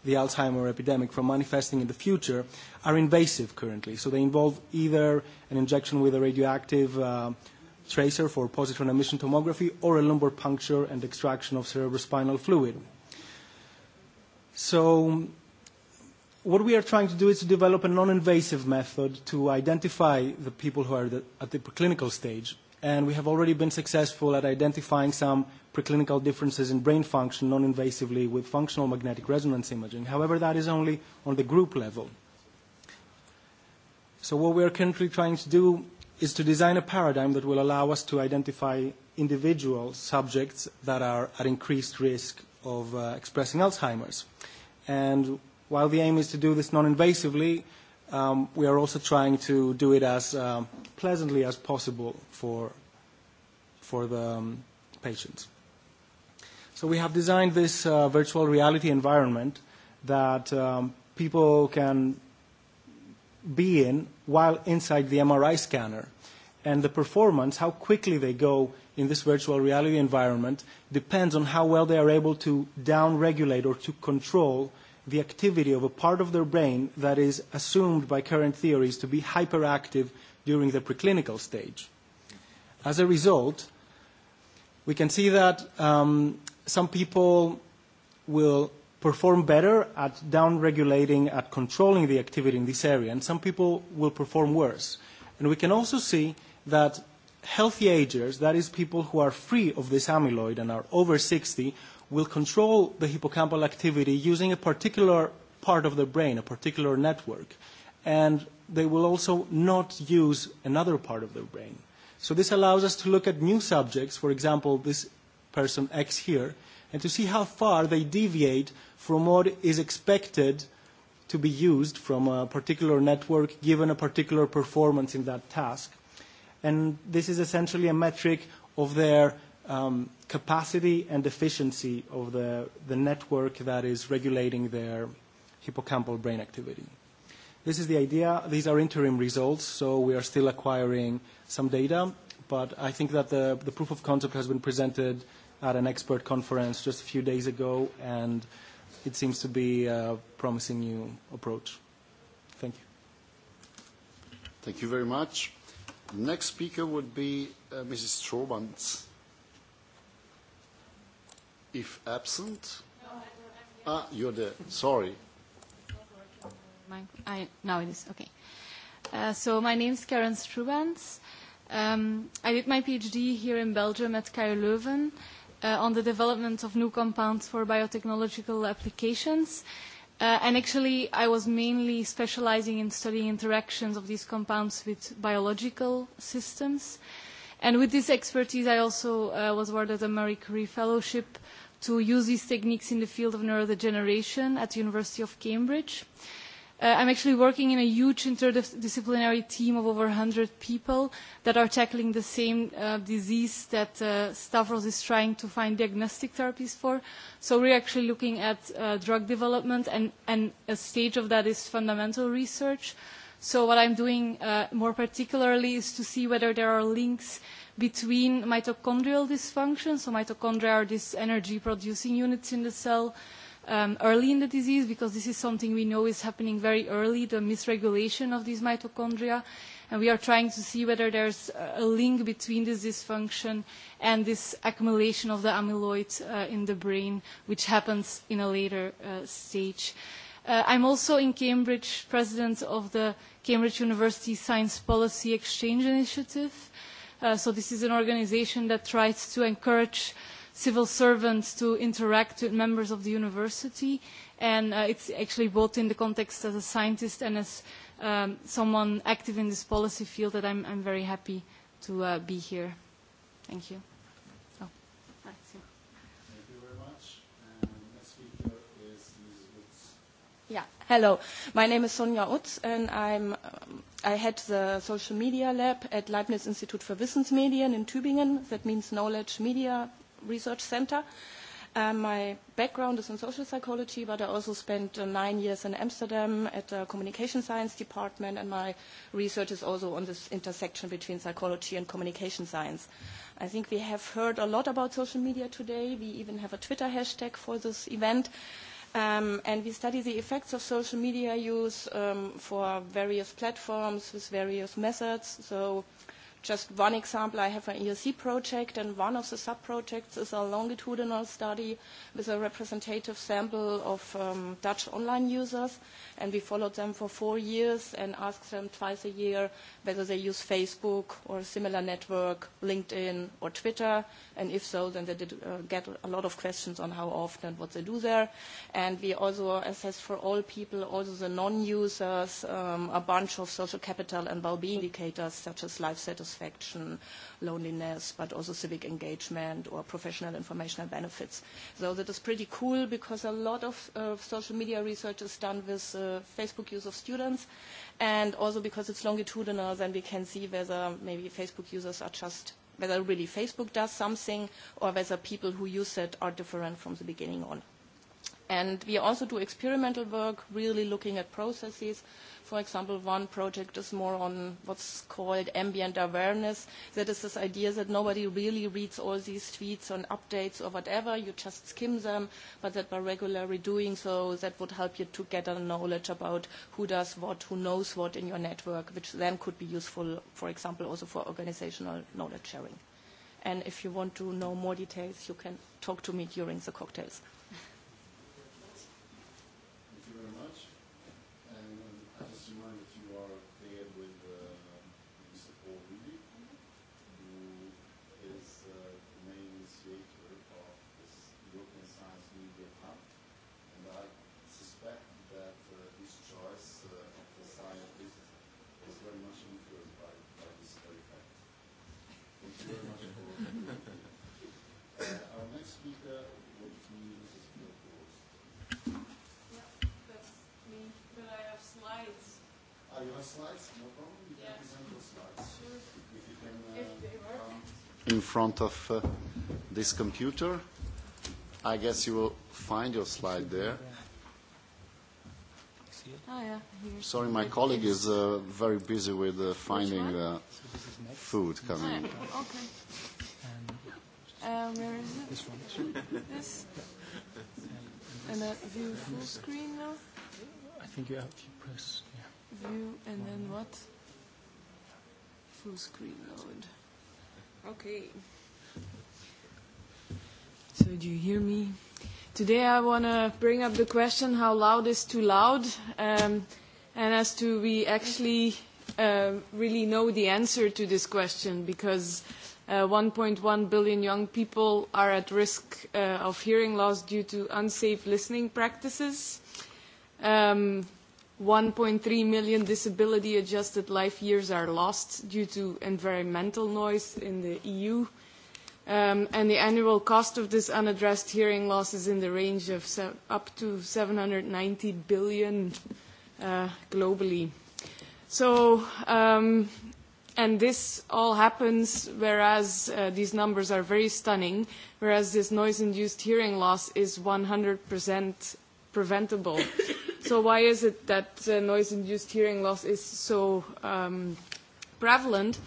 the Alzheimer epidemic from manifesting in the future are invasive currently. So they involve either an injection with a radioactive tracer for positron emission tomography or a lumbar puncture and extraction of cerebrospinal fluid. So what we are trying to do is to develop a non-invasive method to identify the people who are at the preclinical stage and we have already been successful at identifying some preclinical differences in brain function non-invasively with functional magnetic resonance imaging. However, that is only on the group level. So what we are currently trying to do is to design a paradigm that will allow us to identify individual subjects that are at increased risk of expressing Alzheimer's. And while the aim is to do this non-invasively, we are also trying to do it as pleasantly as possible for for the patients. So we have designed this virtual reality environment that people can be in while inside the MRI scanner. And the performance, how quickly they go in this virtual reality environment, depends on how well they are able to down-regulate or to control the activity of a part of their brain that is assumed by current theories to be hyperactive during the preclinical stage. As a result, we can see that some people will perform better at down-regulating, at controlling the activity in this area, and some people will perform worse. And we can also see that healthy agers, that is people who are free of this amyloid and are over 60, will control the hippocampal activity using a particular part of the brain, a particular network, and they will also not use another part of the brain. So this allows us to look at new subjects, for example, this person X here, and to see how far they deviate from what is expected to be used from a particular network given a particular performance in that task. And this is essentially a metric of their capacity and efficiency of the network that is regulating their hippocampal brain activity. This is the idea. These are interim results, so we are still acquiring some data, but I think that the the proof of concept has been presented at an expert conference just a few days ago, and it seems to be a promising new approach. Thank you. Thank you very much. Next speaker would be Mrs. Strobans if absent. Ah, you're there. Sorry. I, now it is. Okay. so my name is Karen Strubans. I did my PhD here in Belgium at KU Leuven on the development of new compounds for biotechnological applications. And actually, I was mainly specializing in studying interactions of these compounds with biological systems. And with this expertise, I also was awarded a Marie Curie Fellowship to use these techniques in the field of neurodegeneration at the University of Cambridge. I'm actually working in a huge interdisciplinary team of over 100 people that are tackling the same disease that Stavros is trying to find diagnostic therapies for. So we're actually looking at drug development, and a stage of that is fundamental research. So what I'm doing more particularly is to see whether there are links between mitochondrial dysfunction, so mitochondria are these energy-producing units in the cell, early in the disease, because this is something we know is happening very early, the misregulation of these mitochondria, and we are trying to see whether there's a link between this dysfunction and this accumulation of the amyloid in the brain, which happens in a later stage. I'm also in Cambridge president of the Cambridge University Science Policy Exchange Initiative. So this is an organisation that tries to encourage civil servants to interact with members of the university. And it's actually both in the context as a scientist and as someone active in this policy field that I'm very happy to be here. Thank you. Hello, my name is Sonja Utz and I head the social media lab at Leibniz Institute for Wissensmedien in Tübingen. That means Knowledge Media Research Center. My background is in social psychology, but I also spent nine years in Amsterdam at the communication science department, and my research is also on this intersection between psychology and communication science. I think we have heard a lot about social media today. We even have a Twitter hashtag for this event and we study the effects of social media use for various platforms with various methods. So Just one example, I have an ESC project, and one of the sub-projects is a longitudinal study with a representative sample of Dutch online users, and we followed them for four years and asked them twice a year whether they use Facebook or a similar network, LinkedIn or Twitter, and if so, then they did get a lot of questions on how often and what they do there. And we also assessed for all people, also the non-users, a bunch of social capital and well-being indicators such as life satisfaction satisfaction, loneliness, but also civic engagement or professional informational benefits. So that is pretty cool because a lot of social media research is done with Facebook use of students and also because it's longitudinal, then we can see whether maybe Facebook users are just whether really Facebook does something or whether people who use it are different from the beginning on. And we also do experimental work, really looking at processes. For example, one project is more on what's called ambient awareness. That is this idea that nobody really reads all these tweets on updates or whatever. You just skim them, but that by regularly doing so, that would help you to get a knowledge about who does what, who knows what in your network, which then could be useful, for example, also for organizational knowledge sharing. And if you want to know more details, you can talk to me during the cocktails. Are you slides? No problem. You can present slides. in front of this computer, I guess you will find your slide there. Oh yeah, here. Sorry, my colleague is very busy with finding food coming. Okay. Where is it? This one. This? And a view full screen now? I think you have to press. View and then what? Full screen mode. Okay. So do you hear me? Today I want to bring up the question how loud is too loud and as to we actually really know the answer to this question because 1.1 billion young people are at risk of hearing loss due to unsafe listening practices. 1.3 million disability-adjusted life years are lost due to environmental noise in the EU, and the annual cost of this unaddressed hearing loss is in the range of up to 790 billion globally. So, and this all happens whereas these numbers are very stunning, whereas this noise-induced hearing loss is 100% preventable. So why is it that noise-induced hearing loss is so prevalent?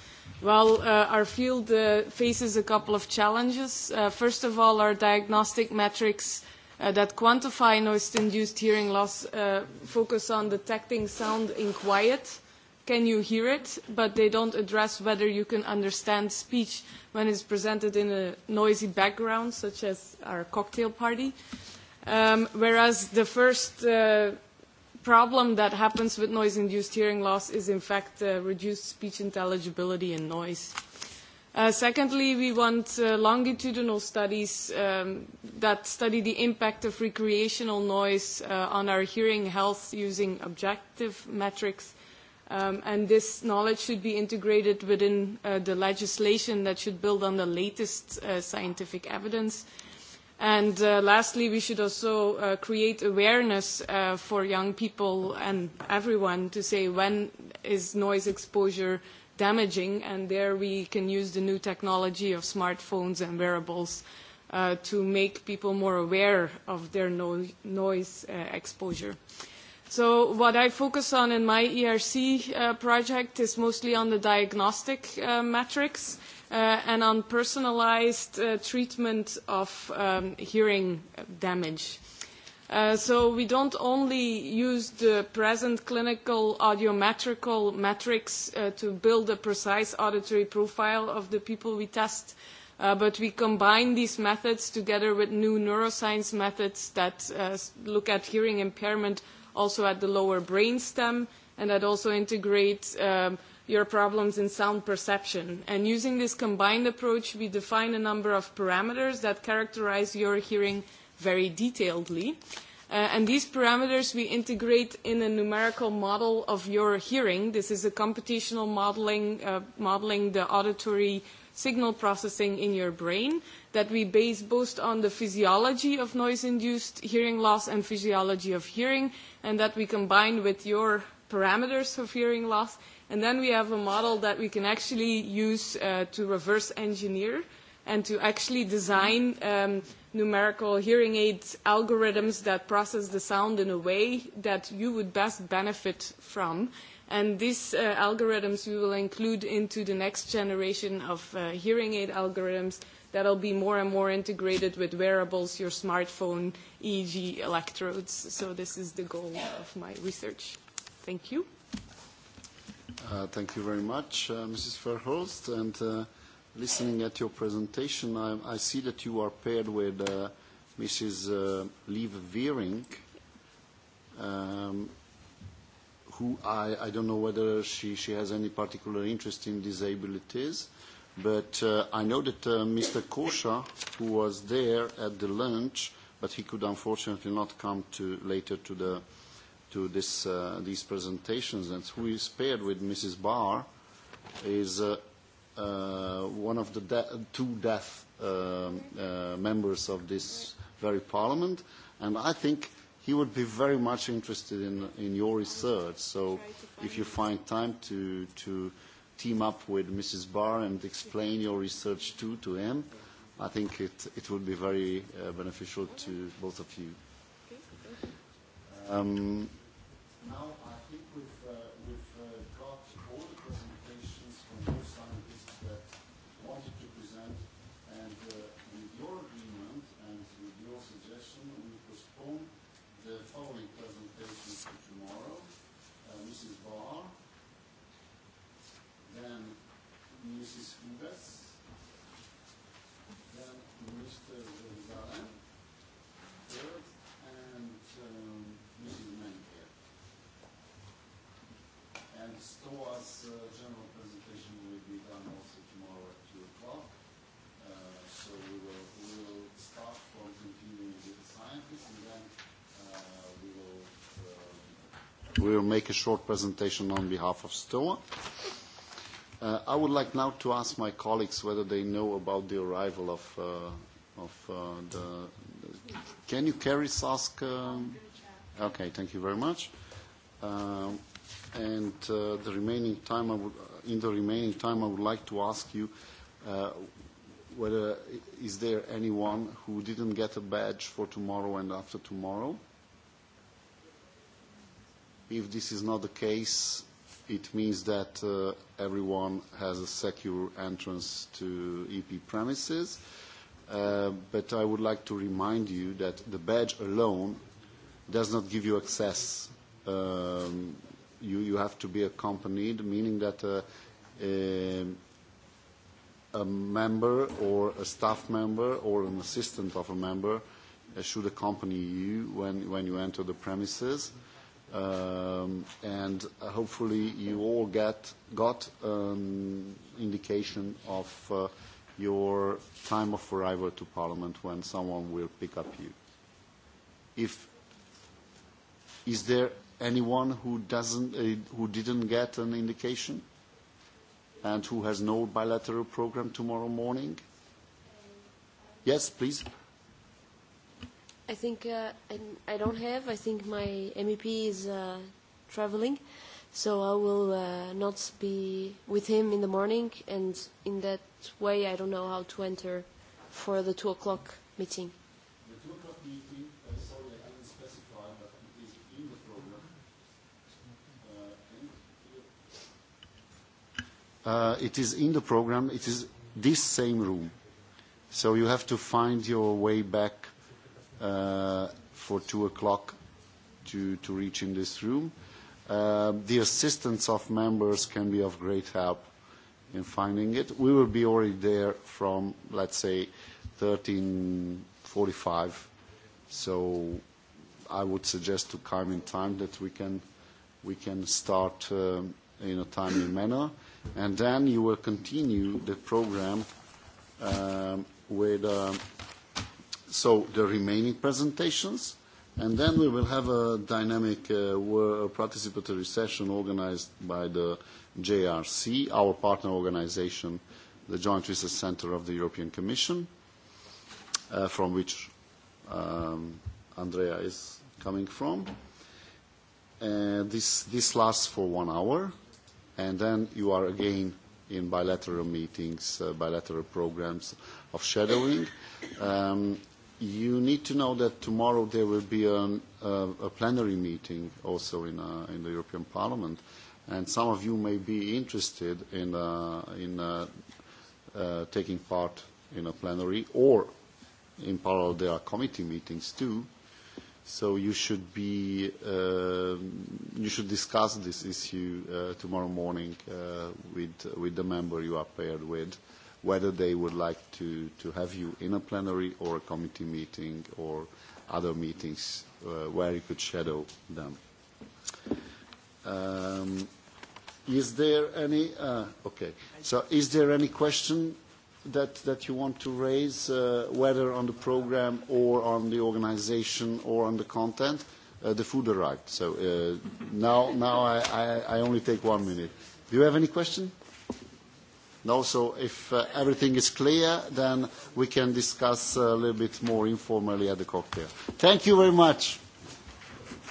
Well, our field faces a couple of challenges. First of all, our diagnostic metrics that quantify noise-induced hearing loss focus on detecting sound in quiet. Can you hear it? But they don't address whether you can understand speech when it's presented in a noisy background, such as our cocktail party whereas the first problem that happens with noise-induced hearing loss is, in fact, reduced speech intelligibility and noise. Secondly, we want longitudinal studies that study the impact of recreational noise on our hearing health using objective metrics, and this knowledge should be integrated within the legislation that should build on the latest scientific evidence. And lastly, we should also create awareness for young people and everyone to say when is noise exposure damaging, and there we can use the new technology of smartphones and wearables to make people more aware of their noise exposure. So what I focus on in my ERC project is mostly on the diagnostic metrics and on personalized treatment of hearing damage. So we don't only use the present clinical audiometrical metrics to build a precise auditory profile of the people we test, but we combine these methods together with new neuroscience methods that look at hearing impairment also at the lower brain stem and that also integrate your problems in sound perception. And using this combined approach, we define a number of parameters that characterize your hearing very detailedly. And these parameters we integrate in a numerical model of your hearing. This is a computational modeling, modeling the auditory signal processing in your brain that we base both on the physiology of noise-induced hearing loss and physiology of hearing, and that we combine with your parameters of hearing loss And then we have a model that we can actually use to reverse engineer and to actually design numerical hearing aid algorithms that process the sound in a way that you would best benefit from. And these algorithms we will include into the next generation of hearing aid algorithms that will be more and more integrated with wearables, your smartphone, EEG electrodes. So this is the goal of my research. Thank you. Thank you very much, Mrs. Verhulst. And listening at your presentation, I see that you are paired with Mrs. Veering, um, who I don't know whether she has any particular interest in disabilities, but I know that Mr. Kosha, who was there at the lunch, but he could unfortunately not come later to the to this, these presentations and who is paired with Mrs. Barr is one of the two deaf members of this very parliament and I think he would be very much interested in your research so if you find time to team up with Mrs. Barr and explain your research too to him I think it it would be very beneficial to both of you. Now I think we've we've got all the presentations from those scientists that wanted to present, and with your agreement and with your suggestion, we postpone the follow We will make a short presentation on behalf of STOA. I would like now to ask my colleagues whether they know about the arrival of the... Can you, Caris, ask? Okay, thank you very much. And the remaining time, I would, in the remaining time, I would like to ask you whether is there anyone who didn't get a badge for tomorrow and after tomorrow? If this is not the case, it means that everyone has a secure entrance to EP premises. But I would like to remind you that the badge alone does not give you access. You have to be accompanied, meaning that a member or a staff member or an assistant of a member should accompany you when you enter the premises and hopefully you all get got an indication of your time of arrival to Parliament when someone will pick up you. If is there anyone who doesn't who didn't get an indication and who has no bilateral program tomorrow morning? Yes, please. I think I don't have. I think my MEP is traveling, so I will not be with him in the morning, and in that way I don't know how to enter for the two o'clock meeting. The o'clock meeting, sorry I didn't specify, but it is in the program. It is in the program. It is this same room. So you have to find your way back for two o'clock to reach in this room. The assistance of members can be of great help in finding it. We will be already there from, let's say, 13.45, so I would suggest to come in time that we can we can start in a timely manner, and then you will continue the program with so the remaining presentations, and then we will have a dynamic participatory session organized by the JRC, our partner organization, the Joint Research Center of the European Commission, from which Andrea is coming from. This lasts for one hour, and then you are again in bilateral meetings, bilateral programs of shadowing. You need to know that tomorrow there will be a plenary meeting also in the European Parliament, and some of you may be interested in taking part in a plenary, or in parallel there are committee meetings too. So you should be you should discuss this issue tomorrow morning with with the member you are paired with whether they would like to have you in a plenary or a committee meeting or other meetings where you could shadow them. Is there any okay? So is there any question that that you want to raise, whether on the program or on the organisation or on the content? The food arrived. So now now I I only take one minute. Do you have any question? No, so if everything is clear, then we can discuss a little bit more informally at the cocktail. Thank you very much.